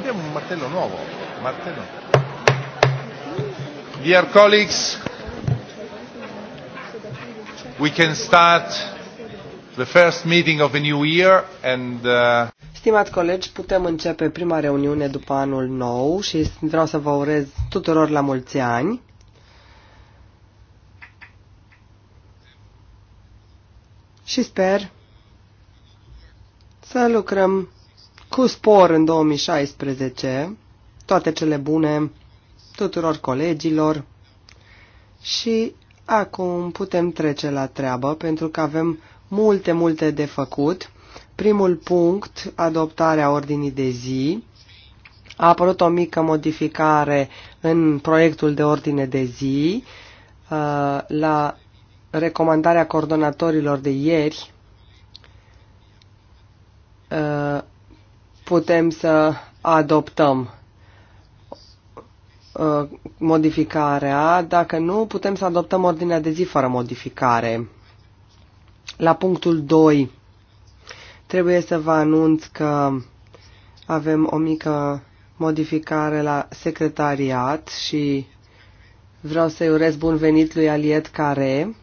Abbiamo un martello nuovo. Martello. Dear colleagues, we can start the first meeting of a new year and uh... Stimați colegi, putem începe prima reuniune după anul nou și vreau să vă urez tuturor la mulți ani. Și sper să lucrăm cu spor în 2016. Toate cele bune tuturor colegilor și acum putem trece la treabă pentru că avem multe, multe de făcut. Primul punct, adoptarea ordinii de zi. A apărut o mică modificare în proiectul de ordine de zi uh, la recomandarea coordonatorilor de ieri uh, putem să adoptăm uh, modificarea, dacă nu, putem să adoptăm ordinea de zi fără modificare. La punctul 2 trebuie să vă anunț că avem o mică modificare la secretariat și vreau să-i urez bun venit lui Aliet Care,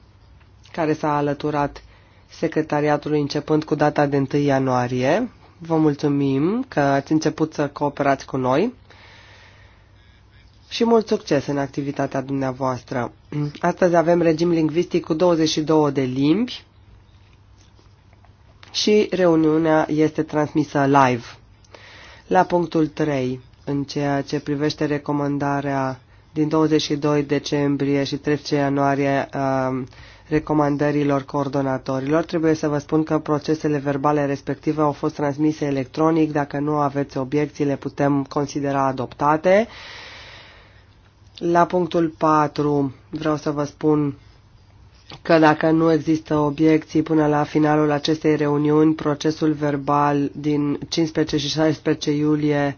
care s-a alăturat secretariatului începând cu data de 1 ianuarie. Vă mulțumim că ați început să cooperați cu noi și mult succes în activitatea dumneavoastră. Astăzi avem regim lingvistic cu 22 de limbi și reuniunea este transmisă live. La punctul 3, în ceea ce privește recomandarea din 22 decembrie și 13 ianuarie uh, recomandărilor coordonatorilor. Trebuie să vă spun că procesele verbale respective au fost transmise electronic. Dacă nu aveți obiecții, le putem considera adoptate. La punctul 4 vreau să vă spun că dacă nu există obiecții până la finalul acestei reuniuni, procesul verbal din 15 și 16 iulie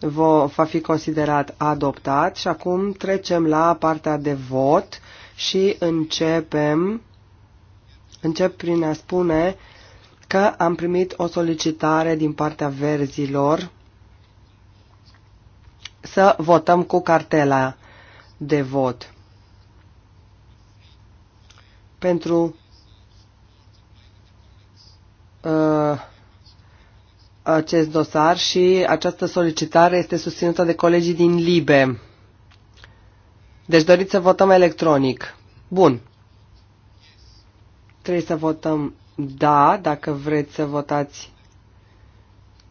va fi considerat adoptat și acum trecem la partea de vot și începem, încep prin a spune că am primit o solicitare din partea verzilor să votăm cu cartela de vot. Pentru uh, acest dosar și această solicitare este susținută de colegii din LIBE. Deci doriți să votăm electronic. Bun. Trebuie să votăm da, dacă vreți să votați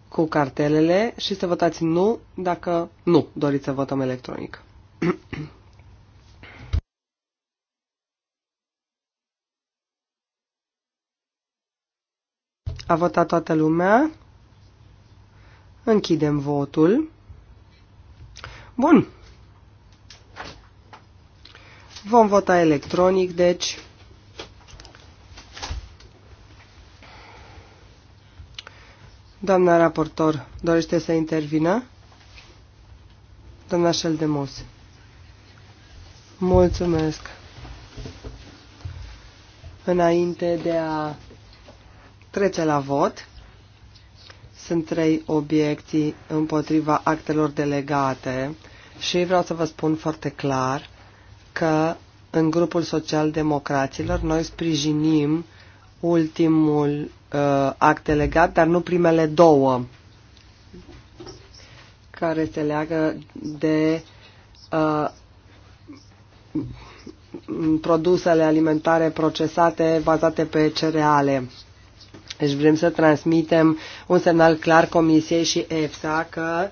cu cartelele și să votați nu, dacă nu doriți să votăm electronic. A votat toată lumea. Închidem votul. Bun. Vom vota electronic, deci. Doamna raportor, dorește să intervină? Doamna Șeldemos. Mulțumesc. Înainte de a trece la vot, sunt trei obiecții împotriva actelor delegate și vreau să vă spun foarte clar că în grupul social-democraților noi sprijinim ultimul uh, act delegat, dar nu primele două care se leagă de uh, produsele alimentare procesate bazate pe cereale. Deci vrem să transmitem un semnal clar Comisiei și EFSA că uh,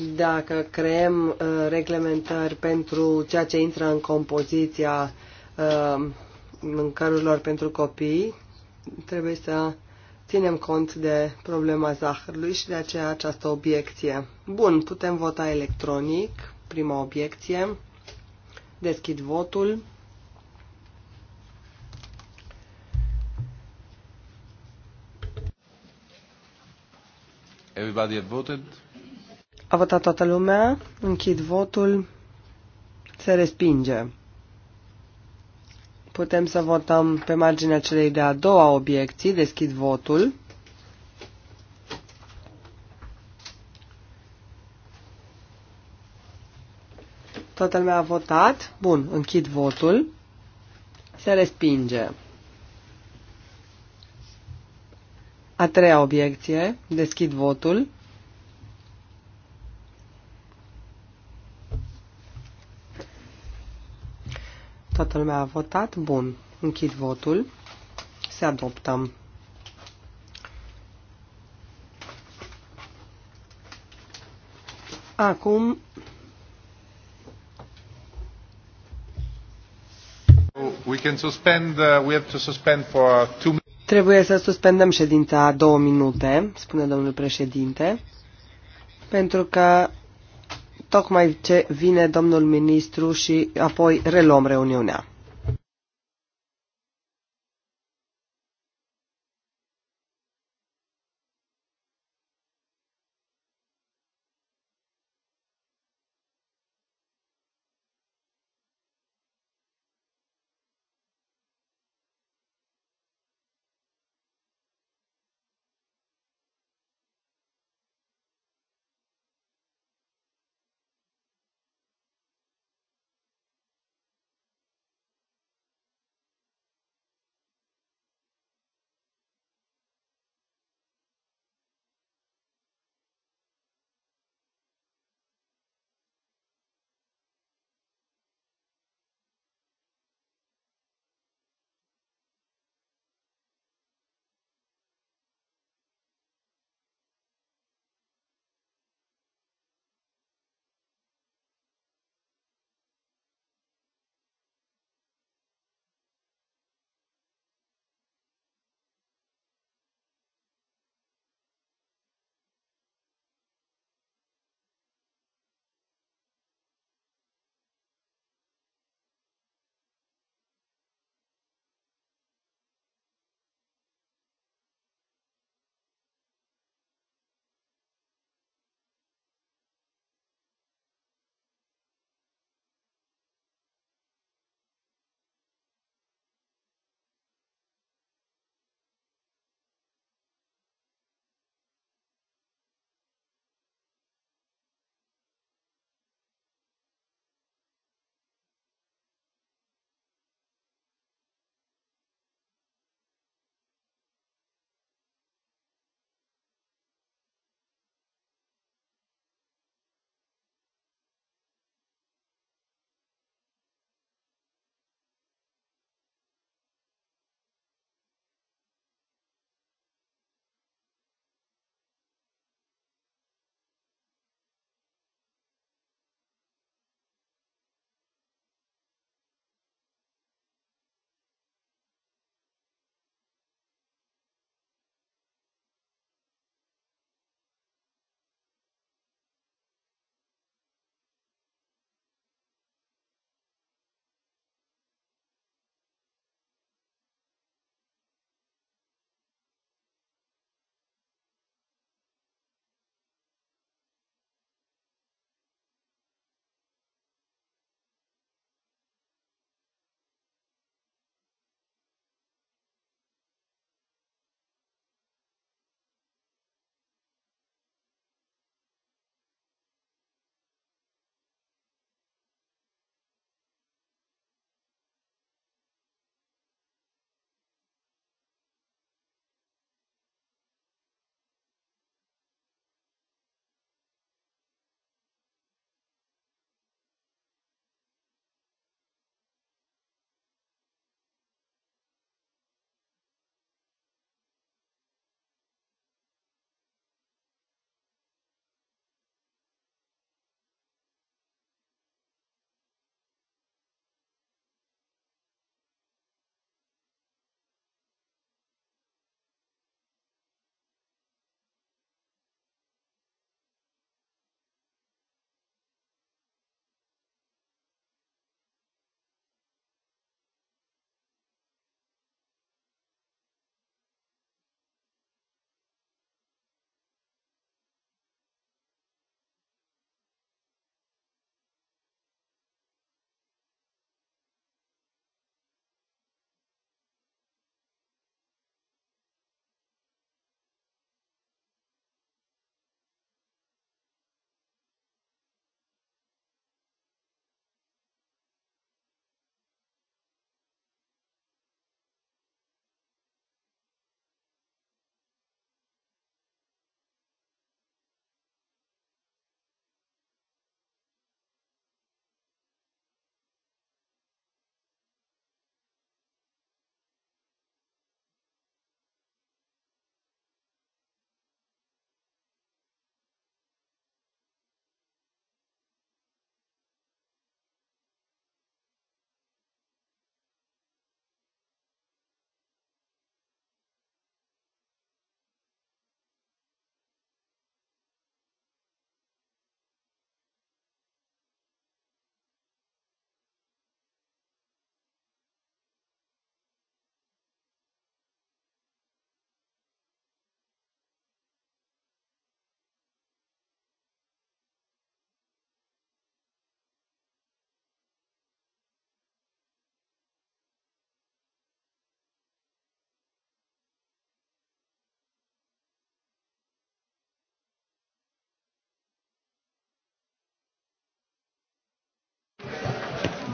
dacă creăm uh, reglementări pentru ceea ce intră în compoziția uh, mâncărurilor pentru copii, trebuie să ținem cont de problema zahărului și de aceea această obiecție. Bun, putem vota electronic, prima obiecție. Deschid votul. Everybody had voted? A votat toată lumea. Închid votul. Se respinge. Putem să votăm pe marginea celei de-a doua obiecții. Deschid votul. Toată lumea a votat. Bun, închid votul. Se respinge. A treia obiecție. Deschid votul. Toată lumea a votat? Bun. Închid votul. Se adoptă. Acum... We can suspend, uh, we have to suspend for two Trebuie să suspendăm ședința două minute, spune domnul președinte, pentru că tocmai ce vine domnul ministru și apoi reluăm reuniunea.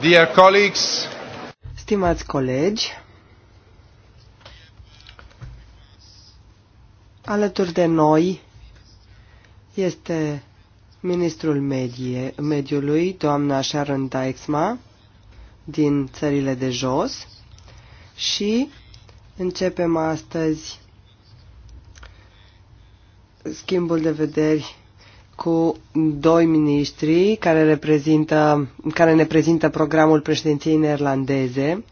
Dear colleagues, Stimați colegi, alături de noi este ministrul medie, mediului, doamna Sharon Daixma, din țările de jos și începem astăzi schimbul de vederi cu doi miniștri care, reprezintă, care ne prezintă programul președinției neerlandeze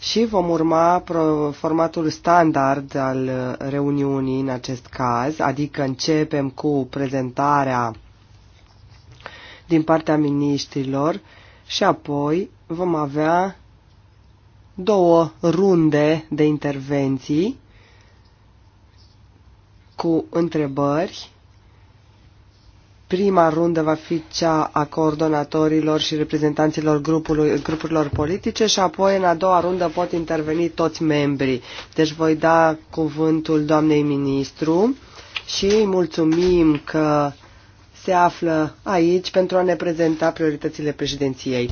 și vom urma pro, formatul standard al reuniunii în acest caz, adică începem cu prezentarea din partea miniștrilor și apoi vom avea două runde de intervenții cu întrebări Prima rundă va fi cea a coordonatorilor și reprezentanților grupului, grupurilor politice și apoi în a doua rundă pot interveni toți membrii. Deci voi da cuvântul doamnei ministru și îi mulțumim că se află aici pentru a ne prezenta prioritățile președinției.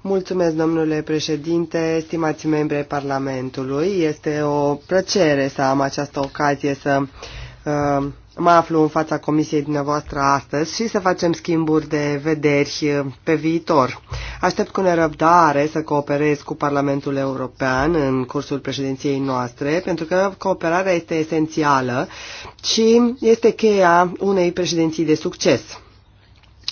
Mulțumesc, domnule președinte, stimați membri ai Parlamentului. Este o plăcere să am această ocazie să uh, mă aflu în fața comisiei dumneavoastră astăzi și să facem schimburi de vederi eh, pe viitor. Aștept cu nerăbdare să cooperez cu Parlamentul European în cursul președinției noastre, pentru că cooperarea este esențială și este cheia unei președinții de succes.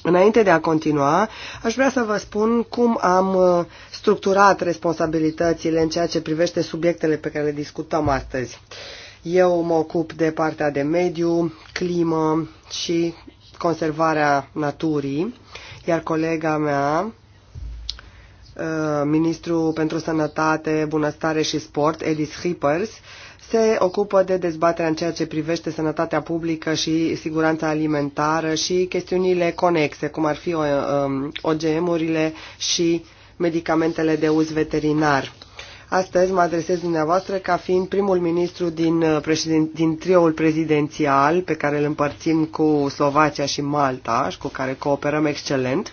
Înainte de a continua, aș vrea să vă spun cum am eh, structurat responsabilitățile în ceea ce privește subiectele pe care le discutăm astăzi. Uh, eu mă ocup de partea de mediu, climă și conservarea naturii, iar colega mea, uh, ministru pentru sănătate, bunăstare și sport, Elis Hippers, se ocupă de dezbaterea în ceea ce privește sănătatea publică și siguranța alimentară și chestiunile conexe, cum ar fi uh, um, OGM-urile și medicamentele de uz veterinar. Astăzi mă adresez dumneavoastră ca fiind primul ministru din, uh, președin, din trioul prezidențial pe care îl împărțim cu Slovacia și Malta și cu care cooperăm excelent.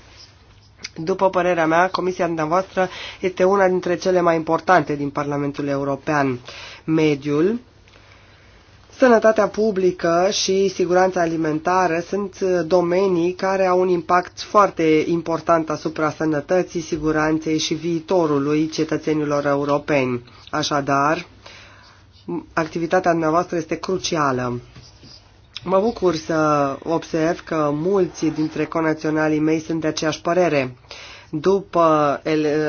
După părerea mea, comisia dumneavoastră este una dintre cele mai importante din Parlamentul European. Mediul, Sănătatea publică și siguranța alimentară sunt domenii care au un impact foarte important asupra sănătății, siguranței și viitorului cetățenilor europeni. Așadar, activitatea noastră este crucială. Mă bucur să observ că mulți dintre conaționalii mei sunt de aceeași părere. După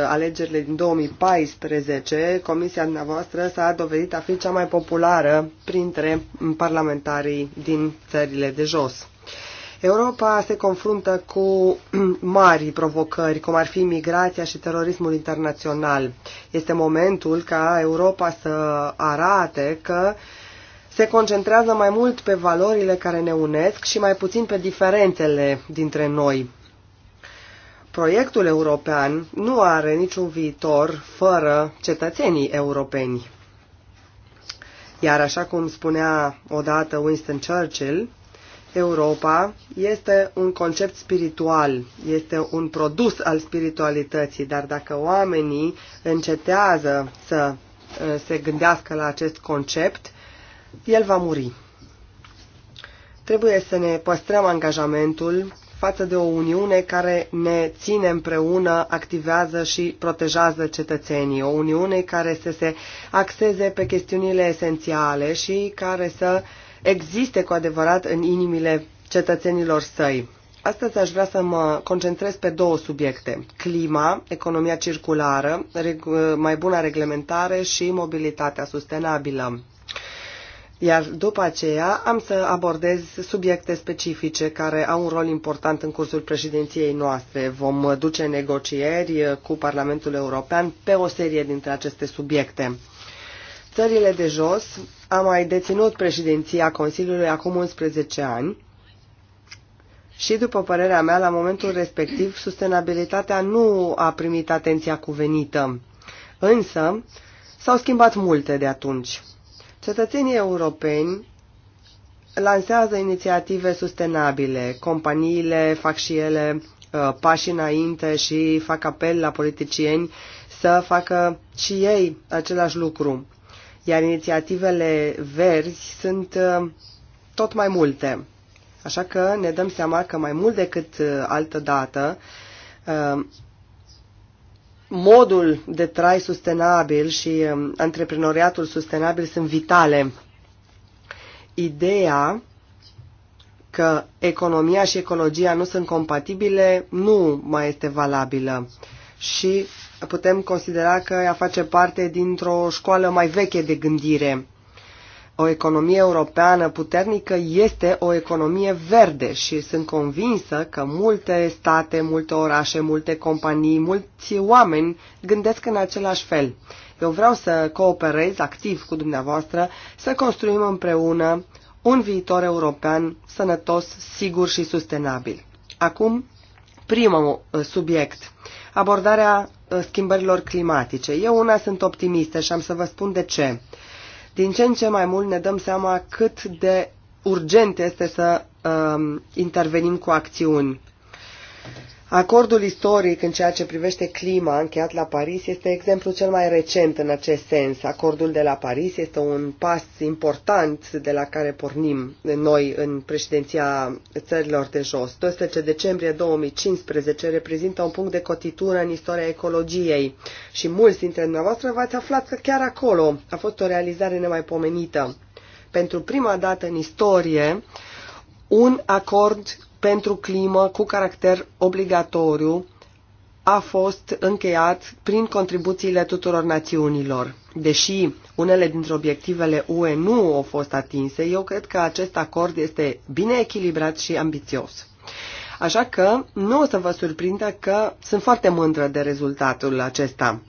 alegerile din 2014, comisia dumneavoastră s-a dovedit a fi cea mai populară printre parlamentarii din țările de jos. Europa se confruntă cu mari provocări, cum ar fi migrația și terorismul internațional. Este momentul ca Europa să arate că se concentrează mai mult pe valorile care ne unesc și mai puțin pe diferențele dintre noi proiectul european nu are niciun viitor fără cetățenii europeni. Iar așa cum spunea odată Winston Churchill, Europa este un concept spiritual, este un produs al spiritualității, dar dacă oamenii încetează să uh, se gândească la acest concept, el va muri. Trebuie să ne păstrăm angajamentul față de o Uniune care ne ține împreună, activează și protejează cetățenii. O Uniune care să se axeze pe chestiunile esențiale și care să existe cu adevărat în inimile cetățenilor săi. Astăzi aș vrea să mă concentrez pe două subiecte. Clima, economia circulară, mai bună reglementare și mobilitatea sustenabilă. Iar după aceea am să abordez subiecte specifice care au un rol important în cursul președinției noastre. Vom duce negocieri cu Parlamentul European pe o serie dintre aceste subiecte. Țările de jos am mai deținut președinția Consiliului acum 11 ani și, după părerea mea, la momentul respectiv, sustenabilitatea nu a primit atenția cuvenită. Însă, s-au schimbat multe de atunci. Cetățenii europeni lansează inițiative sustenabile, companiile fac și ele uh, pași înainte și fac apel la politicieni să facă și ei același lucru. Iar inițiativele verzi sunt uh, tot mai multe. Așa că ne dăm seama că mai mult decât uh, altă dată, uh, modul de trai sustenabil și um, antreprenoriatul sustenabil sunt vitale. Ideea că economia și ecologia nu sunt compatibile nu mai este valabilă și putem considera că ea face parte dintr-o școală mai veche de gândire o economie europeană puternică este o economie verde și sunt convinsă că multe state, multe orașe, multe companii, mulți oameni gândesc în același fel. Eu vreau să cooperez activ cu dumneavoastră, să construim împreună un viitor european sănătos, sigur și sustenabil. Acum, primul uh, subiect, abordarea uh, schimbărilor climatice. Eu una sunt optimistă și am să vă spun de ce din ce în ce mai mult ne dăm seama cât de urgent este să uh, intervenim cu acțiuni. Acordul istoric în ceea ce privește clima încheiat la Paris este exemplul cel mai recent în acest sens. Acordul de la Paris este un pas important de la care pornim noi în președinția țărilor de jos. 12 decembrie 2015 reprezintă un punct de cotitură în istoria ecologiei și mulți dintre dumneavoastră v-ați aflat că chiar acolo a fost o realizare nemaipomenită. Pentru prima dată în istorie, un acord pentru climă cu caracter obligatoriu a fost încheiat prin contribuțiile tuturor națiunilor. Deși unele dintre obiectivele UE nu au fost atinse, eu cred că acest acord este bine echilibrat și ambițios. Așa că nu o să vă surprindă că sunt foarte mândră de rezultatul acesta.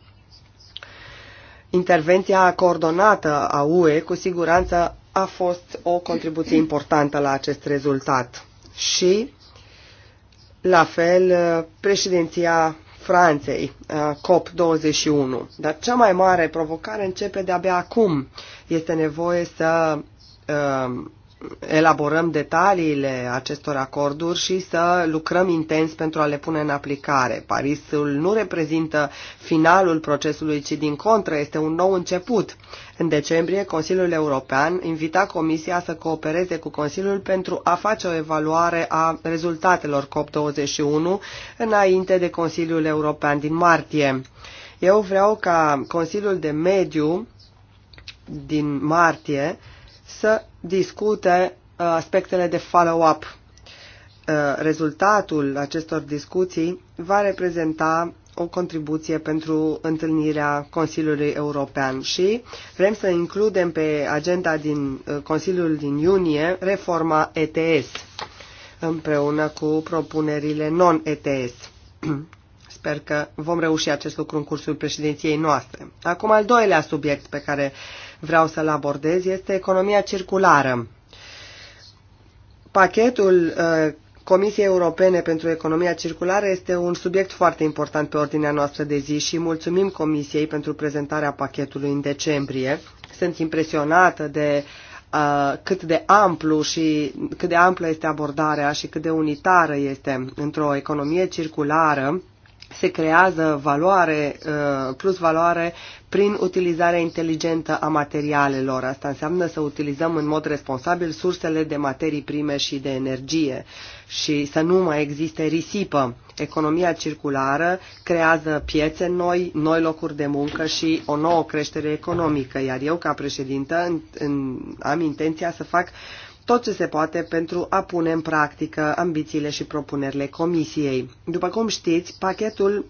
Intervenția coordonată a UE cu siguranță a fost o contribuție importantă la acest rezultat și, la fel, uh, președinția Franței, uh, COP21. Dar cea mai mare provocare începe de-abia acum. Este nevoie să uh, elaborăm detaliile acestor acorduri și să lucrăm intens pentru a le pune în aplicare. Parisul nu reprezintă finalul procesului, ci din contră este un nou început. În decembrie, Consiliul European invita Comisia să coopereze cu Consiliul pentru a face o evaluare a rezultatelor COP21 înainte de Consiliul European din martie. Eu vreau ca Consiliul de Mediu din martie să discute uh, aspectele de follow-up. Uh, rezultatul acestor discuții va reprezenta o contribuție pentru întâlnirea Consiliului European și vrem să includem pe agenda din uh, Consiliul din iunie reforma ETS împreună cu propunerile non-ETS. Sper că vom reuși acest lucru în cursul președinției noastre. Acum al doilea subiect pe care vreau să-l abordez este economia circulară. Pachetul uh, Comisiei Europene pentru Economia Circulară este un subiect foarte important pe ordinea noastră de zi și mulțumim Comisiei pentru prezentarea pachetului în decembrie. Sunt impresionată de uh, cât de amplu și cât de amplă este abordarea și cât de unitară este într-o economie circulară se creează valoare, uh, plus valoare prin utilizarea inteligentă a materialelor. Asta înseamnă să utilizăm în mod responsabil sursele de materii prime și de energie și să nu mai existe risipă. Economia circulară creează piețe noi, noi locuri de muncă și o nouă creștere economică, iar eu ca președintă în, în, am intenția să fac tot ce se poate pentru a pune în practică ambițiile și propunerile Comisiei. După cum știți, pachetul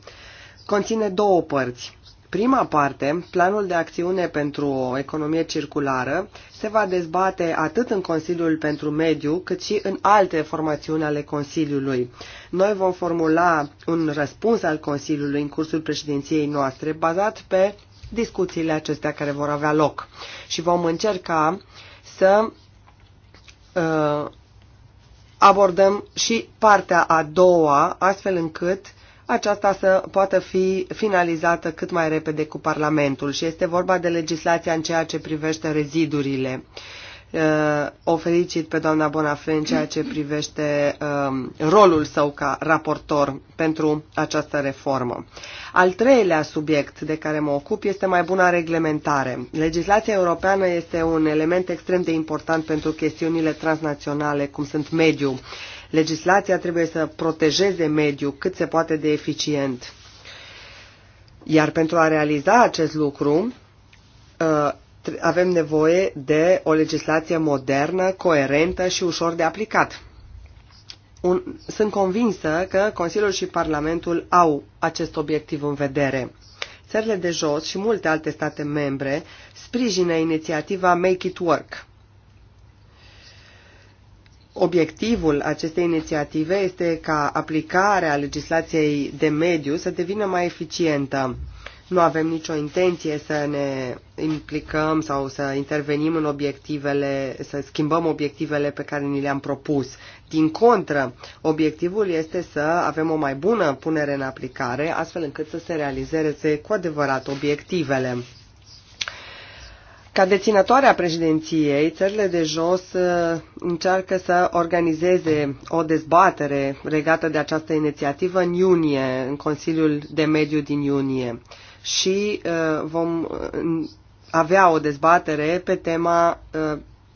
conține două părți. Prima parte, planul de acțiune pentru o economie circulară, se va dezbate atât în Consiliul pentru Mediu, cât și în alte formațiuni ale Consiliului. Noi vom formula un răspuns al Consiliului în cursul președinției noastre, bazat pe discuțiile acestea care vor avea loc. Și vom încerca să uh, abordăm și partea a doua, astfel încât aceasta să poată fi finalizată cât mai repede cu Parlamentul și este vorba de legislația în ceea ce privește rezidurile. Uh, o felicit pe doamna Bonafre în ceea ce privește um, rolul său ca raportor pentru această reformă. Al treilea subiect de care mă ocup este mai buna reglementare. Legislația europeană este un element extrem de important pentru chestiunile transnaționale, cum sunt mediul Legislația trebuie să protejeze mediul cât se poate de eficient. Iar pentru a realiza acest lucru, uh, avem nevoie de o legislație modernă, coerentă și ușor de aplicat. Un, sunt convinsă că Consiliul și Parlamentul au acest obiectiv în vedere. Țările de jos și multe alte state membre sprijină inițiativa Make It Work. Obiectivul acestei inițiative este ca aplicarea legislației de mediu să devină mai eficientă. Nu avem nicio intenție să ne implicăm sau să intervenim în obiectivele, să schimbăm obiectivele pe care ni le-am propus. Din contră, obiectivul este să avem o mai bună punere în aplicare, astfel încât să se realizeze cu adevărat obiectivele. Ca deținătoare a președinției, țările de jos uh, încearcă să organizeze o dezbatere legată de această inițiativă în iunie, în Consiliul de Mediu din iunie. Și uh, vom uh, avea o dezbatere pe tema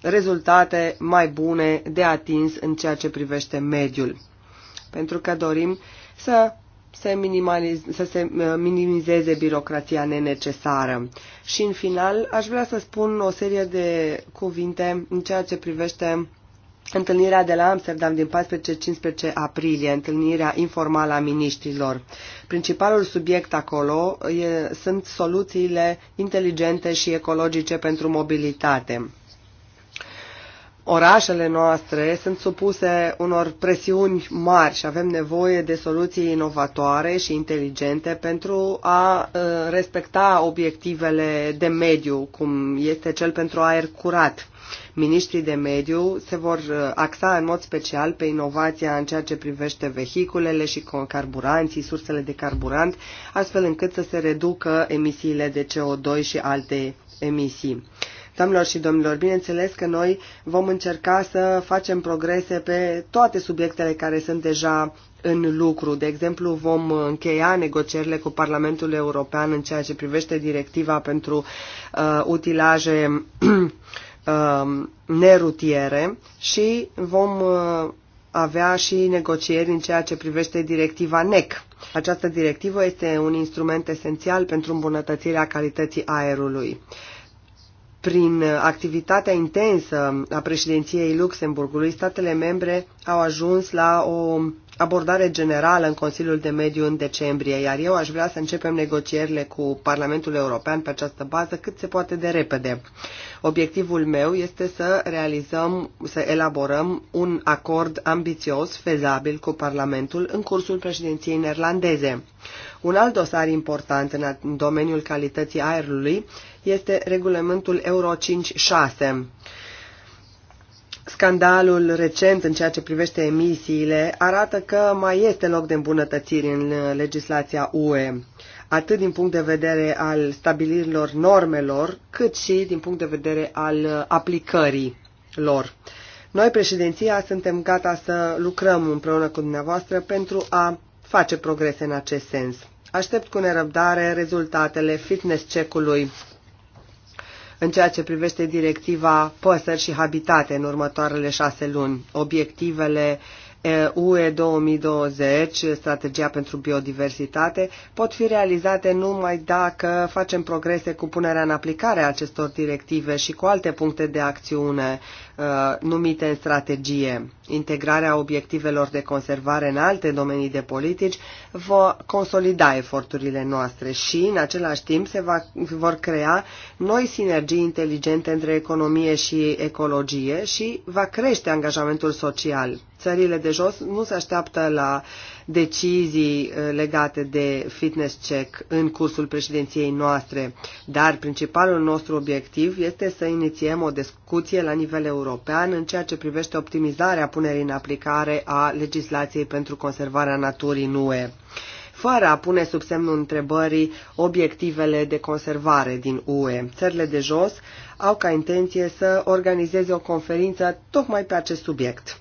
rezultate mai bune de atins în ceea ce privește mediul. Pentru că dorim să se să se uh, minimizeze birocrația nenecesară. Și în final, aș vrea să spun o serie de cuvinte în ceea ce privește întâlnirea de la Amsterdam din 14-15 aprilie, întâlnirea informală a miniștrilor. Principalul subiect acolo e, sunt soluțiile inteligente și ecologice pentru mobilitate orașele noastre sunt supuse unor presiuni mari și avem nevoie de soluții inovatoare și inteligente pentru a uh, respecta obiectivele de mediu, cum este cel pentru aer curat. Ministrii de mediu se vor uh, axa în mod special pe inovația în ceea ce privește vehiculele și carburanții, sursele de carburant, astfel încât să se reducă emisiile de CO2 și alte emisii. Doamnelor și domnilor, bineînțeles că noi vom încerca să facem progrese pe toate subiectele care sunt deja în lucru. De exemplu, vom încheia negocierile cu Parlamentul European în ceea ce privește directiva pentru uh, utilaje uh, nerutiere și vom uh, avea și negocieri în ceea ce privește directiva NEC. Această directivă este un instrument esențial pentru îmbunătățirea calității aerului. Prin activitatea intensă a președinției Luxemburgului, statele membre au ajuns la o abordare generală în Consiliul de Mediu în decembrie, iar eu aș vrea să începem negocierile cu Parlamentul European pe această bază cât se poate de repede. Obiectivul meu este să realizăm, să elaborăm un acord ambițios, fezabil cu Parlamentul în cursul președinției neerlandeze. Un alt dosar important în domeniul calității aerului este regulamentul Euro 5.6. Scandalul recent în ceea ce privește emisiile arată că mai este loc de îmbunătățiri în legislația UE, atât din punct de vedere al stabilirilor normelor, cât și din punct de vedere al aplicării lor. Noi, președinția, suntem gata să lucrăm împreună cu dumneavoastră pentru a face progrese în acest sens. Aștept cu nerăbdare rezultatele fitness check-ului în ceea ce privește directiva păsări și habitate în următoarele șase luni, obiectivele uh, UE 2020, strategia pentru biodiversitate, pot fi realizate numai dacă facem progrese cu punerea în aplicare a acestor directive și cu alte puncte de acțiune uh, numite în strategie. Integrarea obiectivelor de conservare în alte domenii de politici va consolida eforturile noastre și, în același timp, se va, vor crea noi sinergii inteligente între economie și ecologie și va crește angajamentul social țările de jos nu se așteaptă la decizii uh, legate de fitness check în cursul președinției noastre, dar principalul nostru obiectiv este să inițiem o discuție la nivel european în ceea ce privește optimizarea punerii în aplicare a legislației pentru conservarea naturii în UE fără a pune sub semnul întrebării obiectivele de conservare din UE. Țările de jos au ca intenție să organizeze o conferință tocmai pe acest subiect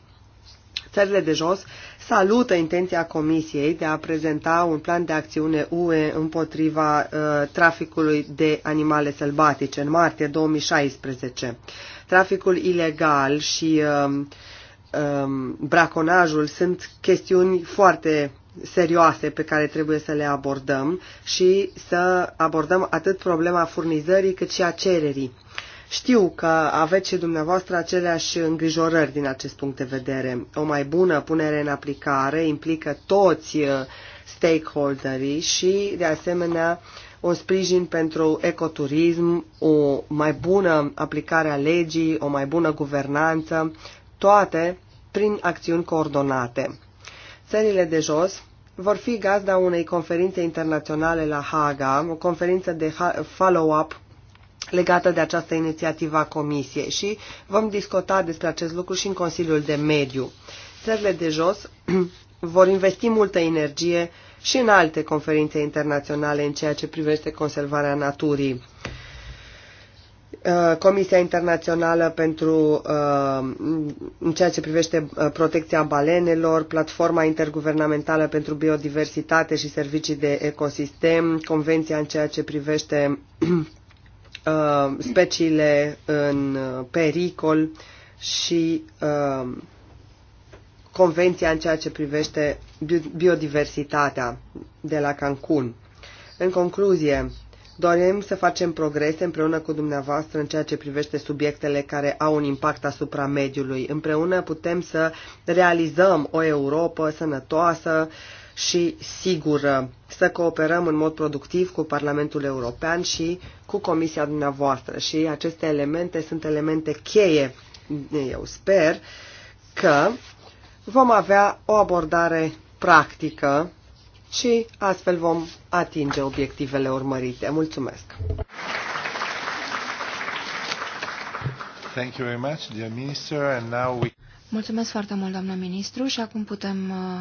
țările de jos salută intenția Comisiei de a prezenta un plan de acțiune UE împotriva uh, traficului de animale sălbatice în martie 2016. Traficul ilegal și uh, uh, braconajul sunt chestiuni foarte serioase pe care trebuie să le abordăm și să abordăm atât problema furnizării cât și a cererii. Știu că aveți și dumneavoastră aceleași îngrijorări din acest punct de vedere. O mai bună punere în aplicare implică toți uh, stakeholderii și, de asemenea, un sprijin pentru ecoturism, o mai bună aplicare a legii, o mai bună guvernanță, toate prin acțiuni coordonate. Țările de jos vor fi gazda unei conferințe internaționale la Haga, o conferință de follow-up legată de această inițiativă a Comisiei și vom discuta despre acest lucru și în Consiliul de Mediu. Țările de jos vor investi multă energie și în alte conferințe internaționale în ceea ce privește conservarea naturii. Uh, Comisia Internațională pentru uh, în ceea ce privește uh, protecția balenelor, Platforma Interguvernamentală pentru Biodiversitate și Servicii de Ecosistem, Convenția în ceea ce privește uh, speciile în uh, pericol și uh, convenția în ceea ce privește biodiversitatea de la Cancun. În concluzie, dorim să facem progrese împreună cu dumneavoastră în ceea ce privește subiectele care au un impact asupra mediului. Împreună putem să realizăm o Europa sănătoasă, uh, și sigură, uh, să cooperăm în mod productiv cu Parlamentul European și cu Comisia dumneavoastră. Și aceste elemente sunt elemente cheie. Eu sper că vom avea o abordare practică și astfel vom atinge obiectivele urmărite. Mulțumesc! Thank you very much, dear minister, and now we... Mulțumesc foarte mult, doamnă ministru, și acum putem uh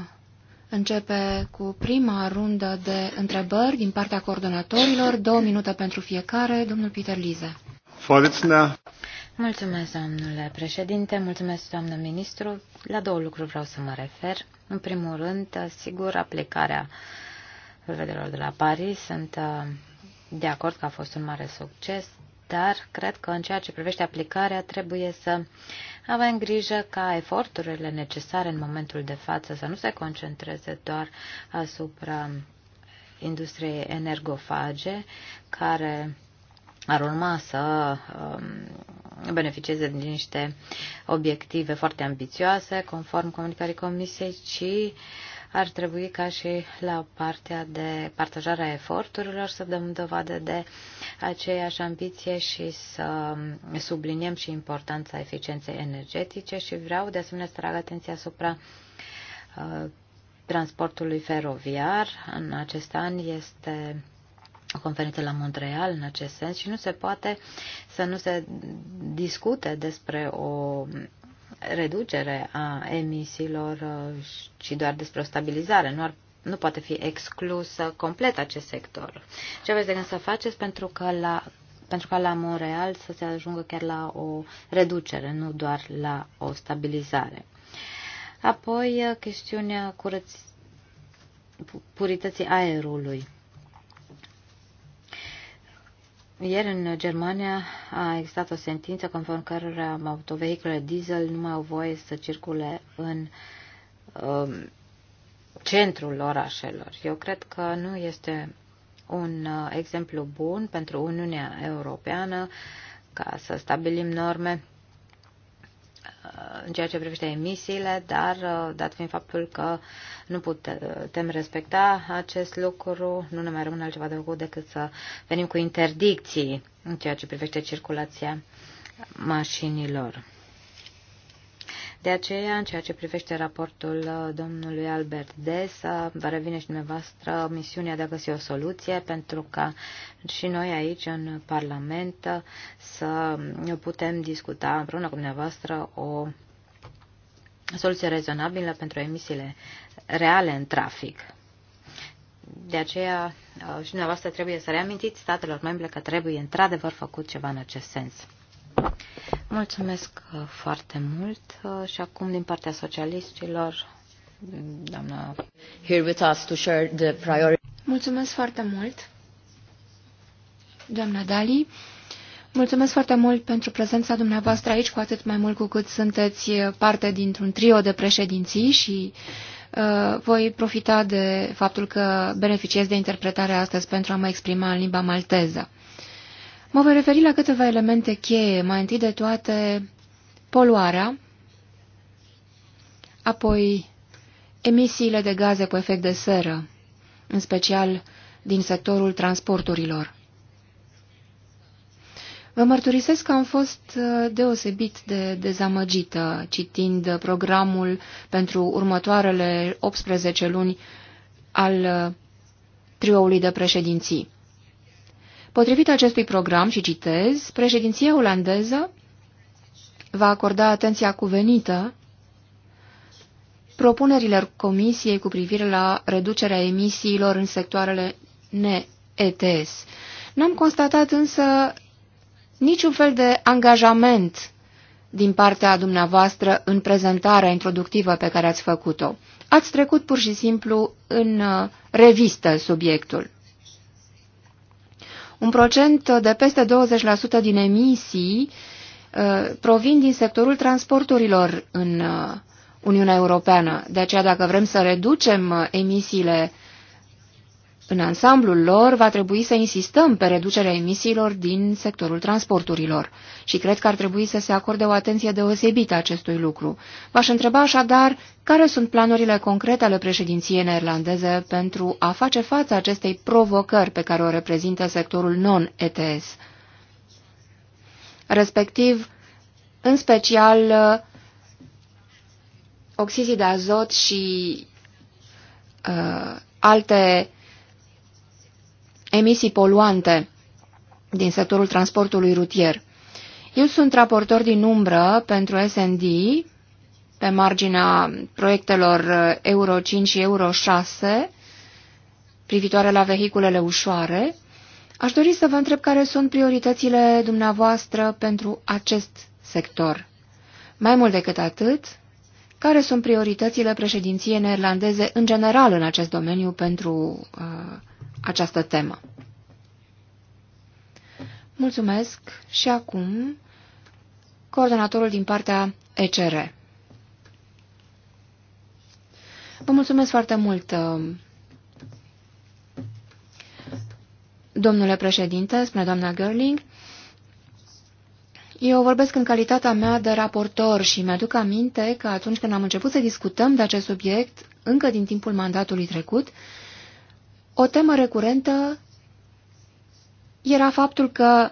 începe cu prima rundă de întrebări din partea coordonatorilor, două minute pentru fiecare. Domnul Peter Lize. Forțină. Mulțumesc, domnule președinte, mulțumesc, doamnă ministru. La două lucruri vreau să mă refer. În primul rând, sigur, aplicarea vederilor de la Paris. Sunt uh, de acord că a fost un mare succes, dar cred că în ceea ce privește aplicarea trebuie să avem grijă ca eforturile necesare în momentul de față să nu se concentreze doar asupra industriei energofage, care ar urma să um, beneficieze de niște obiective foarte ambițioase, conform comunicării Comisiei, ci ar trebui ca și la partea de partajare a eforturilor să dăm dovadă de aceeași ambiție și să subliniem și importanța eficienței energetice și vreau de asemenea să trag atenția asupra uh, transportului feroviar. În acest an este o conferință la Montreal în acest sens și nu se poate să nu se discute despre o reducere a emisiilor, uh, ci doar despre o stabilizare. Nu, ar, nu poate fi exclus complet acest sector. Ce aveți de gând să faceți pentru că la pentru ca la Montreal să se ajungă chiar la o reducere, nu doar la o stabilizare. Apoi, uh, chestiunea curăț... purității aerului. Ieri în Germania a existat o sentință conform cărora autovehicule diesel nu mai au voie să circule în um, centrul orașelor. Eu cred că nu este un uh, exemplu bun pentru Uniunea Europeană ca să stabilim norme Uh, în ceea ce privește emisiile, dar uh, dat fiind faptul că nu putem respecta acest lucru, nu ne mai rămâne altceva de făcut decât să venim cu interdicții în ceea ce privește circulația mașinilor. De aceea, în ceea ce privește raportul uh, domnului Albert Des, vă revine și dumneavoastră misiunea de a găsi o soluție pentru ca și noi aici, în Parlament, uh, să putem discuta împreună cu dumneavoastră o soluție rezonabilă pentru emisiile reale în trafic. De aceea uh, și dumneavoastră trebuie să reamintiți statelor membre că trebuie într-adevăr făcut ceva în acest sens. Mulțumesc uh, foarte mult uh, și acum din partea socialiștilor, doamna... Here with us to share the priority. Mulțumesc foarte mult, doamna Dali. Mulțumesc foarte mult pentru prezența dumneavoastră aici, cu atât mai mult cu cât sunteți uh, parte dintr-un trio de președinții și uh, voi profita de faptul că beneficiez de interpretare astăzi pentru a mă exprima în limba malteză. Mă voi referi la câteva elemente cheie, mai întâi de toate poluarea, apoi emisiile de gaze cu efect de seră, în special din sectorul transporturilor. Vă mărturisesc că am fost uh, deosebit de dezamăgită citind programul pentru următoarele 18 luni al uh, trioului de președinții. Potrivit acestui program, și citez, președinția olandeză va acorda atenția cuvenită propunerilor Comisiei cu privire la reducerea emisiilor în sectoarele ne-ETS. N-am constatat însă niciun fel de angajament din partea dumneavoastră în prezentarea introductivă pe care ați făcut-o. Ați trecut pur și simplu în uh, revistă subiectul. Un procent de peste 20% din emisii uh, provin din sectorul transporturilor în uh, Uniunea Europeană. De aceea, dacă vrem să reducem uh, emisiile în ansamblul lor va trebui să insistăm pe reducerea emisiilor din sectorul transporturilor și cred că ar trebui să se acorde o atenție deosebită acestui lucru. V-aș întreba așadar care sunt planurile concrete ale președinției neerlandeze pentru a face față acestei provocări pe care o reprezintă sectorul non-ETS, respectiv, în special, oxizii de azot și uh, alte emisii poluante din sectorul transportului rutier. Eu sunt raportor din umbră pentru SND pe marginea proiectelor Euro 5 și Euro 6 privitoare la vehiculele ușoare. Aș dori să vă întreb care sunt prioritățile dumneavoastră pentru acest sector. Mai mult decât atât, care sunt prioritățile președinției neerlandeze în general în acest domeniu pentru uh, această temă. Mulțumesc și acum coordonatorul din partea ECR. Vă mulțumesc foarte mult, domnule președinte, spune doamna Gerling. Eu vorbesc în calitatea mea de raportor și mi-aduc aminte că atunci când am început să discutăm de acest subiect, încă din timpul mandatului trecut, o temă recurentă era faptul că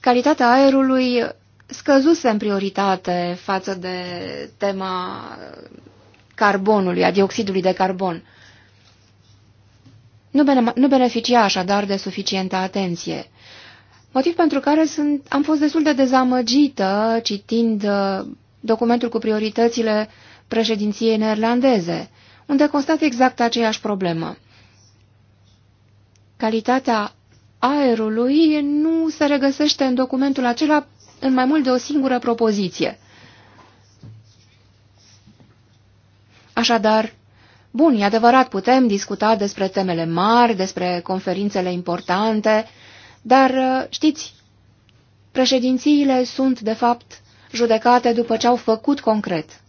calitatea aerului scăzuse în prioritate față de tema carbonului, a dioxidului de carbon. Nu, bene nu beneficia așadar de suficientă atenție. Motiv pentru care sunt, am fost destul de dezamăgită citind uh, documentul cu prioritățile președinției neerlandeze, unde constat exact aceeași problemă calitatea aerului nu se regăsește în documentul acela în mai mult de o singură propoziție. Așadar, bun, e adevărat, putem discuta despre temele mari, despre conferințele importante, dar, uh, știți, președințiile sunt, de fapt, judecate după ce au făcut concret.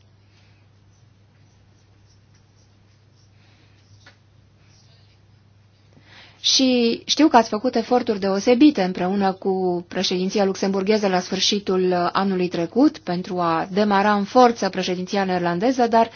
și știu că ați făcut eforturi deosebite împreună cu președinția luxemburgheză la sfârșitul anului trecut pentru a demara în forță președinția neerlandeză, dar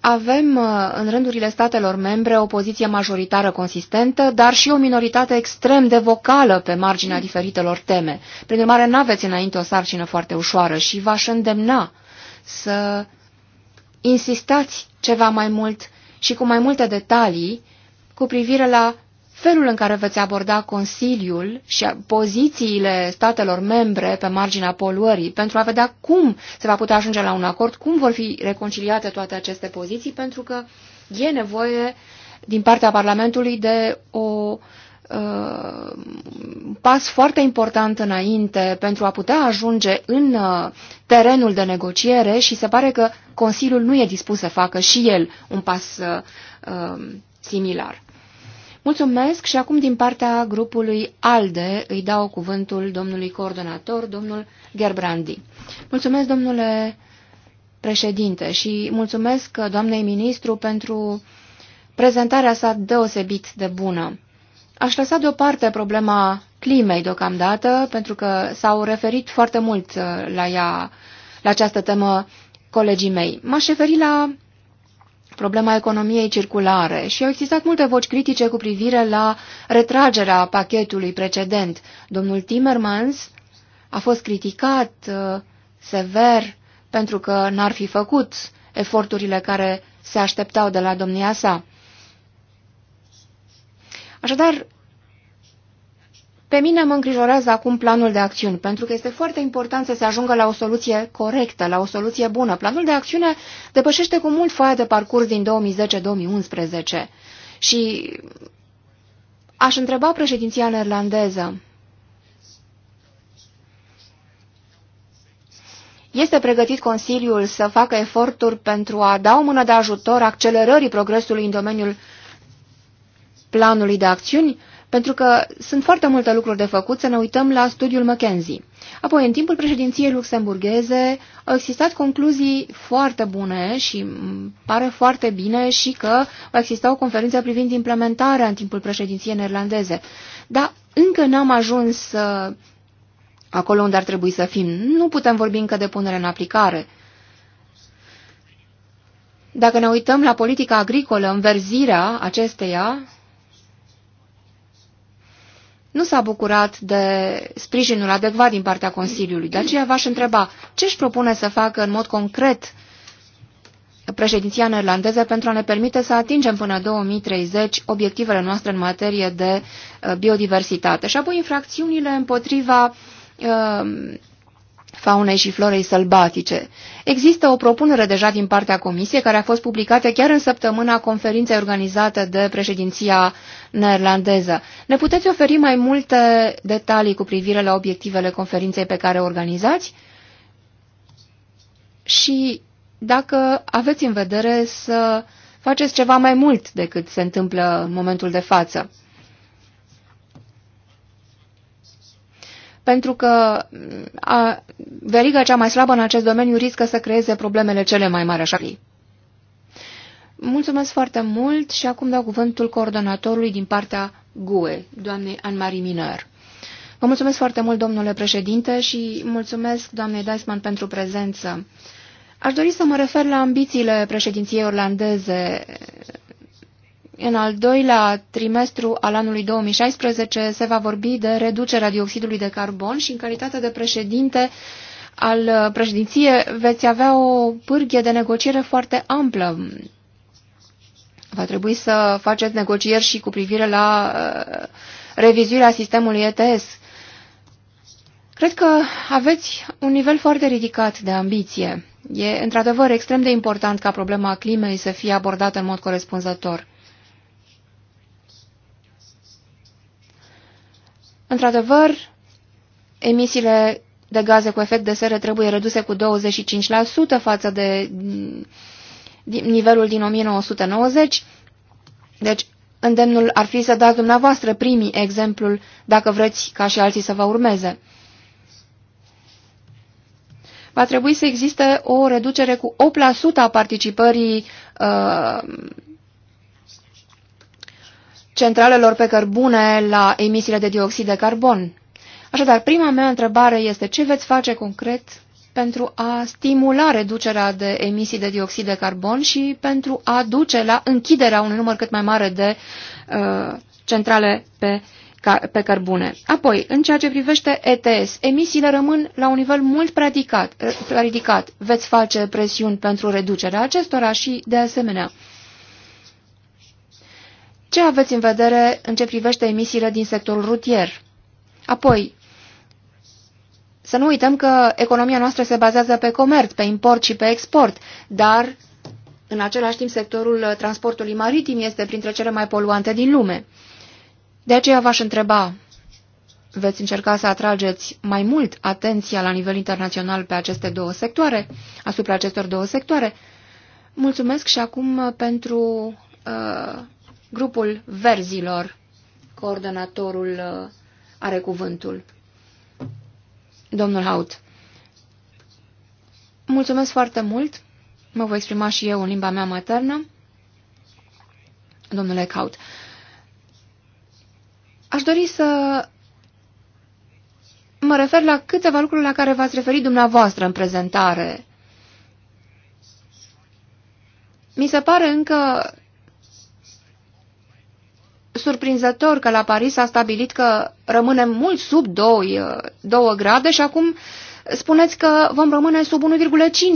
avem uh, în rândurile statelor membre o poziție majoritară consistentă, dar și o minoritate extrem de vocală pe marginea diferitelor teme. Prin urmare, n-aveți înainte o sarcină foarte ușoară și v-aș îndemna să insistați ceva mai mult și cu mai multe detalii cu privire la felul în care veți aborda Consiliul și pozițiile statelor membre pe marginea poluării, pentru a vedea cum se va putea ajunge la un acord, cum vor fi reconciliate toate aceste poziții, pentru că e nevoie din partea Parlamentului de o uh, pas foarte important înainte pentru a putea ajunge în uh, terenul de negociere și se pare că Consiliul nu e dispus să facă și el un pas uh, uh similar. Mulțumesc și acum din partea grupului ALDE îi dau cuvântul domnului coordonator, domnul Gerbrandi. Mulțumesc, domnule președinte, și mulțumesc doamnei ministru pentru prezentarea sa deosebit de bună. Aș lăsa deoparte problema climei deocamdată, pentru că s-au referit foarte mult uh, la ea, la această temă colegii mei. M-aș referi la problema economiei circulare și au existat multe voci critice cu privire la retragerea pachetului precedent. Domnul Timmermans a fost criticat uh, sever pentru că n-ar fi făcut eforturile care se așteptau de la domnia sa. Așadar, pe mine mă îngrijorează acum planul de acțiuni, pentru că este foarte important să se ajungă la o soluție corectă, la o soluție bună. Planul de acțiune depășește cu mult foaia de parcurs din 2010-2011 și aș întreba președinția neerlandeză. Este pregătit Consiliul să facă eforturi pentru a da o mână de ajutor accelerării progresului în domeniul planului de acțiuni, pentru că sunt foarte multe lucruri de făcut, să ne uităm la studiul McKenzie. Apoi, în timpul președinției luxemburgheze, au existat concluzii foarte bune și pare foarte bine și că va exista o conferință privind implementarea în timpul președinției neerlandeze. Dar încă n-am ajuns uh, acolo unde ar trebui să fim. Nu putem vorbi încă de punere în aplicare. Dacă ne uităm la politica agricolă, înverzirea acesteia nu s-a bucurat de sprijinul adecvat din partea Consiliului. De aceea v-aș întreba ce își propune să facă în mod concret președinția neerlandeză pentru a ne permite să atingem până 2030 obiectivele noastre în materie de uh, biodiversitate și apoi infracțiunile împotriva uh, faunei și florei sălbatice. Există o propunere deja din partea Comisiei care a fost publicată chiar în săptămâna conferinței organizată de președinția neerlandeză. Ne puteți oferi mai multe detalii cu privire la obiectivele conferinței pe care o organizați? Și dacă aveți în vedere să faceți ceva mai mult decât se întâmplă în momentul de față. pentru că mm, a, veriga cea mai slabă în acest domeniu riscă să creeze problemele cele mai mari așa. Mulțumesc foarte mult și acum dau cuvântul coordonatorului din partea GUE, doamnei Anne-Marie Miner. Vă mulțumesc foarte mult, domnule președinte, și mulțumesc doamnei Deisman pentru prezență. Aș dori să mă refer la ambițiile președinției orlandeze în al doilea trimestru al anului 2016 se va vorbi de reducerea dioxidului de carbon și în calitate de președinte al președinției, veți avea o pârghie de negociere foarte amplă. Va trebui să faceți negocieri și cu privire la uh, revizuirea sistemului ETS. Cred că aveți un nivel foarte ridicat de ambiție. E într-adevăr extrem de important ca problema climei să fie abordată în mod corespunzător. Într-adevăr, emisiile de gaze cu efect de seră trebuie reduse cu 25% față de nivelul din 1990, deci îndemnul ar fi să dați dumneavoastră primii exemplul dacă vreți ca și alții să vă urmeze. Va trebui să existe o reducere cu 8% a participării uh, centralelor pe cărbune la emisiile de dioxid de carbon. Așadar, prima mea întrebare este ce veți face concret pentru a stimula reducerea de emisii de dioxid de carbon și pentru a duce la închiderea unui număr cât mai mare de uh, centrale pe, ca, pe cărbune. Apoi, în ceea ce privește ETS, emisiile rămân la un nivel mult prea ridicat. Uh, veți face presiuni pentru reducerea acestora și, de asemenea, ce aveți în vedere în ce privește emisiile din sectorul rutier? Apoi, să nu uităm că economia noastră se bazează pe comerț, pe import și pe export, dar în același timp sectorul transportului maritim este printre cele mai poluante din lume. De aceea v-aș întreba, veți încerca să atrageți mai mult atenția la nivel internațional pe aceste două sectoare, asupra acestor două sectoare? Mulțumesc și acum pentru uh, grupul verzilor, coordonatorul uh, are cuvântul. Domnul Haut, mulțumesc foarte mult, mă voi exprima și eu în limba mea maternă. Domnule Caut, aș dori să mă refer la câteva lucruri la care v-ați referit dumneavoastră în prezentare. Mi se pare încă surprinzător că la Paris a stabilit că rămânem mult sub 2, 2 uh, grade și acum spuneți că vom rămâne sub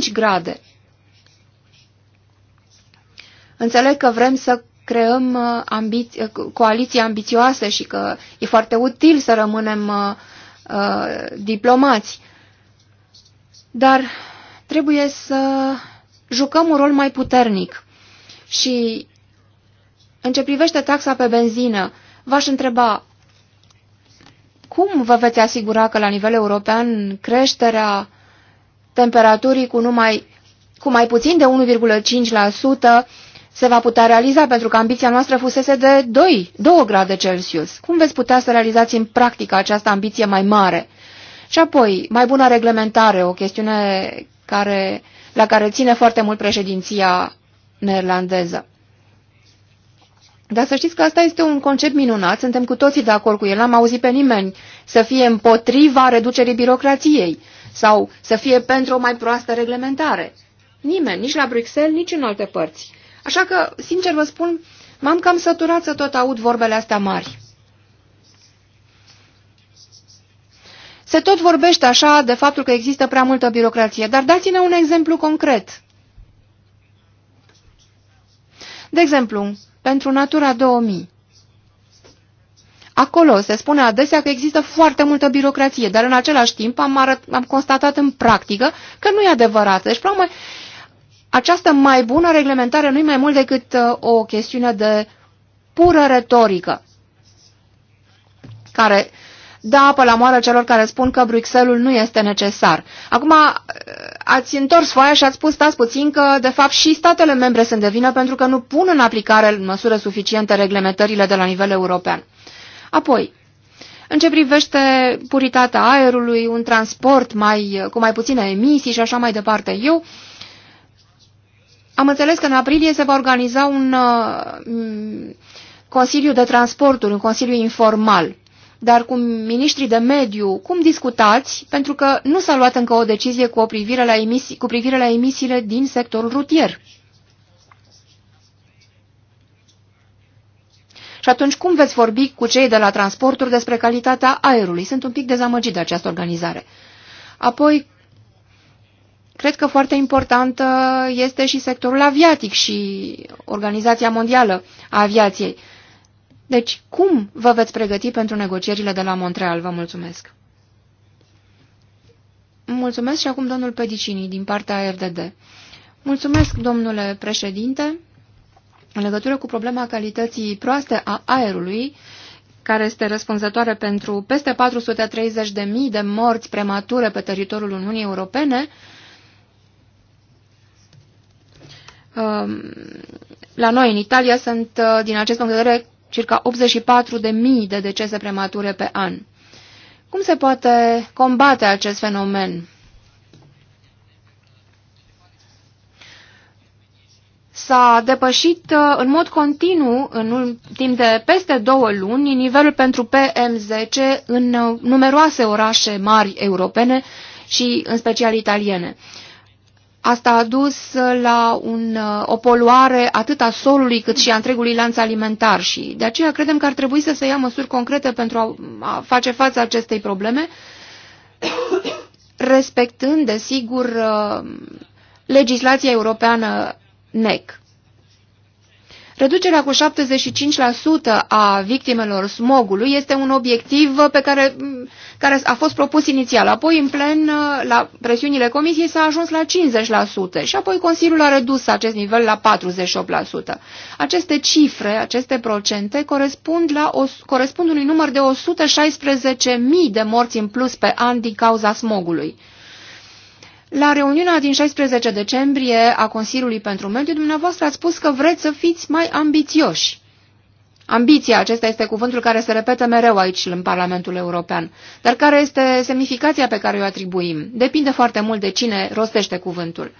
1,5 grade. Înțeleg că vrem să creăm uh, ambi uh, coaliții ambițioase și că e foarte util să rămânem uh, diplomați. Dar trebuie să jucăm un rol mai puternic. Și în ce privește taxa pe benzină, v-aș întreba, cum vă veți asigura că la nivel european creșterea temperaturii cu, numai, cu mai puțin de 1,5% se va putea realiza pentru că ambiția noastră fusese de 2, 2 grade Celsius. Cum veți putea să realizați în practică această ambiție mai mare? Și apoi, mai bună reglementare, o chestiune care, la care ține foarte mult președinția neerlandeză. Dar să știți că asta este un concept minunat, suntem cu toții de acord cu el, am auzit pe nimeni să fie împotriva reducerii birocrației sau să fie pentru o mai proastă reglementare. Nimeni, nici la Bruxelles, nici în alte părți. Așa că, sincer vă spun, m-am cam săturat să tot aud vorbele astea mari. Se tot vorbește așa de faptul că există prea multă birocrație, dar dați-ne un exemplu concret. De exemplu, pentru Natura 2000. Acolo se spune adesea că există foarte multă birocrație, dar în același timp am, arăt, am constatat în practică că nu e adevărat. Deci, probabil, această mai bună reglementare nu e mai mult decât uh, o chestiune de pură retorică, care da apă la moară celor care spun că Bruxelles nu este necesar. Acum eh, ați întors foaia și ați spus, stați puțin, că de fapt și statele membre sunt de vină pentru că nu pun în aplicare în măsură suficientă reglementările de la nivel european. Apoi, în ce privește puritatea aerului, un transport mai, cu mai puține emisii și așa mai departe, eu am înțeles că în aprilie se va organiza un uh, Consiliu de Transporturi, un Consiliu informal dar cu ministrii de mediu, cum discutați? Pentru că nu s-a luat încă o decizie cu, o privire la emisii, cu privire la emisiile din sectorul rutier. Și atunci cum veți vorbi cu cei de la transporturi despre calitatea aerului? Sunt un pic dezamăgit de această organizare. Apoi, cred că foarte importantă este și sectorul aviatic și Organizația Mondială a Aviației. Deci, cum vă veți pregăti pentru negocierile de la Montreal? Vă mulțumesc! Mulțumesc și acum domnul Pedicini din partea RDD. Mulțumesc, domnule președinte, în legătură cu problema calității proaste a aerului, care este răspunzătoare pentru peste 430.000 de morți premature pe teritoriul Uniunii Europene, um, la noi, în Italia, sunt, uh, din acest punct de vedere, circa 84.000 de decese premature pe an. Cum se poate combate acest fenomen? S-a depășit uh, în mod continuu, în timp de peste două luni, nivelul pentru PM10 în uh, numeroase orașe mari europene și în special italiene. Asta a dus la un, uh, o poluare atât a solului cât și a întregului lanț alimentar și de aceea credem că ar trebui să se ia măsuri concrete pentru a, a face față acestei probleme, respectând, desigur, uh, legislația europeană NEC. Reducerea cu 75% a victimelor smogului este un obiectiv uh, pe care, mm, care a fost propus inițial. Apoi, în plen, uh, la presiunile comisiei s-a ajuns la 50% și apoi Consiliul a redus acest nivel la 48%. Aceste cifre, aceste procente, corespund, la o, corespund unui număr de 116.000 de morți în plus pe an din cauza smogului. La reuniunea din 16 decembrie a Consiliului pentru Mediu, dumneavoastră ați spus că vreți să fiți mai ambițioși. Ambiția, acesta este cuvântul care se repetă mereu aici, în Parlamentul European. Dar care este semnificația pe care o atribuim? Depinde foarte mult de cine rostește cuvântul.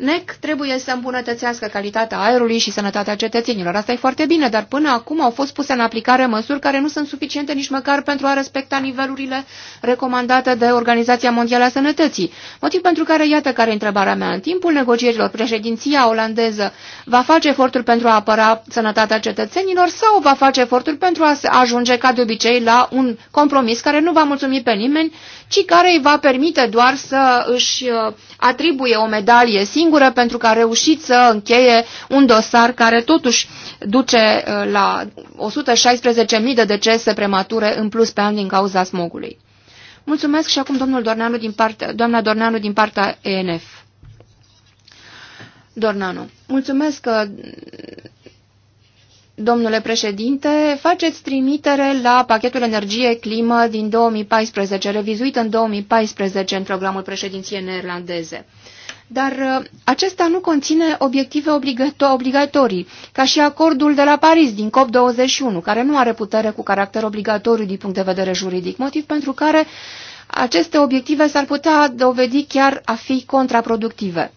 NEC trebuie să îmbunătățească calitatea aerului și sănătatea cetățenilor. Asta e foarte bine, dar până acum au fost puse în aplicare măsuri care nu sunt suficiente nici măcar pentru a respecta nivelurile recomandate de Organizația Mondială a Sănătății. Motiv pentru care, iată care e întrebarea mea, în timpul negocierilor, președinția olandeză va face efortul pentru a apăra sănătatea cetățenilor sau va face efortul pentru a ajunge, ca de obicei, la un compromis care nu va mulțumi pe nimeni, ci care îi va permite doar să își uh, atribuie o medalie singură pentru că a reușit să încheie un dosar care totuși duce uh, la 116.000 de decese premature în plus pe an din cauza smogului. Mulțumesc și acum domnul Dorneanu din partea, doamna Dorneanu din partea ENF. Dornanu, mulțumesc domnule președinte, faceți trimitere la pachetul energie-climă din 2014, revizuit în 2014 în programul președinției neerlandeze. Dar uh, acesta nu conține obiective obligatorii, ca și acordul de la Paris din COP21, care nu are putere cu caracter obligatoriu din punct de vedere juridic, motiv pentru care aceste obiective s-ar putea dovedi chiar a fi contraproductive.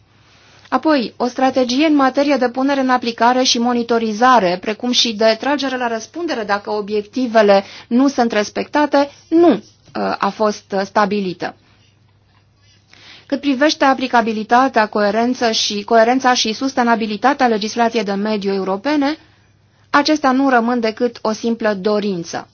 Apoi, o strategie în materie de punere în aplicare și monitorizare, precum și de tragere la răspundere dacă obiectivele nu sunt respectate, nu uh, a fost stabilită. Cât privește aplicabilitatea, coerența și, coerența și sustenabilitatea legislației de mediu europene, acestea nu rămân decât o simplă dorință.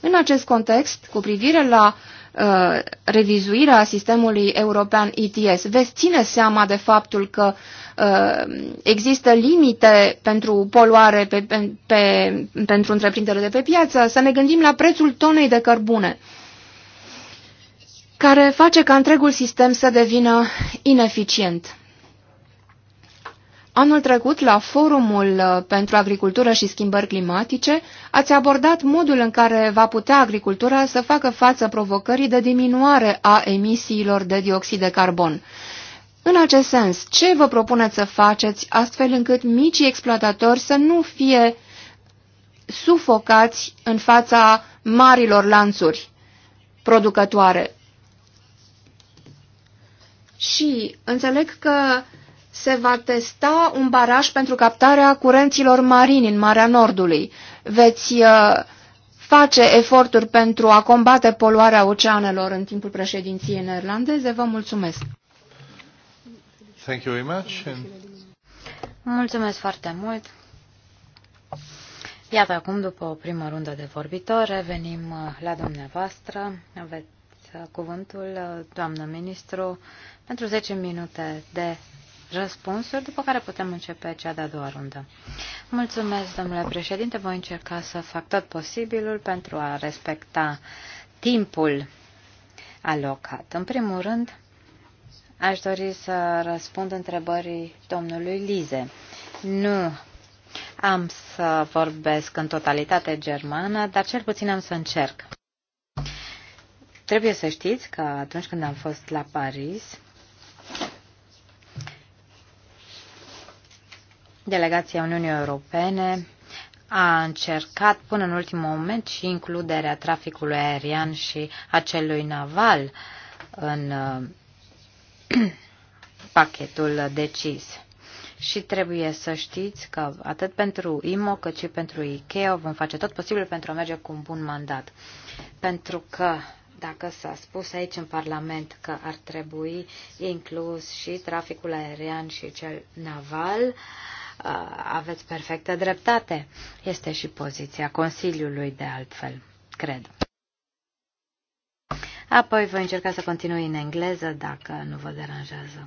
În acest context, cu privire la Uh, revizuirea sistemului european ETS veți ține seama de faptul că uh, există limite pentru poluare pe, pe, pe, pentru întreprinderile de pe piață, să ne gândim la prețul tonei de cărbune care face ca întregul sistem să devină ineficient. Anul trecut, la Forumul uh, pentru Agricultură și Schimbări Climatice, ați abordat modul în care va putea agricultura să facă față provocării de diminuare a emisiilor de dioxid de carbon. În acest sens, ce vă propuneți să faceți astfel încât micii exploatatori să nu fie sufocați în fața marilor lanțuri producătoare? Și înțeleg că se va testa un baraj pentru captarea curenților marini în Marea Nordului. Veți uh, face eforturi pentru a combate poluarea oceanelor în timpul președinției neerlandeze. Vă mulțumesc! Thank you very much. Mulțumesc foarte mult! Iată acum, după o primă rundă de vorbitori, revenim uh, la dumneavoastră. Aveți uh, cuvântul, doamnă ministru, pentru 10 minute de răspunsuri, după care putem începe cea de-a doua rundă. Mulțumesc, domnule președinte. Voi încerca să fac tot posibilul pentru a respecta timpul alocat. În primul rând, aș dori să răspund întrebării domnului Lize. Nu am să vorbesc în totalitate germană, dar cel puțin am să încerc. Trebuie să știți că atunci când am fost la Paris, Delegația Uniunii Europene a încercat până în ultimul moment și includerea traficului aerian și a celui naval în uh, pachetul decis. Și trebuie să știți că atât pentru IMO cât și pentru ICAO vom face tot posibil pentru a merge cu un bun mandat. Pentru că dacă s-a spus aici în Parlament că ar trebui inclus și traficul aerian și cel naval, uh, Uh, aveți perfectă dreptate. Este și poziția Consiliului, de altfel, cred. Apoi voi încerca să continui în engleză, dacă nu vă deranjează.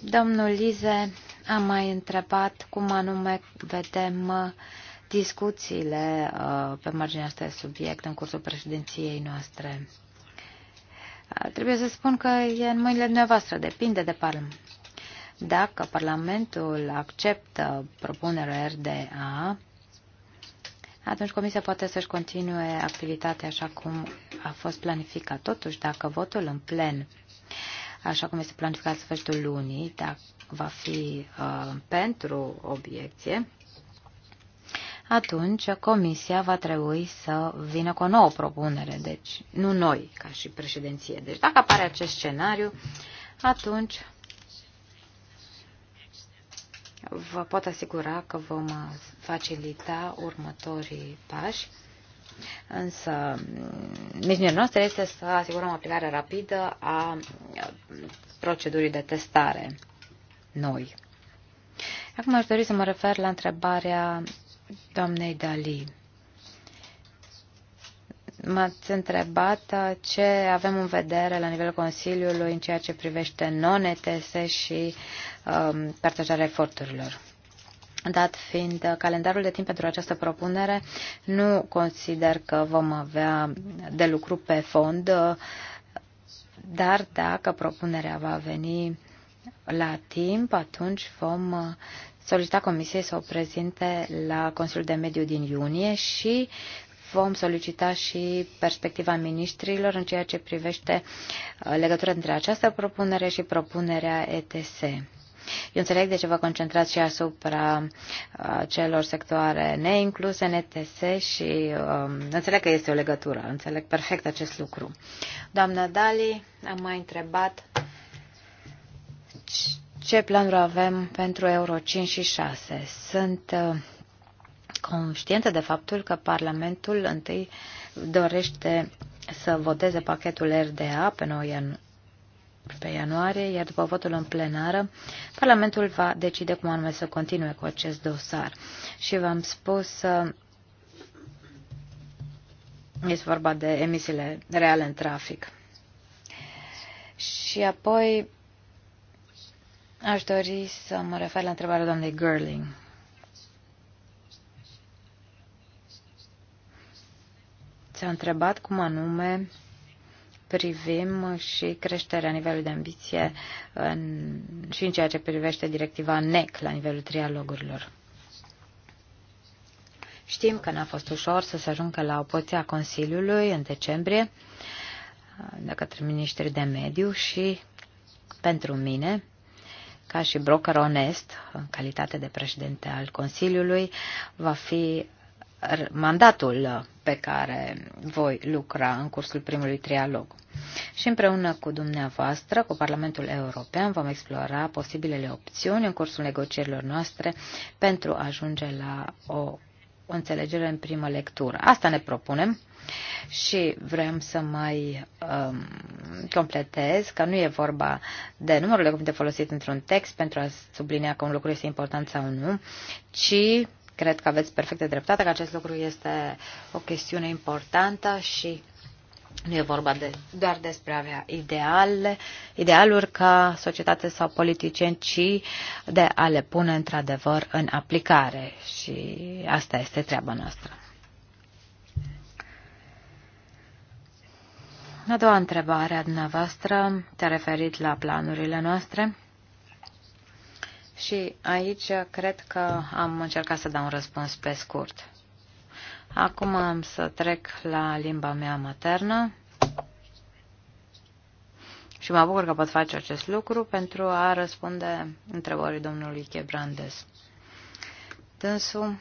Domnul Lize a mai întrebat cum anume vedem uh, discuțiile uh, pe marginea acestui subiect în cursul președinției noastre. Trebuie să spun că e în mâinile dumneavoastră, depinde de Parlament. Dacă Parlamentul acceptă propunerea RDA, atunci Comisia poate să-și continue activitatea așa cum a fost planificat. Totuși, dacă votul în plen, așa cum este planificat sfârșitul lunii, dacă va fi uh, pentru obiecție, atunci Comisia va trebui să vină cu o nouă propunere, deci nu noi, ca și președinție. Deci dacă apare acest scenariu, atunci vă pot asigura că vom facilita următorii pași. Însă, mm, misiunea noastră este să asigurăm o aplicare rapidă a procedurii de testare noi. Acum aș dori să mă refer la întrebarea doamnei Dali. M-ați întrebat uh, ce avem în vedere la nivelul Consiliului în ceea ce privește non-ETS și um, partajarea eforturilor. Dat fiind uh, calendarul de timp pentru această propunere, nu consider că vom avea de lucru pe fond, uh, dar dacă propunerea va veni la timp, atunci vom solicita Comisiei să o prezinte la Consiliul de Mediu din iunie și vom solicita și perspectiva ministrilor în ceea ce privește uh, legătura între această propunere și propunerea ETS. Eu înțeleg de ce vă concentrați și asupra uh, celor sectoare neincluse în ETS și um, înțeleg că este o legătură, înțeleg perfect acest lucru. Doamna Dali, am mai întrebat ce planuri avem pentru Euro 5 și 6. Sunt uh, conștientă de faptul că Parlamentul întâi dorește să voteze pachetul RDA pe 9 ianuarie pe ianuarie, iar după votul în plenară, Parlamentul va decide cum anume să continue cu acest dosar. Și v-am spus, este vorba de emisiile reale în trafic. Și apoi aș dori să mă refer la întrebarea doamnei Gerling. ți a întrebat cum anume privim și creșterea nivelului de ambiție în, și în ceea ce privește directiva NEC la nivelul trialogurilor. Știm că n-a fost ușor să se ajungă la a Consiliului în decembrie de către ministrii de mediu și pentru mine, ca și broker onest, în calitate de președinte al Consiliului, va fi mandatul pe care voi lucra în cursul primului trialog. Și împreună cu dumneavoastră, cu Parlamentul European, vom explora posibilele opțiuni în cursul negocierilor noastre pentru a ajunge la o înțelegere în primă lectură. Asta ne propunem și vrem să mai um, completez că nu e vorba de numărul de cuvinte folosit într-un text pentru a sublinia că un lucru este important sau nu, ci Cred că aveți perfectă dreptate că acest lucru este o chestiune importantă și nu e vorba de, doar despre a avea ideale, idealuri ca societate sau politicieni, ci de a le pune într-adevăr în aplicare. Și asta este treaba noastră. A doua întrebare a dumneavoastră te-a referit la planurile noastre. Și aici cred că am încercat să dau un răspuns pe scurt. Acum am să trec la limba mea maternă și mă bucur că pot face acest lucru pentru a răspunde întrebării domnului Chebrandes. Dânsul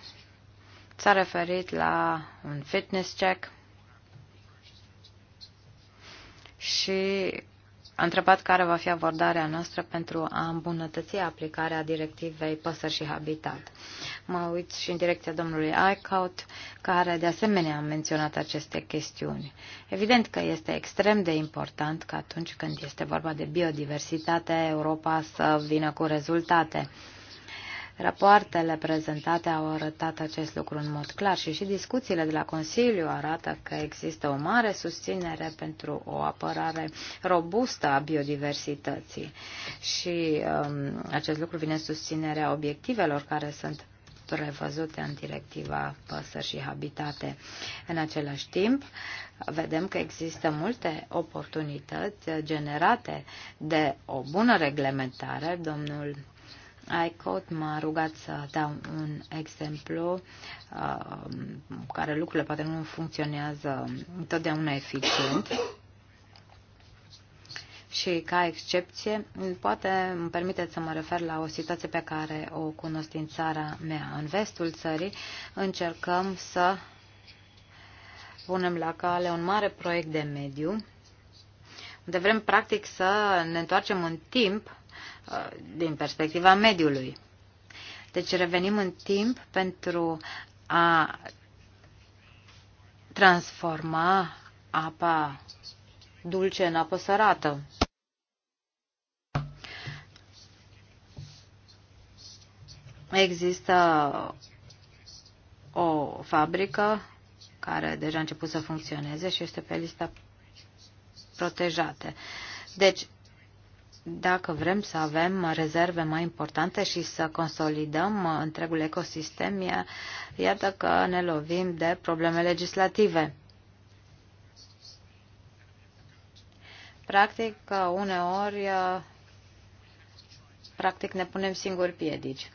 s-a referit la un fitness check și a întrebat care va fi abordarea noastră pentru a îmbunătăți aplicarea directivei păsări și habitat. Mă uit și în direcția domnului Eichhout, care de asemenea a menționat aceste chestiuni. Evident că este extrem de important că atunci când este vorba de biodiversitate, Europa să vină cu rezultate. Rapoartele prezentate au arătat acest lucru în mod clar și și discuțiile de la Consiliu arată că există o mare susținere pentru o apărare robustă a biodiversității și um, acest lucru vine în susținerea obiectivelor care sunt prevăzute în directiva păsări și habitate. În același timp, vedem că există multe oportunități generate de o bună reglementare. Domnul ICOT m-a rugat să dau un exemplu uh, care lucrurile poate nu funcționează întotdeauna eficient și ca excepție poate îmi permiteți să mă refer la o situație pe care o cunosc din țara mea. În vestul țării încercăm să punem la cale un mare proiect de mediu unde vrem practic să ne întoarcem în timp Uh, din perspectiva mediului. Deci revenim în timp pentru a transforma apa dulce în apă sărată. Există o fabrică care deja a început să funcționeze și este pe lista protejate. Deci, dacă vrem să avem rezerve mai importante și să consolidăm uh, întregul ecosistem, iată că ne lovim de probleme legislative. Practic, uh, uneori, uh, practic ne punem singuri piedici.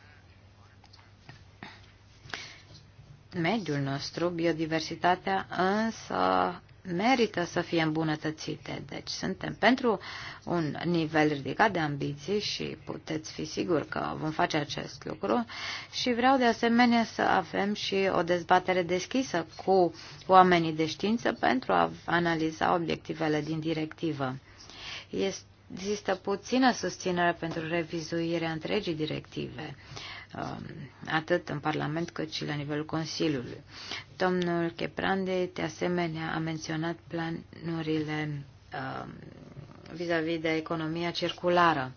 Mediul nostru, biodiversitatea, însă merită să fie îmbunătățite. Deci suntem pentru un nivel ridicat de ambiții și puteți fi siguri că vom face acest lucru și vreau de asemenea să avem și o dezbatere deschisă cu oamenii de știință pentru a analiza obiectivele din directivă. Este Există puțină susținere pentru revizuirea întregii directive. Um, atât în Parlament cât și la nivelul Consiliului. Domnul Cheprande, de asemenea, a menționat planurile um, vis-a-vis -vis de economia circulară.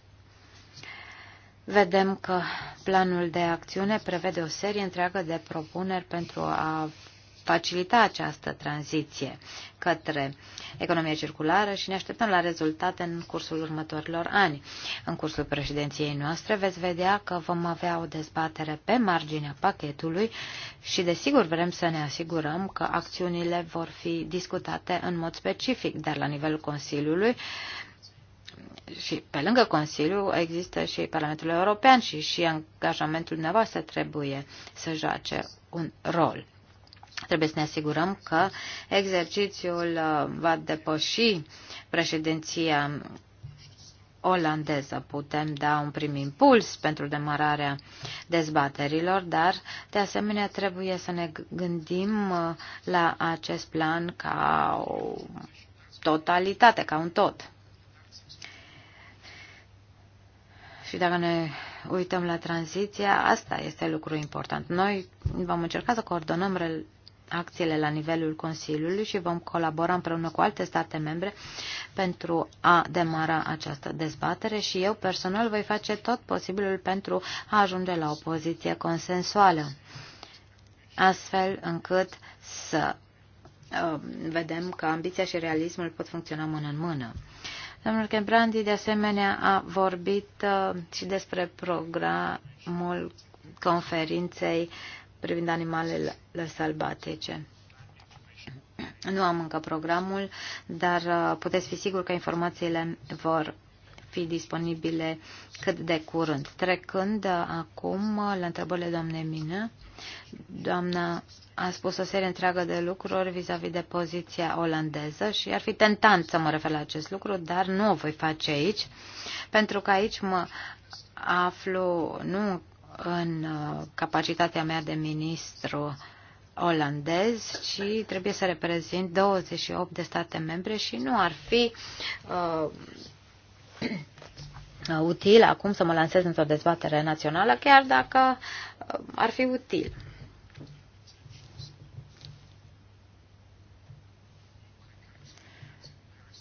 Vedem că planul de acțiune prevede o serie întreagă de propuneri pentru a facilita această tranziție către economia circulară și ne așteptăm la rezultate în cursul următorilor ani. În cursul președinției noastre veți vedea că vom avea o dezbatere pe marginea pachetului și desigur vrem să ne asigurăm că acțiunile vor fi discutate în mod specific, dar la nivelul Consiliului și pe lângă Consiliu există și Parlamentul European și și angajamentul dumneavoastră trebuie să joace un rol. Trebuie să ne asigurăm că exercițiul uh, va depăși președinția olandeză. Putem da un prim impuls pentru demararea dezbaterilor, dar de asemenea trebuie să ne gândim uh, la acest plan ca o totalitate, ca un tot. Și dacă ne uităm la tranziția, asta este lucru important. Noi vom încerca să coordonăm acțiile la nivelul Consiliului și vom colabora împreună cu alte state membre pentru a demara această dezbatere și eu personal voi face tot posibilul pentru a ajunge la o poziție consensuală, astfel încât să uh, vedem că ambiția și realismul pot funcționa mână în mână. Domnul Kembrandi, de asemenea, a vorbit uh, și despre programul conferinței uh, privind animalele sălbatice. Nu am încă programul, dar uh, puteți fi sigur că informațiile vor fi disponibile cât de curând. Trecând uh, acum uh, la întrebările doamnei mine, doamna a spus o serie întreagă de lucruri vis-a-vis -vis de poziția olandeză și ar fi tentant să mă refer la acest lucru, dar nu o voi face aici, pentru că aici mă aflu nu în uh, capacitatea mea de ministru olandez și trebuie să reprezint 28 de state membre și nu ar fi uh, util acum să mă lansez într-o dezbatere națională, chiar dacă uh, ar fi util.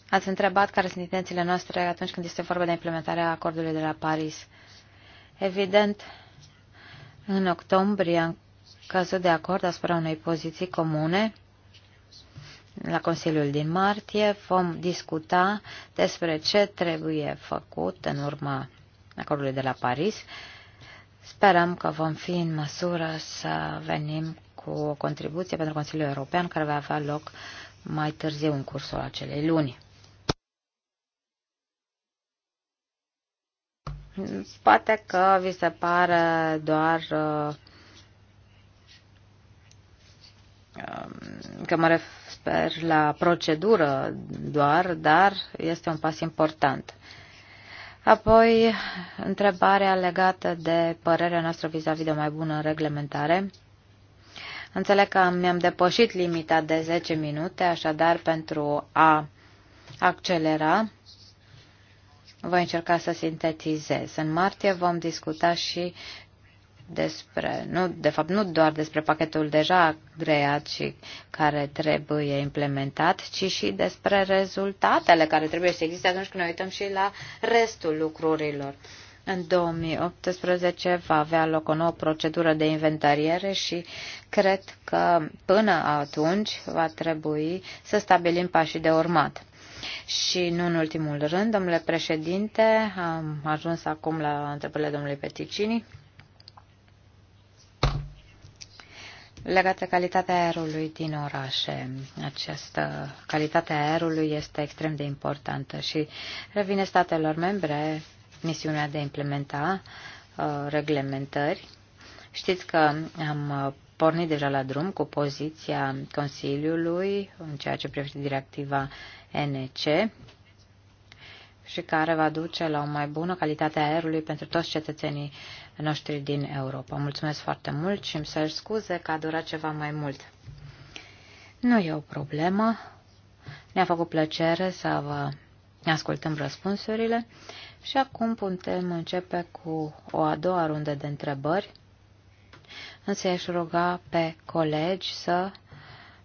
Ați întrebat care sunt intențiile noastre atunci când este vorba de implementarea acordului de la Paris. Evident, în octombrie în cazul de acord asupra unei poziții comune. La Consiliul din martie vom discuta despre ce trebuie făcut în urma acordului de la Paris. Sperăm că vom fi în măsură să venim cu o contribuție pentru Consiliul European care va avea loc mai târziu în cursul acelei luni. Poate că vi se pare doar um, că mă refer la procedură doar, dar este un pas important. Apoi, întrebarea legată de părerea noastră vis-a-vis -vis de o mai bună reglementare. Înțeleg că mi-am depășit limita de 10 minute, așadar pentru a accelera, voi încerca să sintetizez. În martie vom discuta și despre, nu, de fapt nu doar despre pachetul deja creat și care trebuie implementat, ci și despre rezultatele care trebuie să existe atunci când ne uităm și la restul lucrurilor. În 2018 va avea loc o nouă procedură de inventariere și cred că până atunci va trebui să stabilim pașii de urmat. Și nu în ultimul rând, domnule președinte, am ajuns acum la întrebările domnului Peticini. Legată calitatea aerului din orașe, această calitate a aerului este extrem de importantă și revine statelor membre misiunea de a implementa uh, reglementări. Știți că am uh, pornit deja la drum cu poziția Consiliului în ceea ce privește directiva NEC și care va duce la o mai bună calitate a aerului pentru toți cetățenii noștri din Europa. Mulțumesc foarte mult și îmi să scuze că a durat ceva mai mult. Nu e o problemă. Ne-a făcut plăcere să vă ascultăm răspunsurile și acum putem începe cu o a doua rundă de întrebări însă aș ruga pe colegi să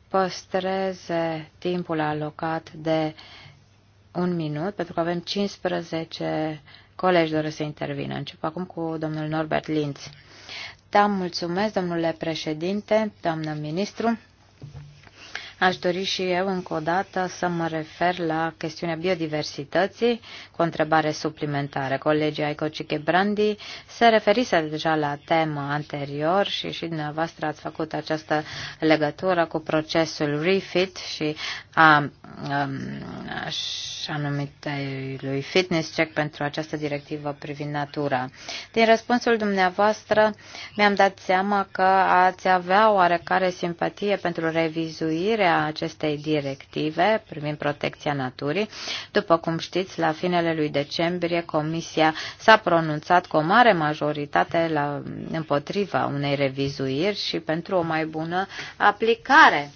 păstreze timpul alocat de un minut, pentru că avem 15 colegi doresc să intervină. Încep acum cu domnul Norbert Linz. Da, mulțumesc, domnule președinte, doamnă ministru. Aș dori și eu încă o dată să mă refer la chestiunea biodiversității cu o întrebare suplimentară. Colegii Aicociche Brandi se referise deja la tema anterior și și dumneavoastră ați făcut această legătură cu procesul refit și a, a, așa lui fitness check pentru această directivă privind natura. Din răspunsul dumneavoastră mi-am dat seama că ați avea oarecare simpatie pentru revizuire aplicarea acestei directive privind protecția naturii. După cum știți, la finele lui decembrie, Comisia s-a pronunțat cu o mare majoritate la, împotriva unei revizuiri și pentru o mai bună aplicare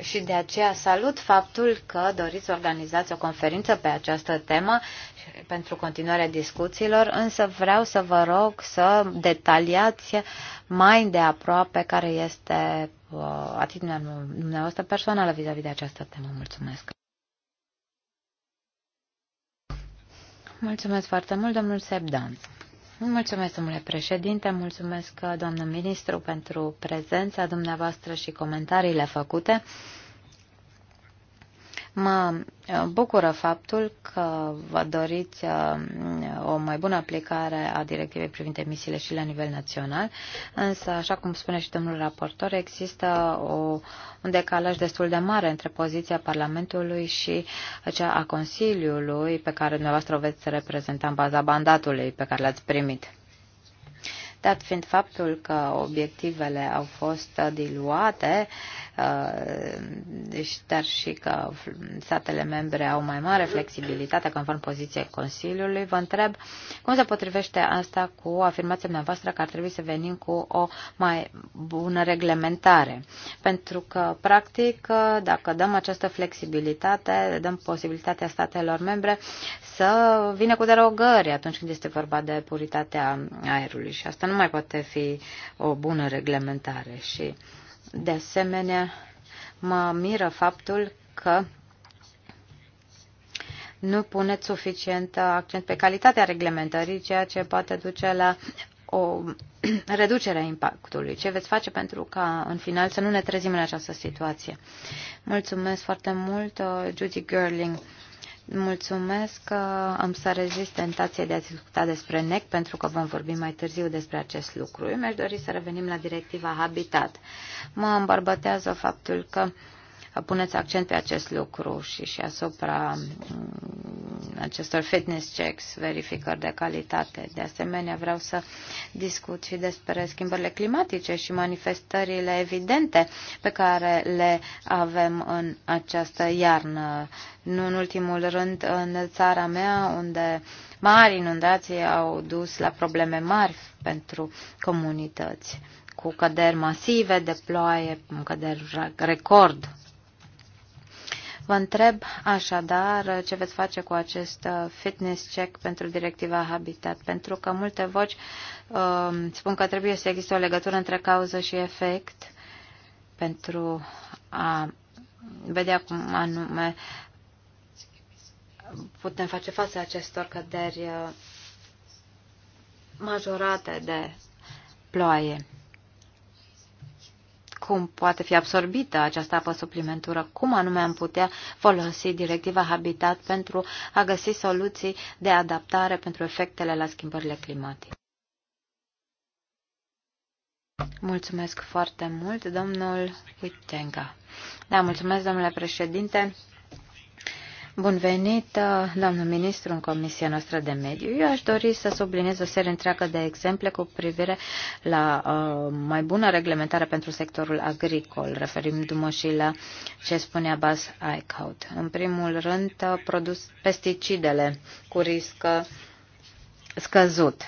și de aceea salut faptul că doriți să organizați o conferință pe această temă pentru continuarea discuțiilor, însă vreau să vă rog să detaliați mai de aproape care este Uh, atitudinea dumneavoastră personală vis-a-vis -vis de această temă. Mulțumesc! Mulțumesc foarte mult, domnul Sebdan! Mulțumesc, domnule președinte, mulțumesc, doamnă ministru, pentru prezența dumneavoastră și comentariile făcute. Mă uh, bucură faptul că vă doriți uh, o mai bună aplicare a directivei privind emisiile și la nivel național, însă, așa cum spune și domnul raportor, există o, un decalaj destul de mare între poziția Parlamentului și cea a Consiliului pe care dumneavoastră o veți reprezenta în baza mandatului pe care l-ați primit. Dat fiind faptul că obiectivele au fost diluate, uh, deci, dar și că statele membre au mai mare flexibilitate conform poziției Consiliului. Vă întreb cum se potrivește asta cu afirmația dumneavoastră că ar trebui să venim cu o mai bună reglementare. Pentru că, practic, dacă dăm această flexibilitate, dăm posibilitatea statelor membre să vină cu derogări atunci când este vorba de puritatea aerului și asta nu mai poate fi o bună reglementare. Și de asemenea, mă miră faptul că nu puneți suficient accent pe calitatea reglementării, ceea ce poate duce la o reducere a impactului. Ce veți face pentru ca în final să nu ne trezim în această situație? Mulțumesc foarte mult, uh, Judy Gerling. Mulțumesc că am să rezist tentația de a discuta despre NEC, pentru că vom vorbi mai târziu despre acest lucru. Eu mi-aș dori să revenim la directiva Habitat. Mă îmbărbătează faptul că uh, puneți accent pe acest lucru și, și asupra mm, acestor fitness checks, verificări de calitate. De asemenea, vreau să discut și despre schimbările climatice și manifestările evidente pe care le avem în această iarnă. Nu în ultimul rând în țara mea, unde mari inundații au dus la probleme mari pentru comunități cu căderi masive de ploaie, căderi record Vă întreb așadar ce veți face cu acest uh, fitness check pentru directiva Habitat, pentru că multe voci uh, spun că trebuie să existe o legătură între cauză și efect pentru a vedea cum anume putem face față acestor căderi uh, majorate de ploaie cum poate fi absorbită această apă suplimentură, cum anume am putea folosi directiva Habitat pentru a găsi soluții de adaptare pentru efectele la schimbările climatice. Mulțumesc foarte mult, domnul Uitenga. Da, mulțumesc, domnule președinte. Bun venit, uh, doamnă ministru, în Comisia noastră de mediu. Eu aș dori să subliniez o serie întreagă de exemple cu privire la uh, mai bună reglementare pentru sectorul agricol, referindu-mă și la ce spunea Bas Eichhout. În primul rând, uh, produs pesticidele cu risc uh, scăzut.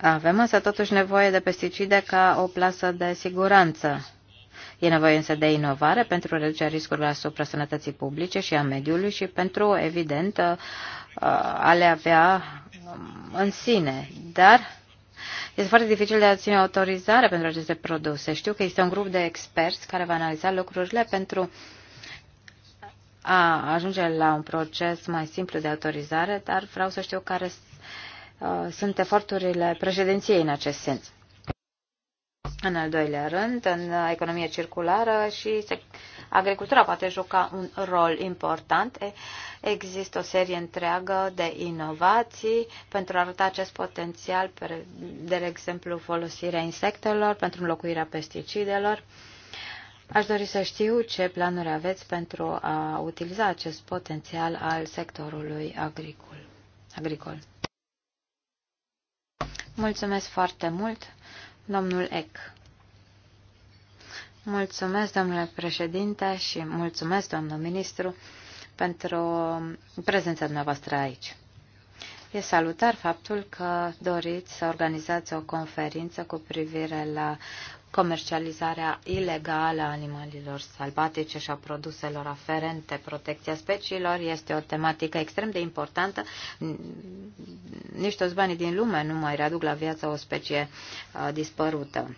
Avem însă totuși nevoie de pesticide ca o plasă de siguranță E nevoie însă de inovare pentru reducerea riscurilor asupra sănătății publice și a mediului și pentru, evident, uh, a le avea um, în sine. Dar este foarte dificil de a ține autorizare pentru aceste produse. Știu că este un grup de experți care va analiza lucrurile pentru a ajunge la un proces mai simplu de autorizare, dar vreau să știu care uh, sunt eforturile președinției în acest sens. În al doilea rând, în economia circulară și agricultura poate juca un rol important. Există o serie întreagă de inovații pentru a arăta acest potențial, de exemplu folosirea insectelor pentru înlocuirea pesticidelor. Aș dori să știu ce planuri aveți pentru a utiliza acest potențial al sectorului agricol. agricol. Mulțumesc foarte mult, domnul Eck. Mulțumesc, domnule președinte, și mulțumesc, domnul ministru, pentru prezența dumneavoastră aici. E salutar faptul că doriți să organizați o conferință cu privire la comercializarea ilegală a animalilor salbatice și a produselor aferente, protecția speciilor, este o tematică extrem de importantă. Nici toți banii din lume nu mai readuc la viață o specie uh, dispărută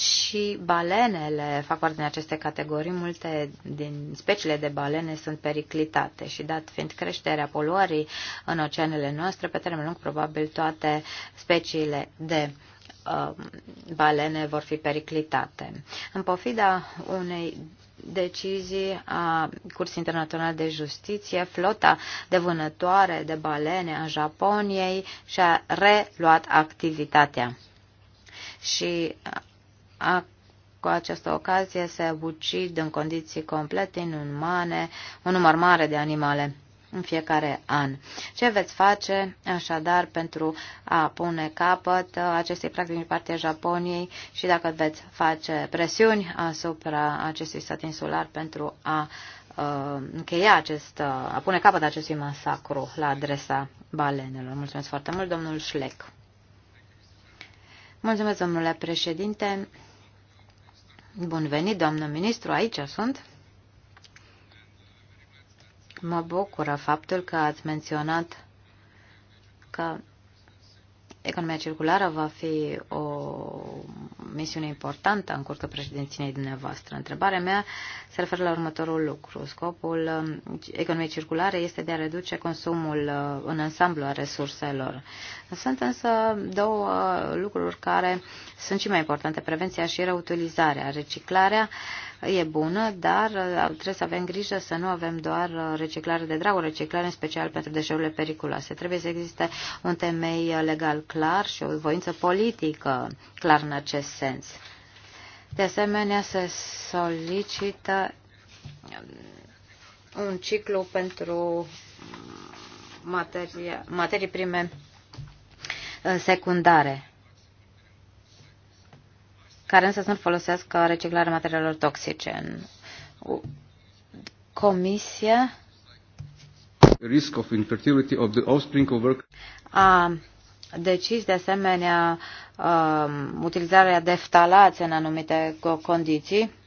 și balenele fac parte din aceste categorii. Multe din speciile de balene sunt periclitate și dat fiind creșterea poluării în oceanele noastre, pe termen lung probabil toate speciile de uh, balene vor fi periclitate. În pofida unei decizii a Curții Internaționale de Justiție, flota de vânătoare de balene a Japoniei și-a reluat activitatea. Și a, cu această ocazie se ucid în condiții complet inumane un număr mare de animale în fiecare an. Ce veți face așadar pentru a pune capăt acestei practici din partea Japoniei și dacă veți face presiuni asupra acestui stat insular pentru a uh, încheia acest, uh, a pune capăt acestui masacru la adresa balenelor. Mulțumesc foarte mult, domnul Șlec. Mulțumesc, domnule președinte. Bun venit, doamnă ministru, aici sunt. Mă bucură faptul că ați menționat că economia circulară va fi o misiune importantă în cursul președinției dumneavoastră. Întrebarea mea se referă la următorul lucru. Scopul um, economiei circulare este de a reduce consumul uh, în ansamblu a resurselor. Sunt însă două lucruri care sunt și mai importante, prevenția și reutilizarea. Reciclarea e bună, dar uh, trebuie să avem grijă să nu avem doar uh, reciclare de dragul, reciclare în special pentru deșeurile periculoase. Trebuie să existe un temei legal clar și o voință politică clar în acest sens. De asemenea, se solicită um, un ciclu pentru um, materie, materii prime uh, secundare, care însă să nu folosească reciclarea materialelor toxice. Comisia risk of infertility of the offspring of work. a decis de asemenea uh, utilizarea de ftalați în anumite condiții,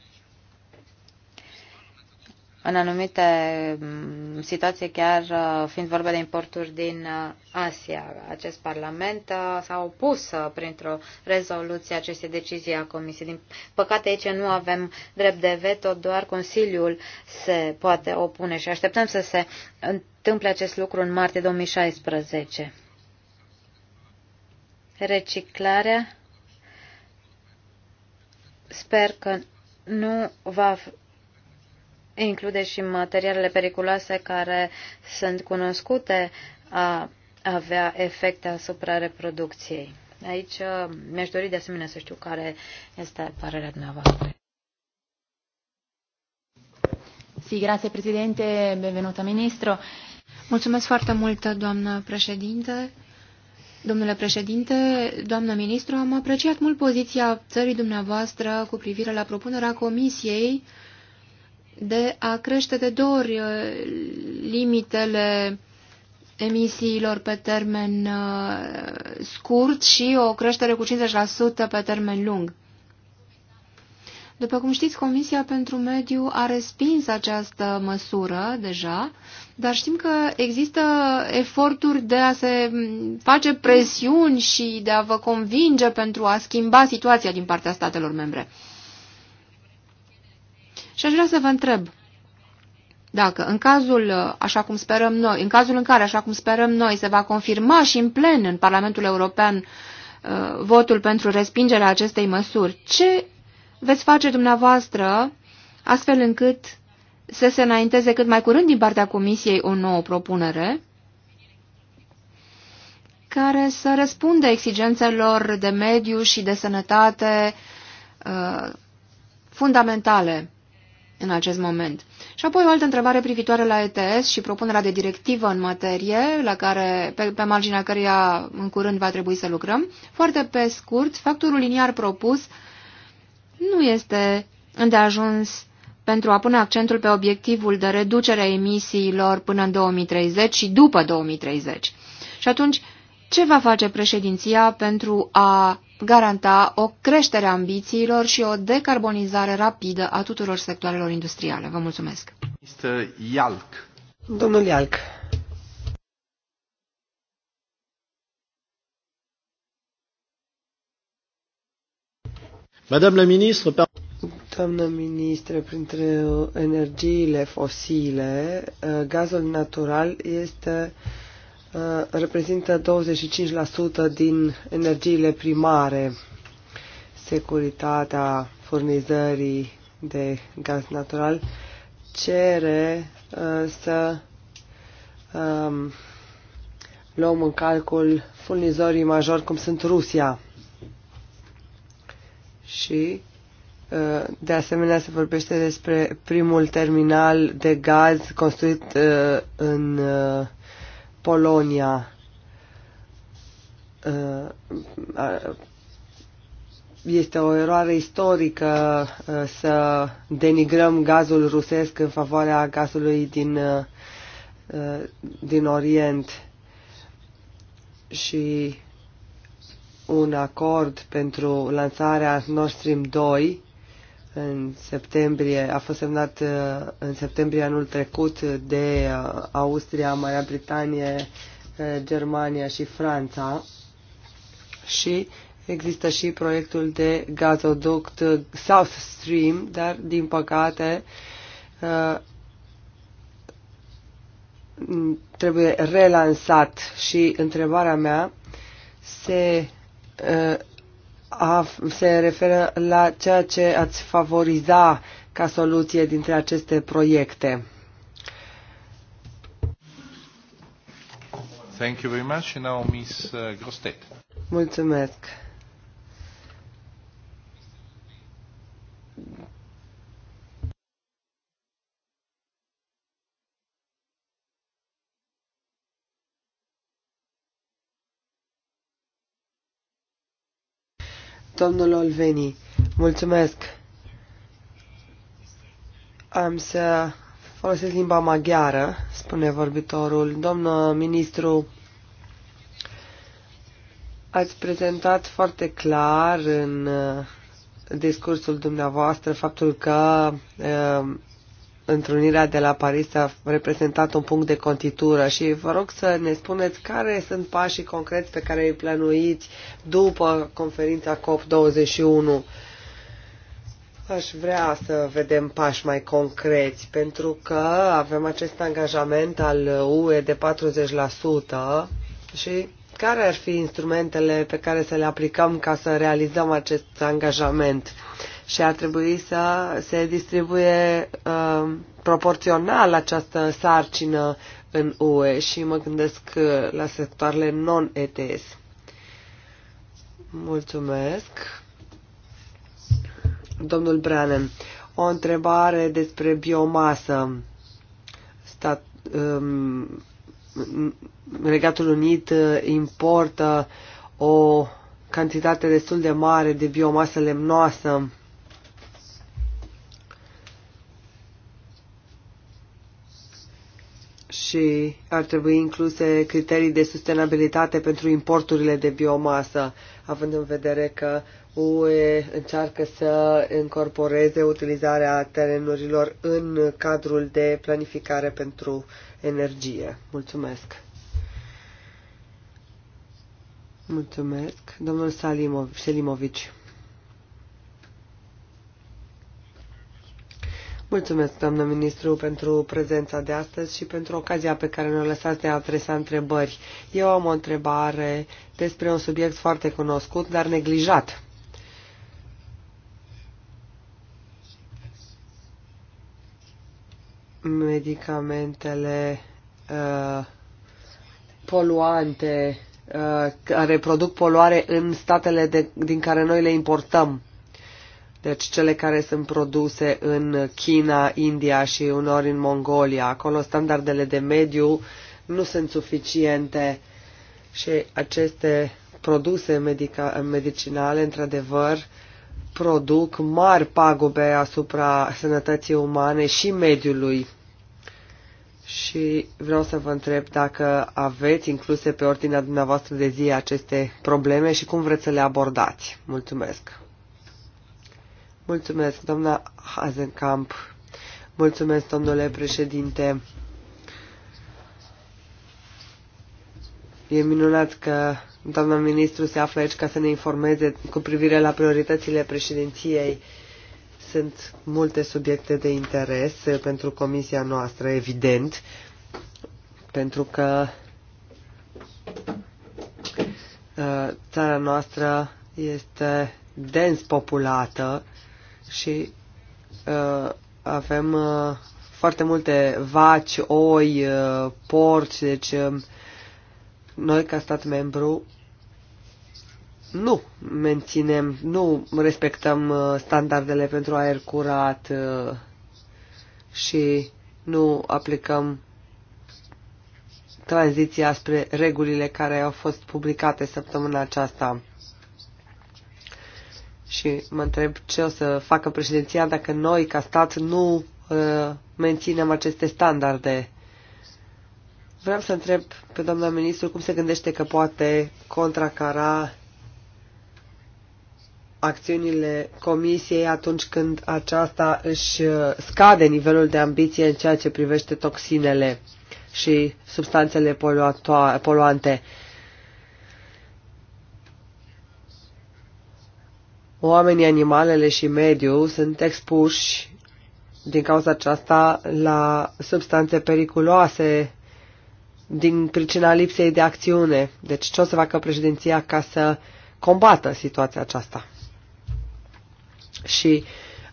în anumite mm, situații chiar uh, fiind vorba de importuri din uh, Asia. Acest Parlament uh, s-a opus printr-o rezoluție acestei decizii a Comisiei. Din păcate aici nu avem drept de veto, doar Consiliul se poate opune și așteptăm să se întâmple acest lucru în martie 2016 reciclarea sper că nu va include și materialele periculoase care sunt cunoscute a avea efecte asupra reproducției. Aici uh, mi-aș dori de asemenea să știu care este părerea dumneavoastră. Sì, grazie Presidente, benvenuta Ministro. Mulțumesc foarte mult, doamnă președinte. Domnule președinte, doamnă ministru, am apreciat mult poziția țării dumneavoastră cu privire la propunerea Comisiei de a crește de două ori uh, limitele emisiilor pe termen uh, scurt și o creștere cu 50% pe termen lung. După cum știți, Comisia pentru Mediu a respins această măsură deja, dar știm că există eforturi de a se face presiuni și de a vă convinge pentru a schimba situația din partea statelor membre. Și aș vrea să vă întreb dacă, în cazul, așa cum sperăm noi, în cazul în care, așa cum sperăm noi, se va confirma și în plen în Parlamentul European uh, votul pentru respingerea acestei măsuri, ce veți face dumneavoastră astfel încât să se înainteze cât mai curând din partea Comisiei o nouă propunere care să răspundă exigențelor de mediu și de sănătate uh, fundamentale în acest moment. Și apoi o altă întrebare privitoare la ETS și propunerea de directivă în materie, la care, pe, pe marginea căreia în curând va trebui să lucrăm. Foarte pe scurt, factorul liniar propus nu este îndeajuns pentru a pune accentul pe obiectivul de reducere a emisiilor până în 2030 și după 2030. Și atunci, ce va face președinția pentru a garanta o creștere a ambițiilor și o decarbonizare rapidă a tuturor sectoarelor industriale? Vă mulțumesc! Este Ialc. Domnul Ialc. Madame la ministre, par... Doamnă ministre, printre energiile fosile, uh, gazul natural este uh, reprezintă 25% din energiile primare. Securitatea furnizării de gaz natural cere uh, să um, luăm în calcul furnizorii majori cum sunt Rusia și ă, de asemenea se vorbește despre primul terminal de gaz construit ă, în ă, Polonia. Este o eroare istorică să denigrăm gazul rusesc în favoarea gazului din, din Orient. Și un acord pentru lansarea Nord Stream 2 în septembrie, a fost semnat uh, în septembrie anul trecut de uh, Austria, Marea Britanie, uh, Germania și Franța și există și proiectul de gazoduct South Stream, dar din păcate trebuie relansat și întrebarea mea se a, se referă la ceea ce ați favoriza ca soluție dintre aceste proiecte. Thank you very much. Now, Ms. Uh, Grostet. Mulțumesc. Domnul Olveni, mulțumesc. Am să folosesc limba maghiară, spune vorbitorul. Domnul ministru, ați prezentat foarte clar în uh, discursul dumneavoastră faptul că uh, Întrunirea de la Paris a reprezentat un punct de contitură și vă rog să ne spuneți care sunt pașii concreți pe care îi planuiți după conferința COP21. Aș vrea să vedem pași mai concreți, pentru că avem acest angajament al UE de 40% și care ar fi instrumentele pe care să le aplicăm ca să realizăm acest angajament? și ar trebui să se distribuie uh, proporțional această sarcină în UE și mă gândesc uh, la sectoarele non-ETS. Mulțumesc. Domnul Branen, o întrebare despre biomasă. Stat, um, Regatul Unit uh, importă o cantitate destul de mare de biomasă lemnoasă și ar trebui incluse criterii de sustenabilitate pentru importurile de biomasă, având în vedere că UE încearcă să incorporeze utilizarea terenurilor în cadrul de planificare pentru energie. Mulțumesc! Mulțumesc, domnul Salimovici. Mulțumesc, doamnă ministru, pentru prezența de astăzi și pentru ocazia pe care ne-o lăsați de a adresa întrebări. Eu am o întrebare despre un subiect foarte cunoscut, dar neglijat. Medicamentele uh, poluante uh, care produc poluare în statele de, din care noi le importăm. Deci cele care sunt produse în China, India și unor în Mongolia. Acolo standardele de mediu nu sunt suficiente și aceste produse medica, medicinale, într-adevăr, produc mari pagube asupra sănătății umane și mediului. Și vreau să vă întreb dacă aveți incluse pe ordinea dumneavoastră de zi aceste probleme și cum vreți să le abordați. Mulțumesc! Mulțumesc, doamna Hazenkamp. Mulțumesc, domnule președinte. E minunat că doamna ministru se află aici ca să ne informeze cu privire la prioritățile președinției. Sunt multe subiecte de interes pentru comisia noastră, evident, pentru că uh, țara noastră este dens populată și uh, avem uh, foarte multe vaci, oi, uh, porci, deci uh, noi ca stat membru nu menținem, nu respectăm uh, standardele pentru aer curat uh, și nu aplicăm tranziția spre regulile care au fost publicate săptămâna aceasta. Și mă întreb ce o să facă președinția dacă noi, ca stat, nu uh, menținem aceste standarde. Vreau să întreb pe doamna ministru cum se gândește că poate contracara acțiunile comisiei atunci când aceasta își uh, scade nivelul de ambiție în ceea ce privește toxinele și substanțele poluante. oamenii, animalele și mediul sunt expuși din cauza aceasta la substanțe periculoase din pricina lipsei de acțiune. Deci ce o să facă președinția ca să combată situația aceasta? Și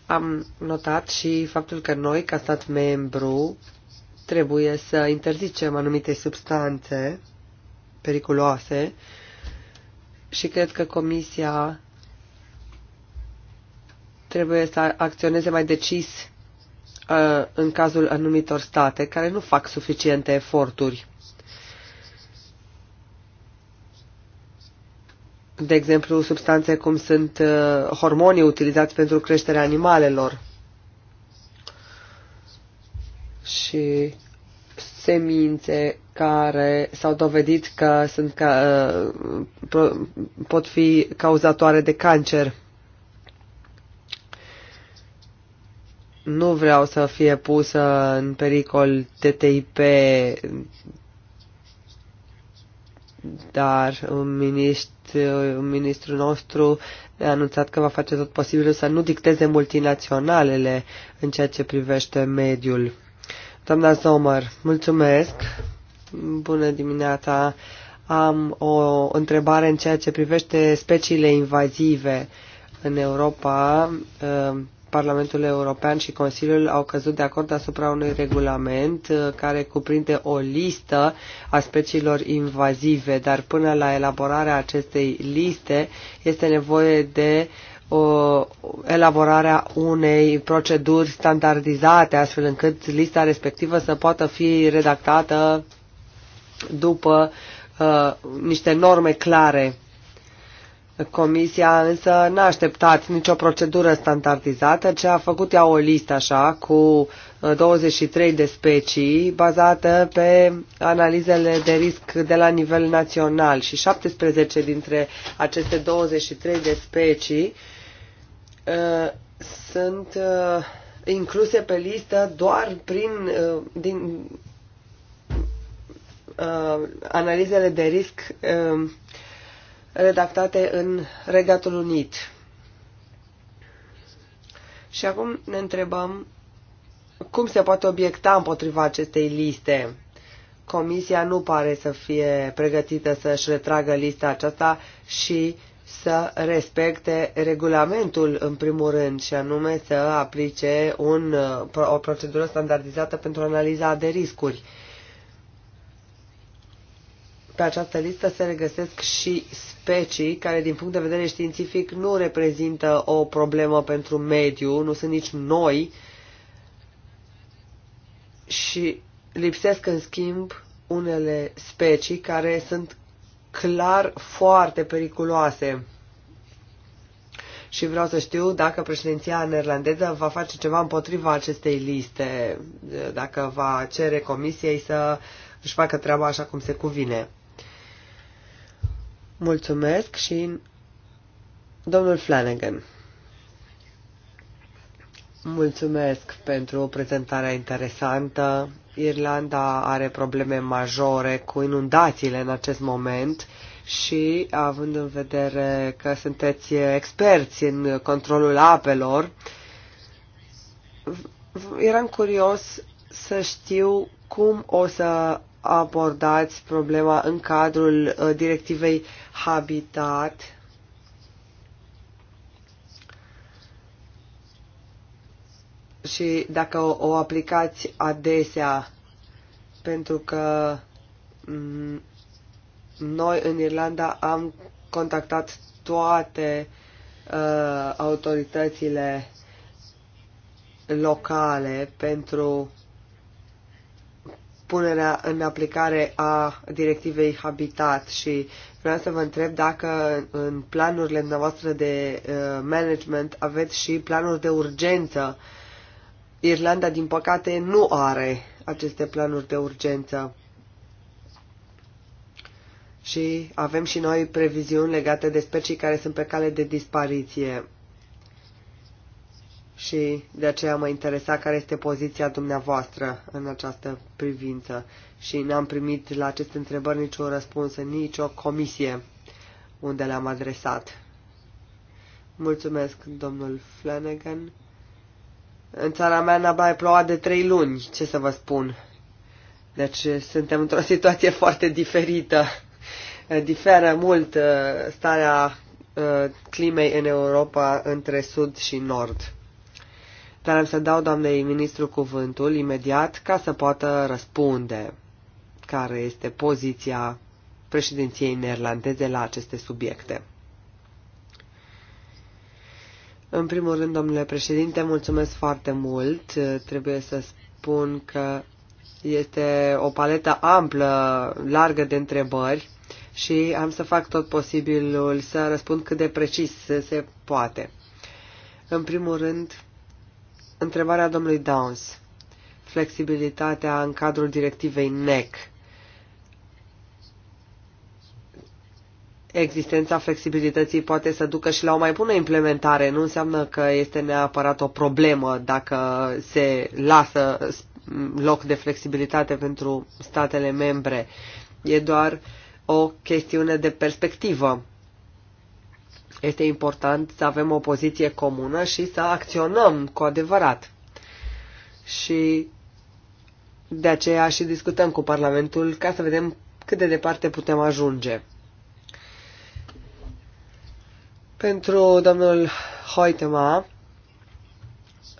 am notat și faptul că noi, ca stat membru, trebuie să interzicem anumite substanțe periculoase și cred că Comisia trebuie să acționeze mai decis uh, în cazul anumitor state care nu fac suficiente eforturi. De exemplu, substanțe cum sunt uh, hormonii utilizați pentru creșterea animalelor și semințe care s-au dovedit că sunt, uh, pot fi cauzatoare de cancer. nu vreau să fie pusă în pericol TTIP, dar un ministru, un ministru nostru a anunțat că va face tot posibilul să nu dicteze multinaționalele în ceea ce privește mediul. Doamna Zomăr, mulțumesc! Bună dimineața! Am o întrebare în ceea ce privește speciile invazive în Europa ă, Parlamentul European și Consiliul au căzut de acord asupra unui regulament uh, care cuprinde o listă a speciilor invazive, dar până la elaborarea acestei liste este nevoie de elaborarea unei proceduri standardizate, astfel încât lista respectivă să poată fi redactată după uh, niște norme clare Comisia însă n-a așteptat nicio procedură standardizată, ce a făcut ea o listă așa cu 23 uh, de specii bazată pe analizele de risc de la nivel național și 17 dintre aceste 23 de specii uh, sunt uh, incluse pe listă doar prin uh, din, uh, analizele de risc uh, redactate în Regatul Unit. Și acum ne întrebăm cum se poate obiecta împotriva acestei liste. Comisia nu pare să fie pregătită să-și retragă lista aceasta și să respecte regulamentul în primul rând și anume să aplice un, o procedură standardizată pentru analiza de riscuri pe această listă se regăsesc și specii care, din punct de vedere științific, nu reprezintă o problemă pentru mediu, nu sunt nici noi și lipsesc, în schimb, unele specii care sunt clar foarte periculoase. Și vreau să știu dacă președinția neerlandeză va face ceva împotriva acestei liste, dacă va cere comisiei să își facă treaba așa cum se cuvine. Mulțumesc și domnul Flanagan. Mulțumesc pentru o prezentare interesantă. Irlanda are probleme majore cu inundațiile în acest moment și având în vedere că sunteți experți în controlul apelor, eram curios să știu cum o să abordați problema în cadrul uh, directivei Habitat. Și dacă o, o aplicați adesea, pentru că mm, noi în Irlanda am contactat toate uh, autoritățile locale pentru punerea în aplicare a directivei Habitat și vreau să vă întreb dacă în planurile noastre de uh, management aveți și planuri de urgență. Irlanda, din păcate, nu are aceste planuri de urgență. Și avem și noi previziuni legate de specii care sunt pe cale de dispariție și de aceea mă interesa care este poziția dumneavoastră în această privință și n-am primit la aceste întrebări niciun răspuns în nicio comisie unde le-am adresat. Mulțumesc, domnul Flanagan. În țara mea n-a mai plouat de trei luni, ce să vă spun. Deci suntem într-o situație foarte diferită. Diferă mult uh, starea uh, climei în Europa între sud și nord dar să dau doamnei ministru cuvântul imediat ca să poată răspunde care este poziția președinției neerlandeze la aceste subiecte. În primul rând, domnule președinte, mulțumesc foarte mult. Trebuie să spun că este o paletă amplă, largă de întrebări și am să fac tot posibilul să răspund cât de precis se poate. În primul rând, Întrebarea domnului Downs. Flexibilitatea în cadrul directivei NEC. Existența flexibilității poate să ducă și la o mai bună implementare. Nu înseamnă că este neapărat o problemă dacă se lasă loc de flexibilitate pentru statele membre. E doar o chestiune de perspectivă. Este important să avem o poziție comună și să acționăm cu adevărat. Și de aceea și discutăm cu Parlamentul ca să vedem cât de departe putem ajunge. Pentru domnul Hoitema,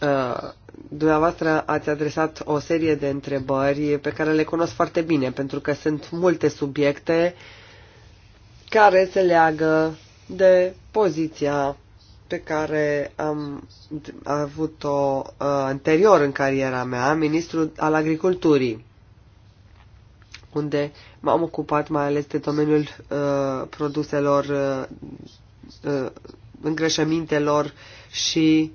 uh, dumneavoastră ați adresat o serie de întrebări pe care le cunosc foarte bine, pentru că sunt multe subiecte care se leagă de poziția pe care am avut-o uh, anterior în cariera mea, ministrul al agriculturii, unde m-am ocupat mai ales de domeniul uh, produselor, uh, uh îngrășămintelor și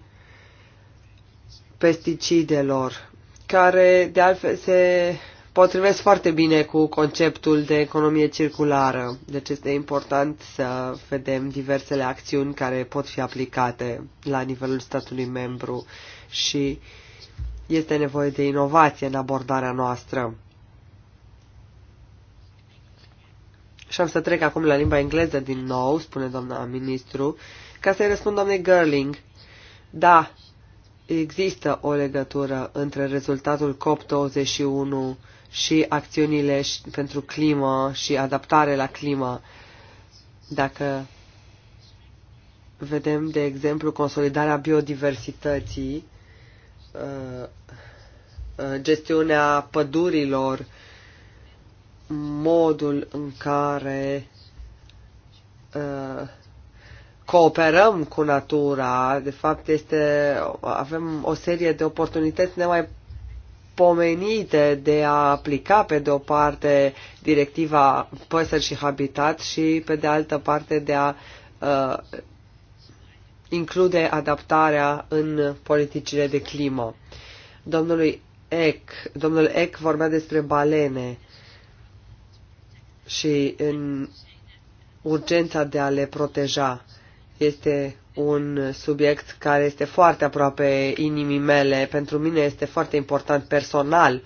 pesticidelor, care de altfel se potrivesc foarte bine cu conceptul de economie circulară. Deci este important să vedem diversele acțiuni care pot fi aplicate la nivelul statului membru și este nevoie de inovație în abordarea noastră. Și am să trec acum la limba engleză din nou, spune doamna ministru, ca să-i răspund doamnei Gerling. Da, există o legătură între rezultatul COP21 și acțiunile pentru climă și adaptare la climă. Dacă vedem, de exemplu, consolidarea biodiversității, uh, uh, gestiunea pădurilor, modul în care uh, cooperăm cu natura, de fapt este, avem o serie de oportunități nemai pomenite de a aplica pe de o parte directiva păsări și habitat și pe de altă parte de a uh, include adaptarea în politicile de climă. Domnului Eck, domnul Eck vorbea despre balene și în urgența de a le proteja. Este un subiect care este foarte aproape inimii mele. Pentru mine este foarte important personal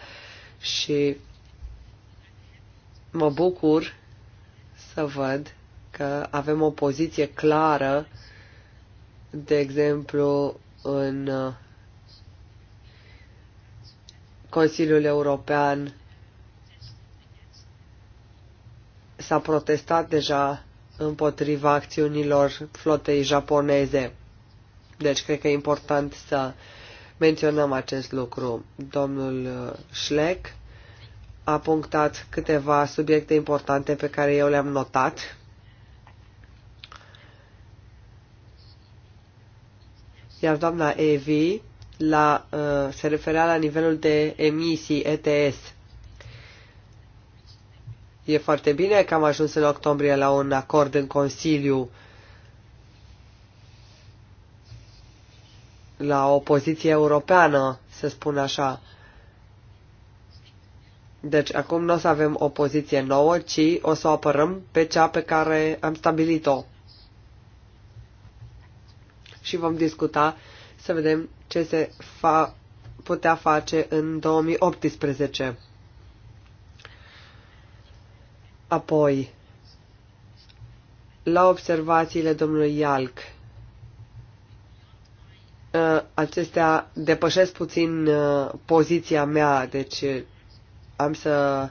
și mă bucur să văd că avem o poziție clară, de exemplu, în uh, Consiliul European s-a protestat deja împotriva acțiunilor flotei japoneze. Deci cred că e important să menționăm acest lucru. Domnul Schleck a punctat câteva subiecte importante pe care eu le-am notat. Iar doamna Evi la, uh, se referea la nivelul de emisii ETS. E foarte bine că am ajuns în octombrie la un acord în Consiliu la o poziție europeană, să spun așa. Deci acum nu o să avem o poziție nouă, ci o să o apărăm pe cea pe care am stabilit-o. Și vom discuta să vedem ce se fa putea face în 2018. Apoi, la observațiile domnului Ialc, ă, acestea depășesc puțin ă, poziția mea, deci ă, am să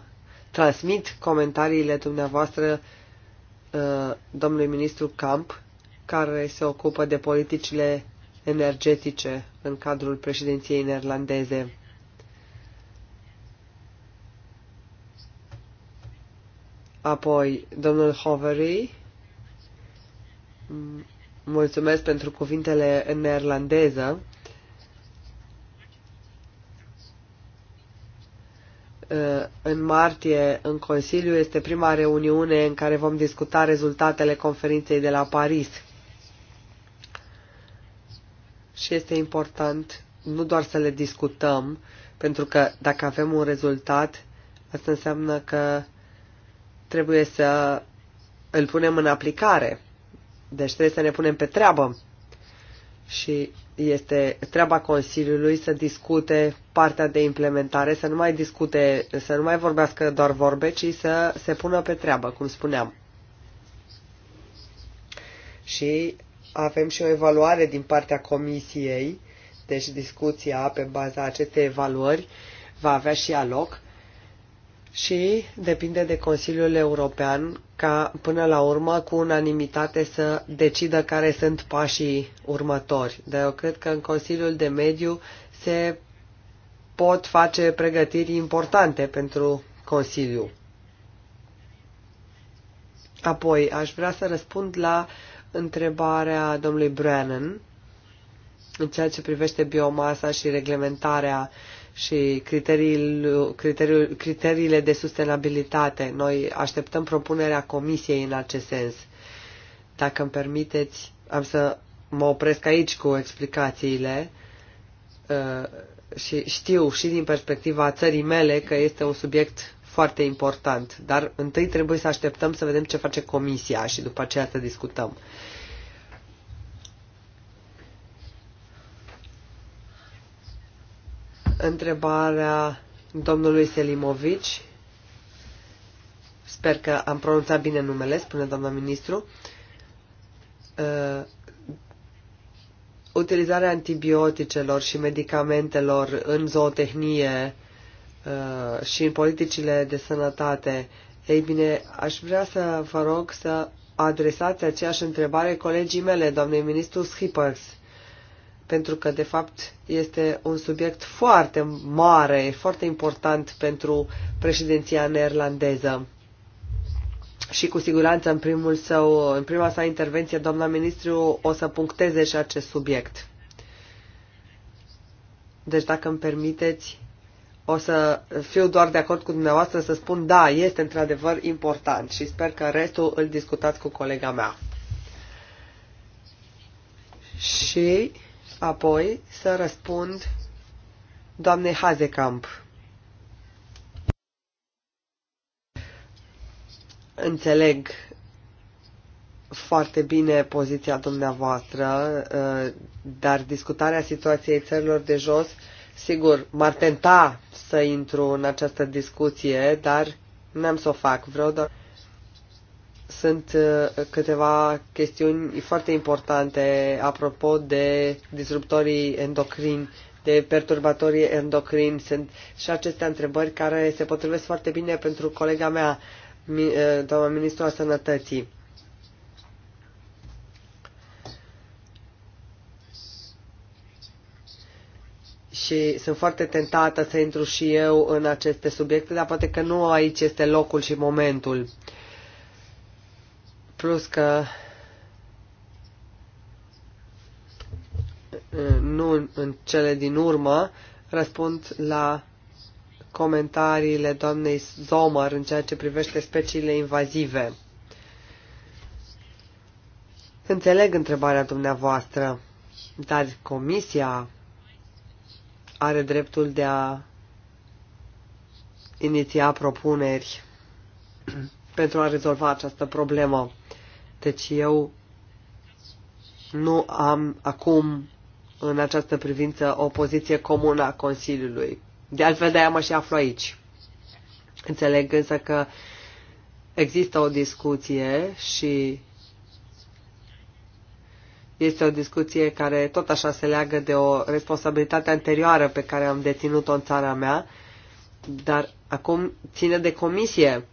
transmit comentariile dumneavoastră domnului ministru Camp, care se ocupă de politicile energetice în cadrul președinției neerlandeze. Apoi, domnul Hovery, mulțumesc pentru cuvintele în neerlandeză. În martie, în Consiliu, este prima reuniune în care vom discuta rezultatele conferinței de la Paris. Și este important nu doar să le discutăm, pentru că dacă avem un rezultat, asta înseamnă că trebuie să îl punem în aplicare. Deci trebuie să ne punem pe treabă. Și este treaba Consiliului să discute partea de implementare, să nu mai discute, să nu mai vorbească doar vorbe, ci să se pună pe treabă, cum spuneam. Și avem și o evaluare din partea Comisiei, deci discuția pe baza acestei evaluări va avea și aloc și depinde de Consiliul European ca până la urmă cu unanimitate să decidă care sunt pașii următori. Dar eu cred că în Consiliul de Mediu se pot face pregătiri importante pentru Consiliu. Apoi, aș vrea să răspund la întrebarea domnului Brennan în ceea ce privește biomasa și reglementarea uh, și criteriul, criteriul, criteriile de sustenabilitate. Noi așteptăm propunerea comisiei în acest sens. Dacă îmi permiteți, am să mă opresc aici cu explicațiile uh, și știu și din perspectiva țării mele că este un subiect foarte important, dar întâi trebuie să așteptăm să vedem ce face comisia și după aceea să discutăm. întrebarea domnului Selimovici. Sper că am pronunțat bine numele, spune doamna ministru. Uh, utilizarea antibioticelor și medicamentelor în zootehnie uh, și în politicile de sănătate. Ei bine, aș vrea să vă rog să adresați aceeași întrebare colegii mele, doamnei ministru Schippers pentru că, de fapt, este un subiect foarte mare, foarte important pentru președinția neerlandeză. Și cu siguranță, în, primul său, în prima sa intervenție, doamna ministru o să puncteze și acest subiect. Deci, dacă îmi permiteți, o să fiu doar de acord cu dumneavoastră să spun da, este într-adevăr important și sper că restul îl discutați cu colega mea. Și apoi să răspund doamnei Hazekamp. Înțeleg foarte bine poziția dumneavoastră, uh, dar discutarea situației țărilor de jos, sigur, m-ar tenta să intru în această discuție, dar n-am să o fac. Vreau doar sunt uh, câteva chestiuni foarte importante apropo de disruptorii endocrini, de perturbatorii endocrini. Sunt și aceste întrebări care se potrivesc foarte bine pentru colega mea, uh, doamna ministru a sănătății. și sunt foarte tentată să intru și eu în aceste subiecte, dar poate că nu aici este locul și momentul. Plus că nu în cele din urmă răspund la comentariile doamnei Zomar în ceea ce privește speciile invazive. Înțeleg întrebarea dumneavoastră, dar Comisia are dreptul de a iniția propuneri pentru a rezolva această problemă. Deci eu nu am acum în această privință o poziție comună a Consiliului. De altfel, de-aia mă și aflu aici. Înțeleg însă că există o discuție și este o discuție care tot așa se leagă de o responsabilitate anterioară pe care am deținut-o în țara mea, dar acum ține de comisie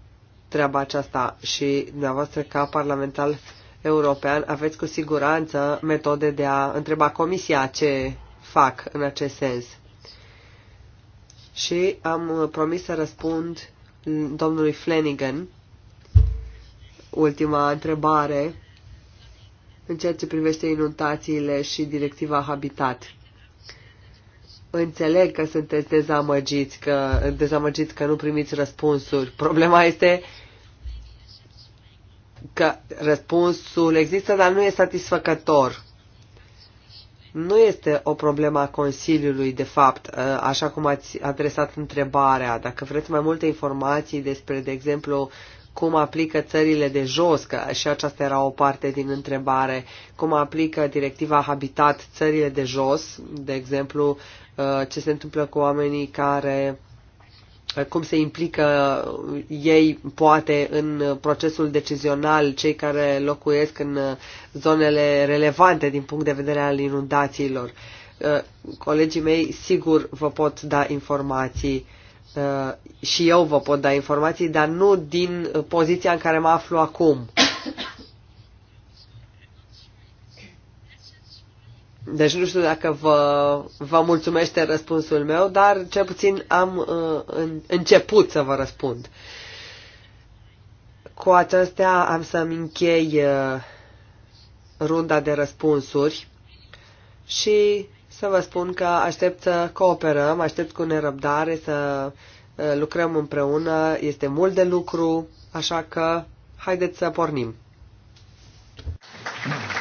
treaba aceasta și dumneavoastră ca parlamentar european aveți cu siguranță metode de a întreba comisia ce fac în acest sens. Și am promis să răspund domnului Flanagan ultima întrebare în ceea ce privește inundațiile și directiva Habitat. Înțeleg că sunteți dezamăgiți că, dezamăgiți că nu primiți răspunsuri. Problema este că răspunsul există, dar nu e satisfăcător. Nu este o problemă a Consiliului, de fapt, ă, așa cum ați adresat întrebarea. Dacă vreți mai multe informații despre, de exemplu, cum aplică țările de jos, că și aceasta era o parte din întrebare, cum aplică directiva Habitat țările de jos, de exemplu, Uh, ce se întâmplă cu oamenii care uh, cum se implică ei, poate, în procesul decizional, cei care locuiesc în uh, zonele relevante din punct de vedere al inundațiilor. Colegii mei, sigur, vă pot da informații și eu vă pot da informații, dar nu din poziția în care mă aflu acum. Deci nu știu dacă vă, vă mulțumește răspunsul meu, dar cel puțin am uh, în, început să vă răspund. Cu acestea am să-mi închei uh, runda de răspunsuri și să vă spun că aștept să cooperăm, aștept cu nerăbdare să uh, lucrăm împreună. Este mult de lucru, așa că haideți să pornim. Thank you.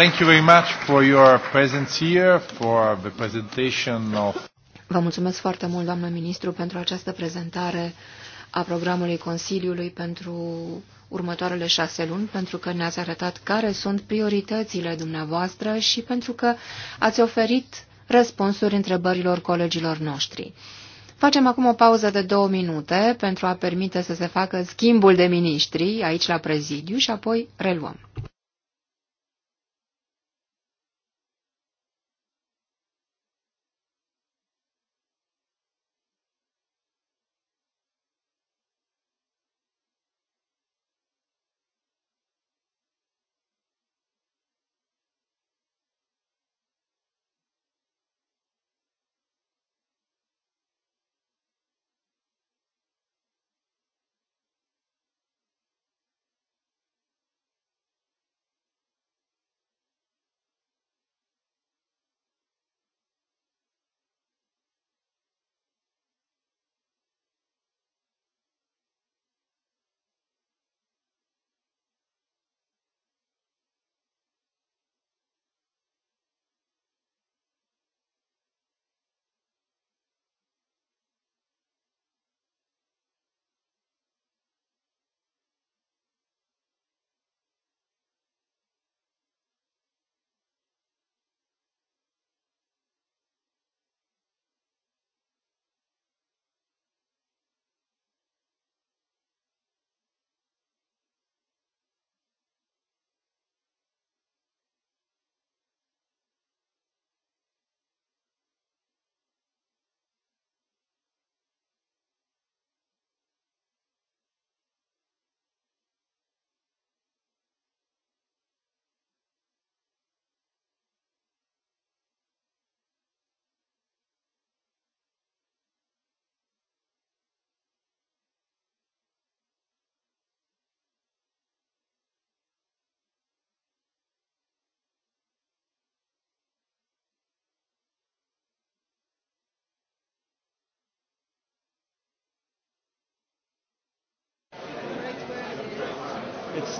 Thank you very much for your presence here, for the presentation of... Vă mulțumesc foarte mult, doamnă ministru, pentru această prezentare a programului Consiliului pentru următoarele șase luni, pentru că ne-ați arătat care sunt prioritățile dumneavoastră și pentru că ați oferit răspunsuri întrebărilor colegilor noștri. Facem acum o pauză de două minute pentru a permite să se facă schimbul de miniștri aici la prezidiu și apoi reluăm.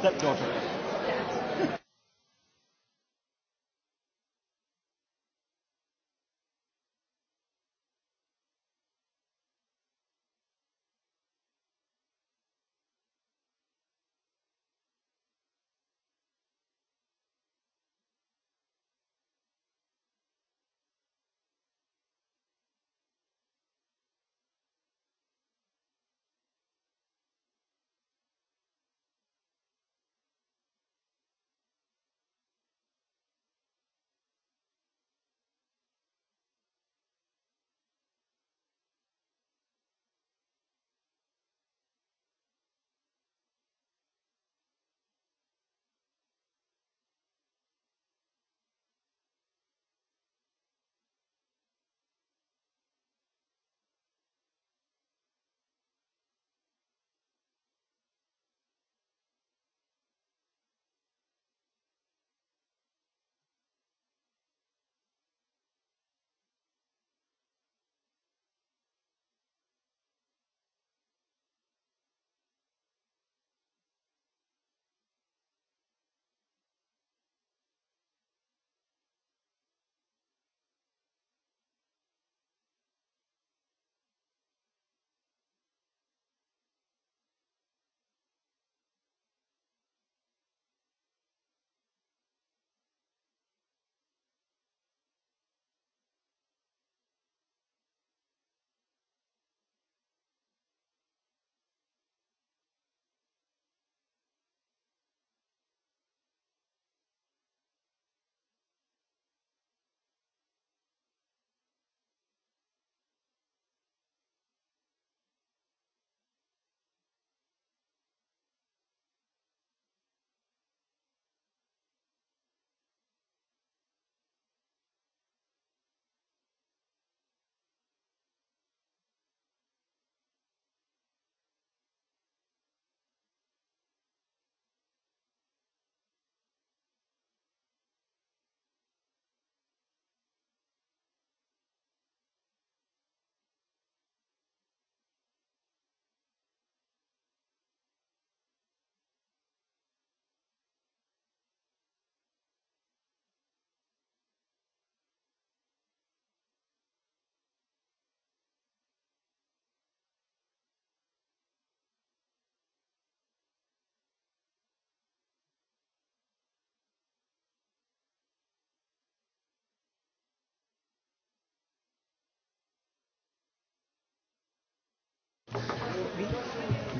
stepdaughter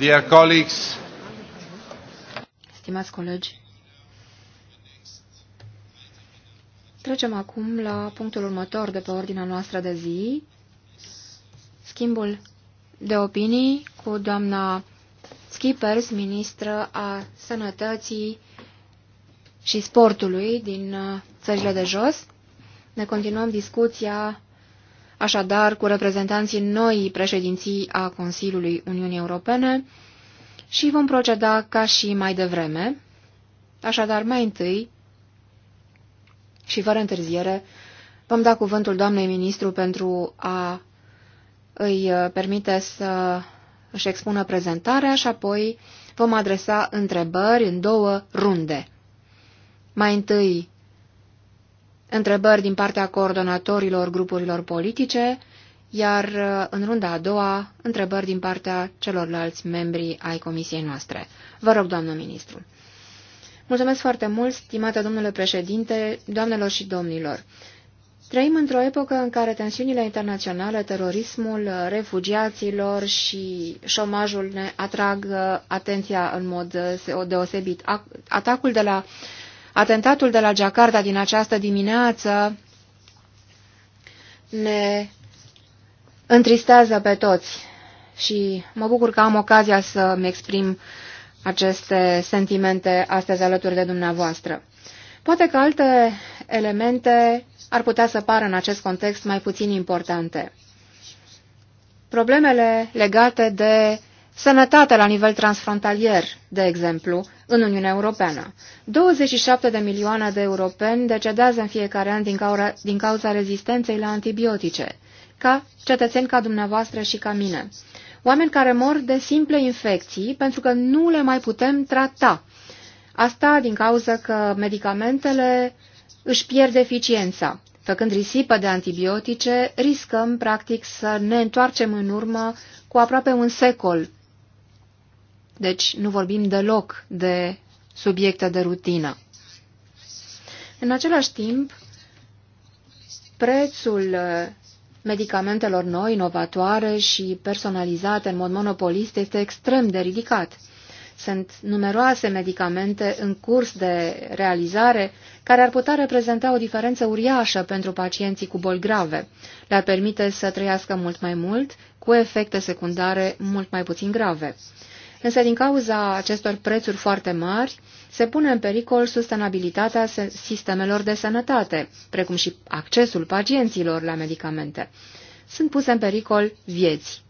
Dear colleagues, Stimați colegi, trecem acum la punctul următor de pe ordinea noastră de zi, schimbul de opinii cu doamna Skippers, ministră a Sănătății și Sportului din uh, țările de jos. Ne continuăm discuția așadar cu reprezentanții noii președinții a Consiliului Uniunii Europene și vom proceda ca și mai devreme, așadar mai întâi și fără întârziere vom da cuvântul doamnei ministru pentru a îi uh, permite să își expună prezentarea și apoi vom adresa întrebări în două runde. Mai întâi întrebări din partea coordonatorilor grupurilor politice, iar uh, în runda a doua, întrebări din partea celorlalți membri ai comisiei noastre. Vă rog, doamnă ministru. Mulțumesc foarte mult, stimată domnule președinte, doamnelor și domnilor. Trăim într-o epocă în care tensiunile internaționale, terorismul, refugiaților și șomajul ne atrag uh, atenția în mod uh, deosebit. Atacul de la uh, Atentatul de la Jakarta din această dimineață ne întristează pe toți și mă bucur că am ocazia să-mi exprim aceste sentimente astăzi alături de dumneavoastră. Poate că alte elemente ar putea să pară în acest context mai puțin importante. Problemele legate de Sănătate la nivel transfrontalier, de exemplu, în Uniunea Europeană. 27 de milioane de europeni decedează în fiecare an din, caura, din cauza rezistenței la antibiotice, ca cetățeni ca dumneavoastră și ca mine. Oameni care mor de simple infecții pentru că nu le mai putem trata. Asta din cauza că medicamentele își pierd eficiența. Făcând risipă de antibiotice, riscăm, practic, să ne întoarcem în urmă cu aproape un secol deci nu vorbim deloc de subiecte de rutină. În același timp, prețul uh, medicamentelor noi, inovatoare și personalizate în mod monopolist este extrem de ridicat. Sunt numeroase medicamente în curs de realizare care ar putea reprezenta o diferență uriașă pentru pacienții cu boli grave. Le-ar permite să trăiască mult mai mult, cu efecte secundare mult mai puțin grave însă din cauza acestor prețuri foarte mari se pune în pericol sustenabilitatea sistemelor de sănătate, precum și accesul pacienților la medicamente. Sunt puse în pericol vieți.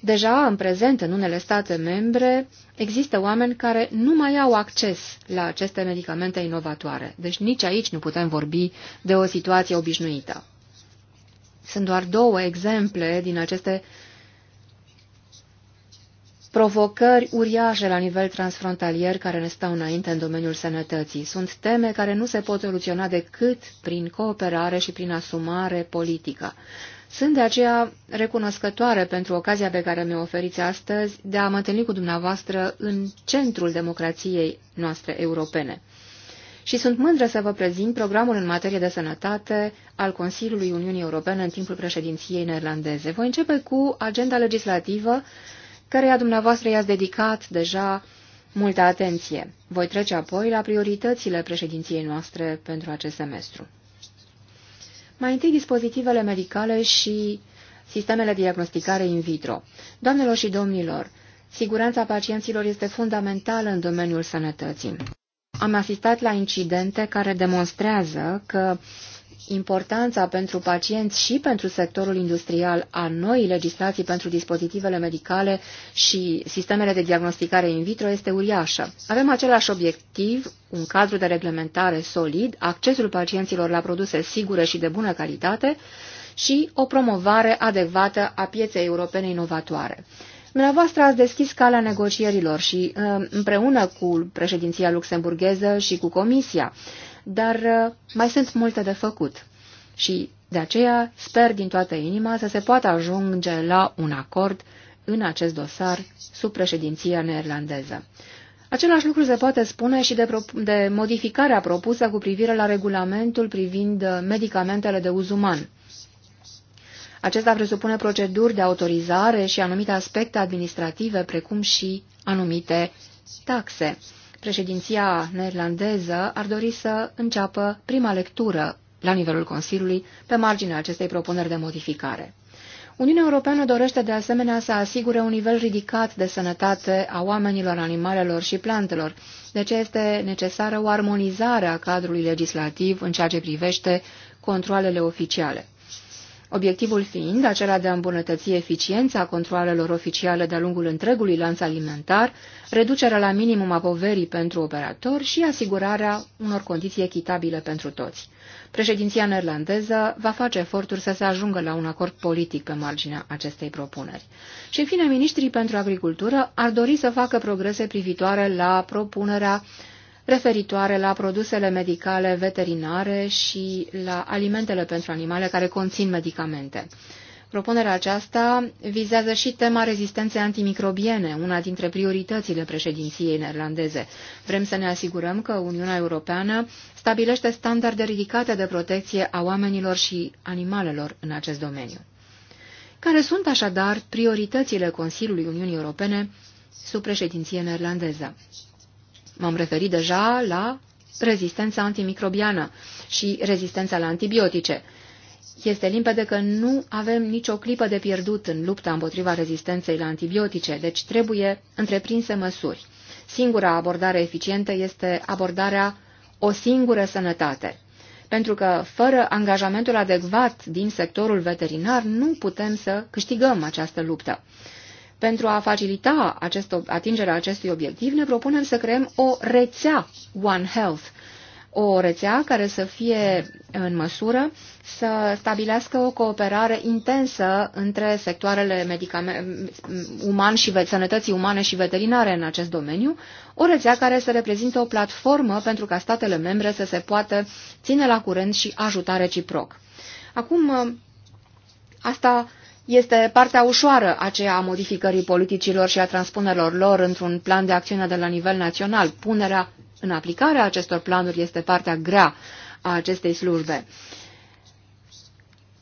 Deja în prezent, în unele state membre, există oameni care nu mai au acces la aceste medicamente inovatoare, deci nici aici nu putem vorbi de o situație obișnuită. Sunt doar două exemple din aceste provocări uriașe la nivel transfrontalier care ne stau înainte în domeniul sănătății. Sunt teme care nu se pot soluționa decât prin cooperare și prin asumare politică. Sunt de aceea recunoscătoare pentru ocazia pe care mi-o oferiți astăzi de a mă întâlni cu dumneavoastră în centrul democrației noastre europene. Și sunt mândră să vă prezint programul în materie de sănătate al Consiliului Uniunii Europene în timpul președinției neerlandeze. Voi începe cu agenda legislativă căreia dumneavoastră i-ați dedicat deja multă atenție. Voi trece apoi la prioritățile președinției noastre pentru acest semestru. Mai întâi dispozitivele medicale și sistemele diagnosticare in vitro. Doamnelor și domnilor, siguranța pacienților este fundamentală în domeniul sănătății. Am asistat la incidente care demonstrează că importanța pentru pacienți și pentru sectorul industrial a noii legislații pentru dispozitivele medicale și sistemele de diagnosticare in vitro este uriașă. Avem același obiectiv, un cadru de reglementare solid, accesul pacienților la produse sigure și de bună calitate și o promovare adecvată a pieței europene inovatoare. Dumneavoastră ați deschis calea negocierilor și uh, împreună cu președinția luxemburgheză și cu Comisia dar uh, mai sunt multe de făcut. Și de aceea sper din toată inima să se poată ajunge la un acord în acest dosar sub președinția neerlandeză. Același lucru se poate spune și de, de modificarea propusă cu privire la regulamentul privind uh, medicamentele de uz uman. Acesta presupune proceduri de autorizare și anumite aspecte administrative, precum și anumite taxe președinția neerlandeză ar dori să înceapă prima lectură la nivelul Consiliului pe marginea acestei propuneri de modificare. Uniunea Europeană dorește de asemenea să asigure un nivel ridicat de sănătate a oamenilor, animalelor și plantelor, de deci ce este necesară o armonizare a cadrului legislativ în ceea ce privește controlele oficiale obiectivul fiind acela de a îmbunătăți eficiența controalelor oficiale de-a lungul întregului lanț alimentar, reducerea la minimum a poverii pentru operator și asigurarea unor condiții echitabile pentru toți. Președinția neerlandeză va face eforturi să se ajungă la un acord politic pe marginea acestei propuneri. Și, în fine, ministrii pentru agricultură ar dori să facă progrese privitoare la propunerea uh, referitoare la produsele medicale veterinare și la alimentele pentru animale care conțin medicamente. Propunerea aceasta vizează și tema rezistenței antimicrobiene, una dintre prioritățile președinției neerlandeze. Vrem să ne asigurăm că Uniunea Europeană stabilește standarde ridicate de protecție a oamenilor și animalelor în acest domeniu. Care sunt așadar prioritățile Consiliului Uniunii Europene sub președinție neerlandeză? M-am referit deja la rezistența antimicrobiană și rezistența la antibiotice. Este limpede că nu avem nicio clipă de pierdut în lupta împotriva rezistenței la antibiotice, deci trebuie întreprinse măsuri. Singura abordare eficientă este abordarea o singură sănătate. Pentru că fără angajamentul adecvat din sectorul veterinar nu putem să câștigăm această luptă. Pentru a facilita acest, atingerea acestui obiectiv, ne propunem să creăm o rețea One Health, o rețea care să fie în măsură să stabilească o cooperare intensă între sectoarele uman și sănătății umane și veterinare în acest domeniu, o rețea care să reprezinte o platformă pentru ca statele membre să se poată ține la curent și ajuta reciproc. Acum, ă, asta este partea ușoară aceea a modificării politicilor și a transpunerilor lor într-un plan de acțiune de la nivel național. Punerea în aplicare a acestor planuri este partea grea a acestei slujbe.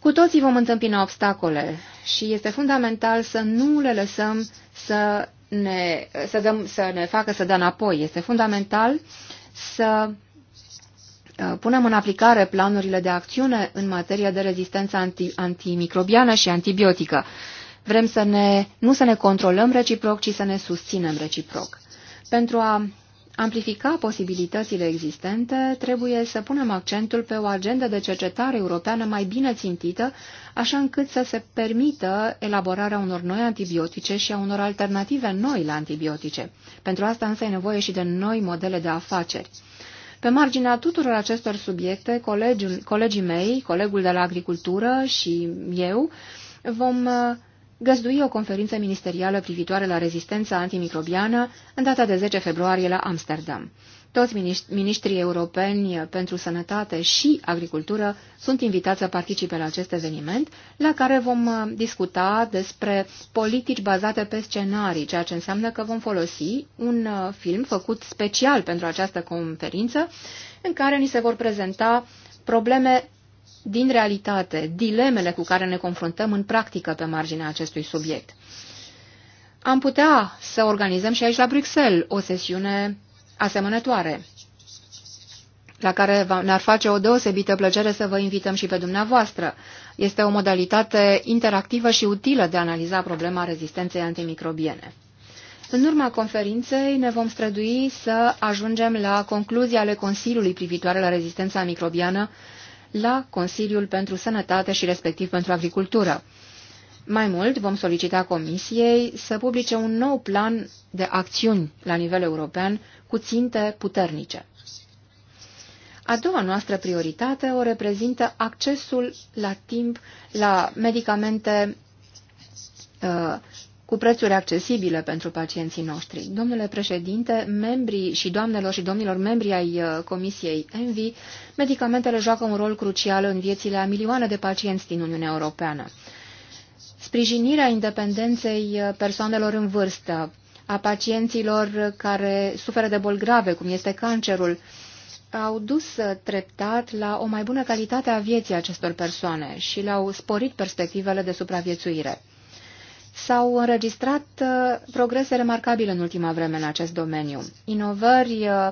Cu toții vom întâmpina obstacole și este fundamental să nu le lăsăm să ne, să dăm, să ne facă să dăm înapoi. Este fundamental să Uh, punem în aplicare planurile de acțiune în materie de rezistență anti, antimicrobiană și antibiotică. Vrem să ne, nu să ne controlăm reciproc, ci să ne susținem reciproc. Pentru a amplifica posibilitățile existente, trebuie să punem accentul pe o agendă de cercetare europeană mai bine țintită, așa încât să se permită elaborarea unor noi antibiotice și a unor alternative noi la antibiotice. Pentru asta însă e nevoie și de noi modele de afaceri. Pe marginea tuturor acestor subiecte, colegiul, colegii mei, colegul de la agricultură și eu vom uh, găzdui o conferință ministerială privitoare la rezistența antimicrobiană în data de 10 februarie la Amsterdam. Toți miniștrii europeni pentru sănătate și agricultură sunt invitați să participe la acest eveniment, la care vom uh, discuta despre politici bazate pe scenarii, ceea ce înseamnă că vom folosi un uh, film făcut special pentru această conferință, în care ni se vor prezenta probleme din realitate, dilemele cu care ne confruntăm în practică pe marginea acestui subiect. Am putea să organizăm și aici la Bruxelles o sesiune asemănătoare, la care ne-ar face o deosebită plăcere să vă invităm și pe dumneavoastră. Este o modalitate interactivă și utilă de a analiza problema rezistenței antimicrobiene. În urma conferinței ne vom strădui să ajungem la concluzia ale Consiliului privitoare la rezistența microbiană la Consiliul pentru Sănătate și respectiv pentru Agricultură. Mai mult, vom solicita Comisiei să publice un nou plan de acțiuni la nivel european cu ținte puternice. A doua noastră prioritate o reprezintă accesul la timp la medicamente uh, cu prețuri accesibile pentru pacienții noștri. Domnule președinte, membrii și doamnelor și domnilor membri ai uh, Comisiei ENVI, medicamentele joacă un rol crucial în viețile a milioane de pacienți din Uniunea Europeană. Sprijinirea independenței uh, persoanelor în vârstă, a pacienților care suferă de boli grave, cum este cancerul, au dus treptat la o mai bună calitate a vieții acestor persoane și le-au sporit perspectivele de supraviețuire. S-au înregistrat uh, progrese remarcabile în ultima vreme în acest domeniu. Inovări uh,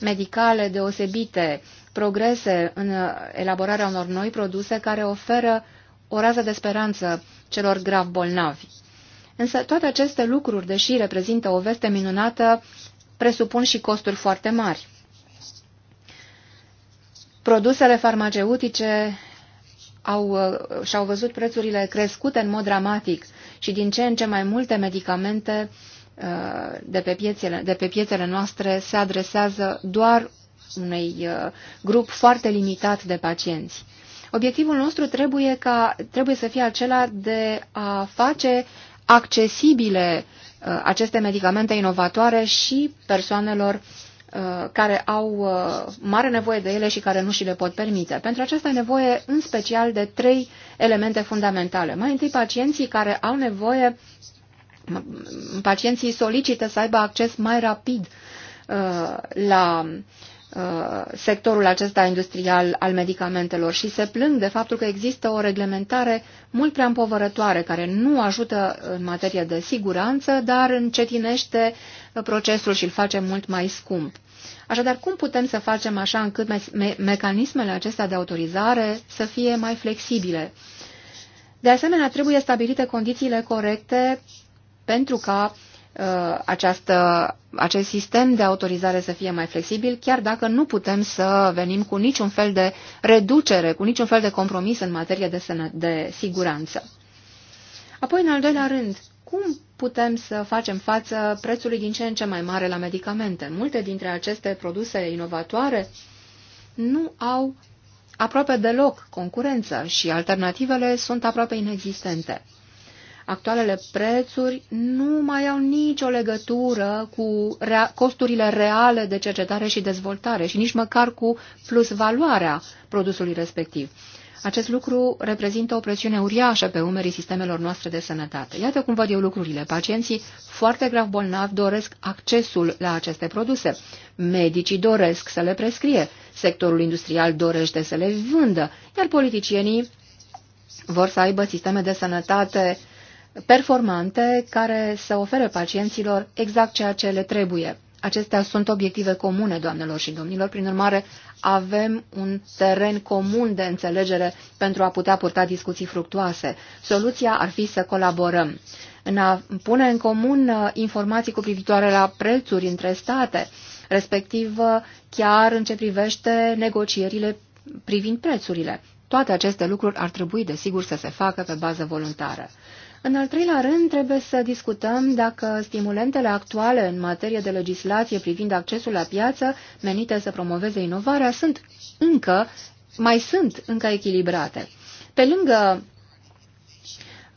medicale deosebite, progrese în uh, elaborarea unor noi produse care oferă o rază de speranță celor grav bolnavi. Însă toate aceste lucruri, deși reprezintă o veste minunată, presupun și costuri foarte mari. Produsele farmaceutice au, uh, și-au văzut prețurile crescute în mod dramatic și din ce în ce mai multe medicamente uh, de pe piețele, de pe piețele noastre se adresează doar unui uh, grup foarte limitat de pacienți. Obiectivul nostru trebuie, ca, trebuie să fie acela de a face accesibile uh, aceste medicamente inovatoare și persoanelor uh, care au uh, mare nevoie de ele și care nu și le pot permite. Pentru aceasta e nevoie în special de trei elemente fundamentale. Mai întâi, pacienții care au nevoie, pacienții solicită să aibă acces mai rapid la Uh, sectorul acesta industrial al medicamentelor și se plâng de faptul că există o reglementare mult prea împovărătoare care nu ajută în materie de siguranță, dar încetinește procesul și îl face mult mai scump. Așadar, cum putem să facem așa încât me me mecanismele acestea de autorizare să fie mai flexibile? De asemenea, trebuie stabilite condițiile corecte pentru ca Uh, această, acest sistem de autorizare să fie mai flexibil, chiar dacă nu putem să venim cu niciun fel de reducere, cu niciun fel de compromis în materie de, sănă, de siguranță. Apoi, în al doilea rând, cum putem să facem față prețului din ce în ce mai mare la medicamente? Multe dintre aceste produse inovatoare nu au aproape deloc concurență și alternativele sunt aproape inexistente actualele prețuri nu mai au nicio legătură cu rea costurile reale de cercetare și dezvoltare și nici măcar cu plus valoarea produsului respectiv. Acest lucru reprezintă o presiune uriașă pe umerii sistemelor noastre de sănătate. Iată cum văd eu lucrurile. Pacienții foarte grav bolnavi doresc accesul la aceste produse. Medicii doresc să le prescrie. Sectorul industrial dorește să le vândă. Iar politicienii vor să aibă sisteme de sănătate performante care să ofere pacienților exact ceea ce le trebuie. Acestea sunt obiective comune, doamnelor și domnilor, prin urmare avem un teren comun de înțelegere pentru a putea purta discuții fructuoase. Soluția ar fi să colaborăm, în a pune în comun uh, informații cu privitoare la prețuri între state, respectiv uh, chiar în ce privește negocierile privind prețurile. Toate aceste lucruri ar trebui, desigur, să se facă pe bază voluntară. În al treilea rând, trebuie să discutăm dacă stimulentele actuale în materie de legislație privind accesul la piață, menite să promoveze inovarea, sunt încă, mai sunt încă echilibrate. Pe lângă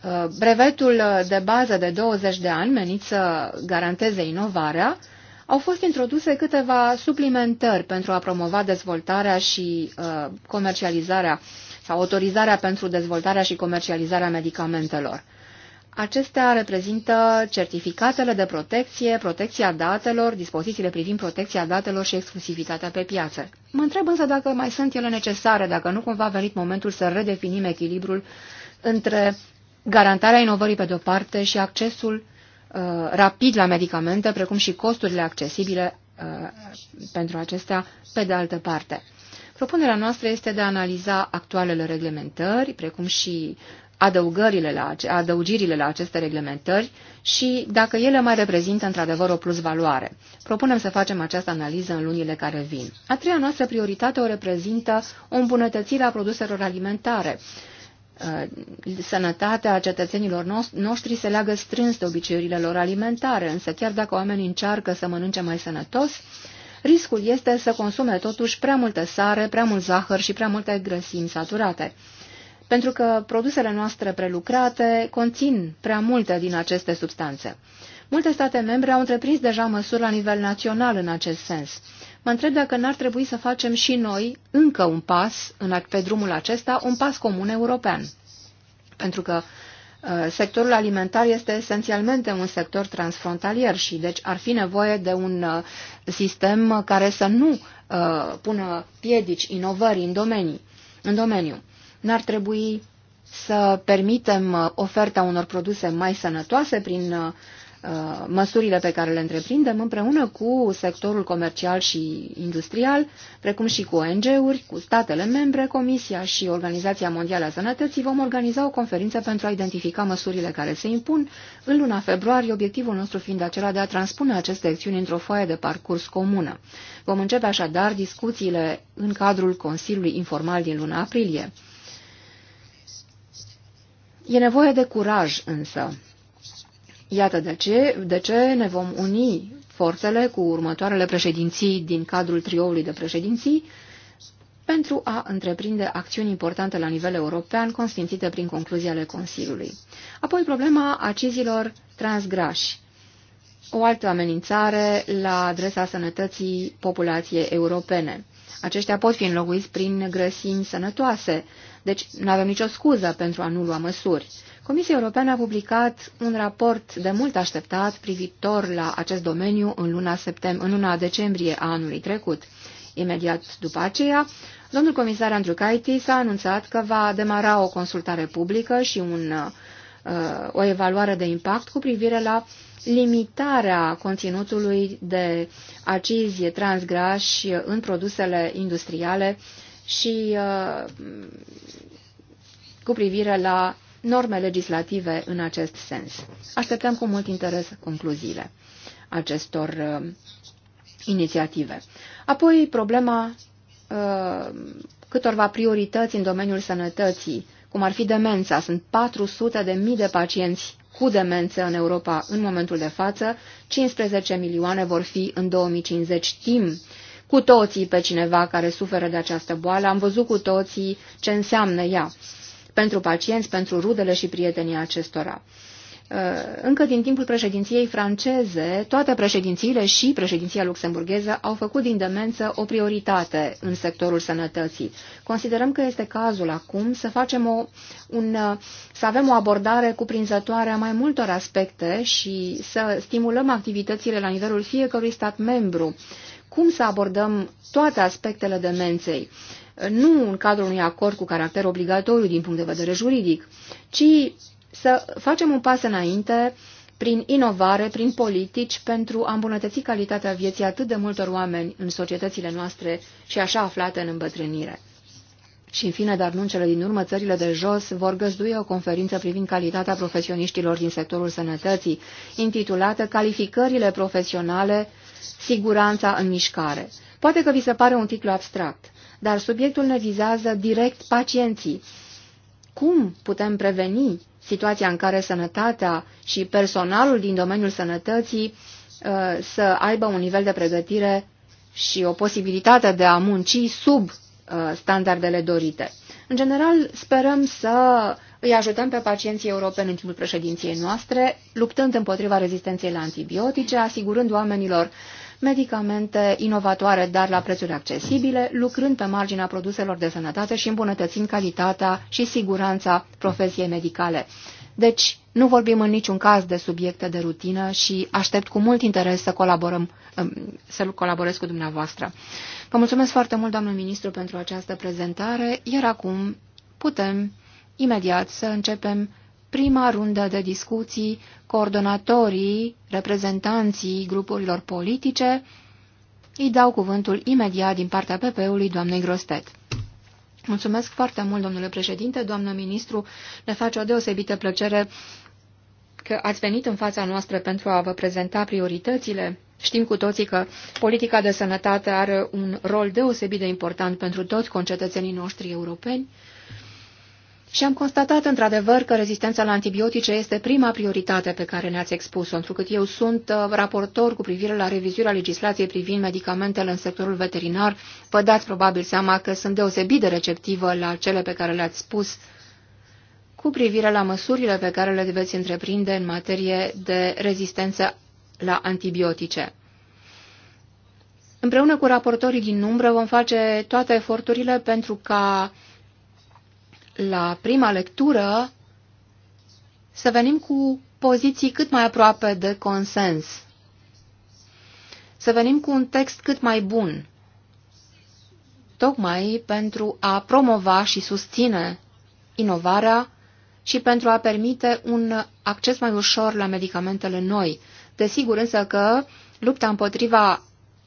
uh, brevetul de bază de 20 de ani menit să garanteze inovarea, au fost introduse câteva suplimentări pentru a promova dezvoltarea și uh, comercializarea sau autorizarea pentru dezvoltarea și comercializarea medicamentelor. Acestea reprezintă certificatele de protecție, protecția datelor, dispozițiile privind protecția datelor și exclusivitatea pe piață. Mă întreb însă dacă mai sunt ele necesare, dacă nu cumva a venit momentul să redefinim echilibrul între garantarea inovării pe de-o parte și accesul uh, rapid la medicamente, precum și costurile accesibile uh, pentru acestea pe de altă parte. Propunerea noastră este de a analiza actualele reglementări, precum și adăugările la, adăugirile la aceste reglementări și dacă ele mai reprezintă într-adevăr o plusvaloare. Propunem să facem această analiză în lunile care vin. A treia noastră prioritate o reprezintă o îmbunătățire a produselor alimentare. Uh, sănătatea cetățenilor noștri se leagă strâns de obiceiurile lor alimentare, însă chiar dacă oamenii încearcă să mănânce mai sănătos, riscul este să consume totuși prea multă sare, prea mult zahăr și prea multe grăsimi saturate pentru că produsele noastre prelucrate conțin prea multe din aceste substanțe. Multe state membre au întreprins deja măsuri la nivel național în acest sens. Mă întreb dacă n-ar trebui să facem și noi încă un pas în, pe drumul acesta, un pas comun european. Pentru că uh, sectorul alimentar este esențialmente un sector transfrontalier și deci ar fi nevoie de un uh, sistem care să nu uh, pună piedici inovării în, domenii, în domeniu. N-ar trebui să permitem uh, oferta unor produse mai sănătoase prin uh, uh, măsurile pe care le întreprindem împreună cu sectorul comercial și industrial, precum și cu ONG-uri, cu statele membre, Comisia și Organizația Mondială a Sănătății, vom organiza o conferință pentru a identifica măsurile care se impun în luna februarie, obiectivul nostru fiind acela de a transpune aceste acțiuni într-o foaie de parcurs comună. Vom începe așadar discuțiile în cadrul Consiliului Informal din luna aprilie. E nevoie de curaj însă. Iată de ce, de ce ne vom uni forțele cu următoarele președinții din cadrul trioului de președinții pentru a întreprinde acțiuni importante la nivel european consfințite prin concluzii ale Consiliului. Apoi problema acizilor transgrași. O altă amenințare la adresa sănătății populației europene. Aceștia pot fi înlocuiți prin grăsimi sănătoase, deci nu avem nicio scuză pentru a nu lua măsuri. Comisia Europeană a publicat un raport de mult așteptat privitor la acest domeniu în luna, septem- în luna decembrie a anului trecut. Imediat după aceea, domnul comisar s a anunțat că va demara o consultare publică și un, uh, o evaluare de impact cu privire la limitarea conținutului de acizie transgrași în produsele industriale și uh, cu privire la norme legislative în acest sens. Așteptăm cu mult interes concluziile acestor uh, inițiative. Apoi problema uh, câtorva priorități în domeniul sănătății, cum ar fi demența. Sunt 400 de mii de pacienți cu demență în Europa în momentul de față, 15 milioane vor fi în 2050 timp cu toții pe cineva care suferă de această boală, am văzut cu toții ce înseamnă ea pentru pacienți, pentru rudele și prietenii acestora. Uh, încă din timpul președinției franceze, toate președințiile și președinția luxemburgheză au făcut din demență o prioritate în sectorul sănătății. Considerăm că este cazul acum să, facem o, un, uh, să avem o abordare cuprinzătoare a mai multor aspecte și să stimulăm activitățile la nivelul fiecărui stat membru cum să abordăm toate aspectele demenței, nu în cadrul unui acord cu caracter obligatoriu din punct de vedere juridic, ci să facem un pas înainte prin inovare, prin politici, pentru a îmbunătăți calitatea vieții atât de multor oameni în societățile noastre și așa aflate în îmbătrânire. Și în fine, dar nu în cele din urmă, țările de jos vor găzdui o conferință privind calitatea profesioniștilor din sectorul sănătății, intitulată Calificările profesionale Siguranța în mișcare. Poate că vi se pare un titlu abstract, dar subiectul ne vizează direct pacienții. Cum putem preveni situația în care sănătatea și personalul din domeniul sănătății uh, să aibă un nivel de pregătire și o posibilitate de a munci sub uh, standardele dorite? În general, sperăm să îi ajutăm pe pacienții europeni în timpul președinției noastre, luptând împotriva rezistenței la antibiotice, asigurând oamenilor medicamente inovatoare, dar la prețuri accesibile, lucrând pe marginea produselor de sănătate și îmbunătățind calitatea și siguranța profesiei medicale. Deci, nu vorbim în niciun caz de subiecte de rutină și aștept cu mult interes să colaborăm, um, să colaborez cu dumneavoastră. Vă mulțumesc foarte mult, doamnă ministru, pentru această prezentare, iar acum putem imediat să începem prima rundă de discuții, coordonatorii, reprezentanții grupurilor politice, îi dau cuvântul imediat din partea PP-ului doamnei Grostet. Mulțumesc foarte mult, domnule președinte, doamnă ministru, ne face o deosebită plăcere că ați venit în fața noastră pentru a vă prezenta prioritățile. Știm cu toții că politica de sănătate are un rol deosebit de important pentru toți concetățenii noștri europeni, și am constatat într-adevăr că rezistența la antibiotice este prima prioritate pe care ne-ați expus-o, întrucât eu sunt uh, raportor cu privire la revizuirea legislației privind medicamentele în sectorul veterinar. Vă dați probabil seama că sunt deosebit de receptivă la cele pe care le-ați spus cu privire la măsurile pe care le veți întreprinde în materie de rezistență la antibiotice. Împreună cu raportorii din umbră vom face toate eforturile pentru ca la prima lectură să venim cu poziții cât mai aproape de consens, să venim cu un text cât mai bun, tocmai pentru a promova și susține inovarea și pentru a permite un acces mai ușor la medicamentele noi. Desigur însă că lupta împotriva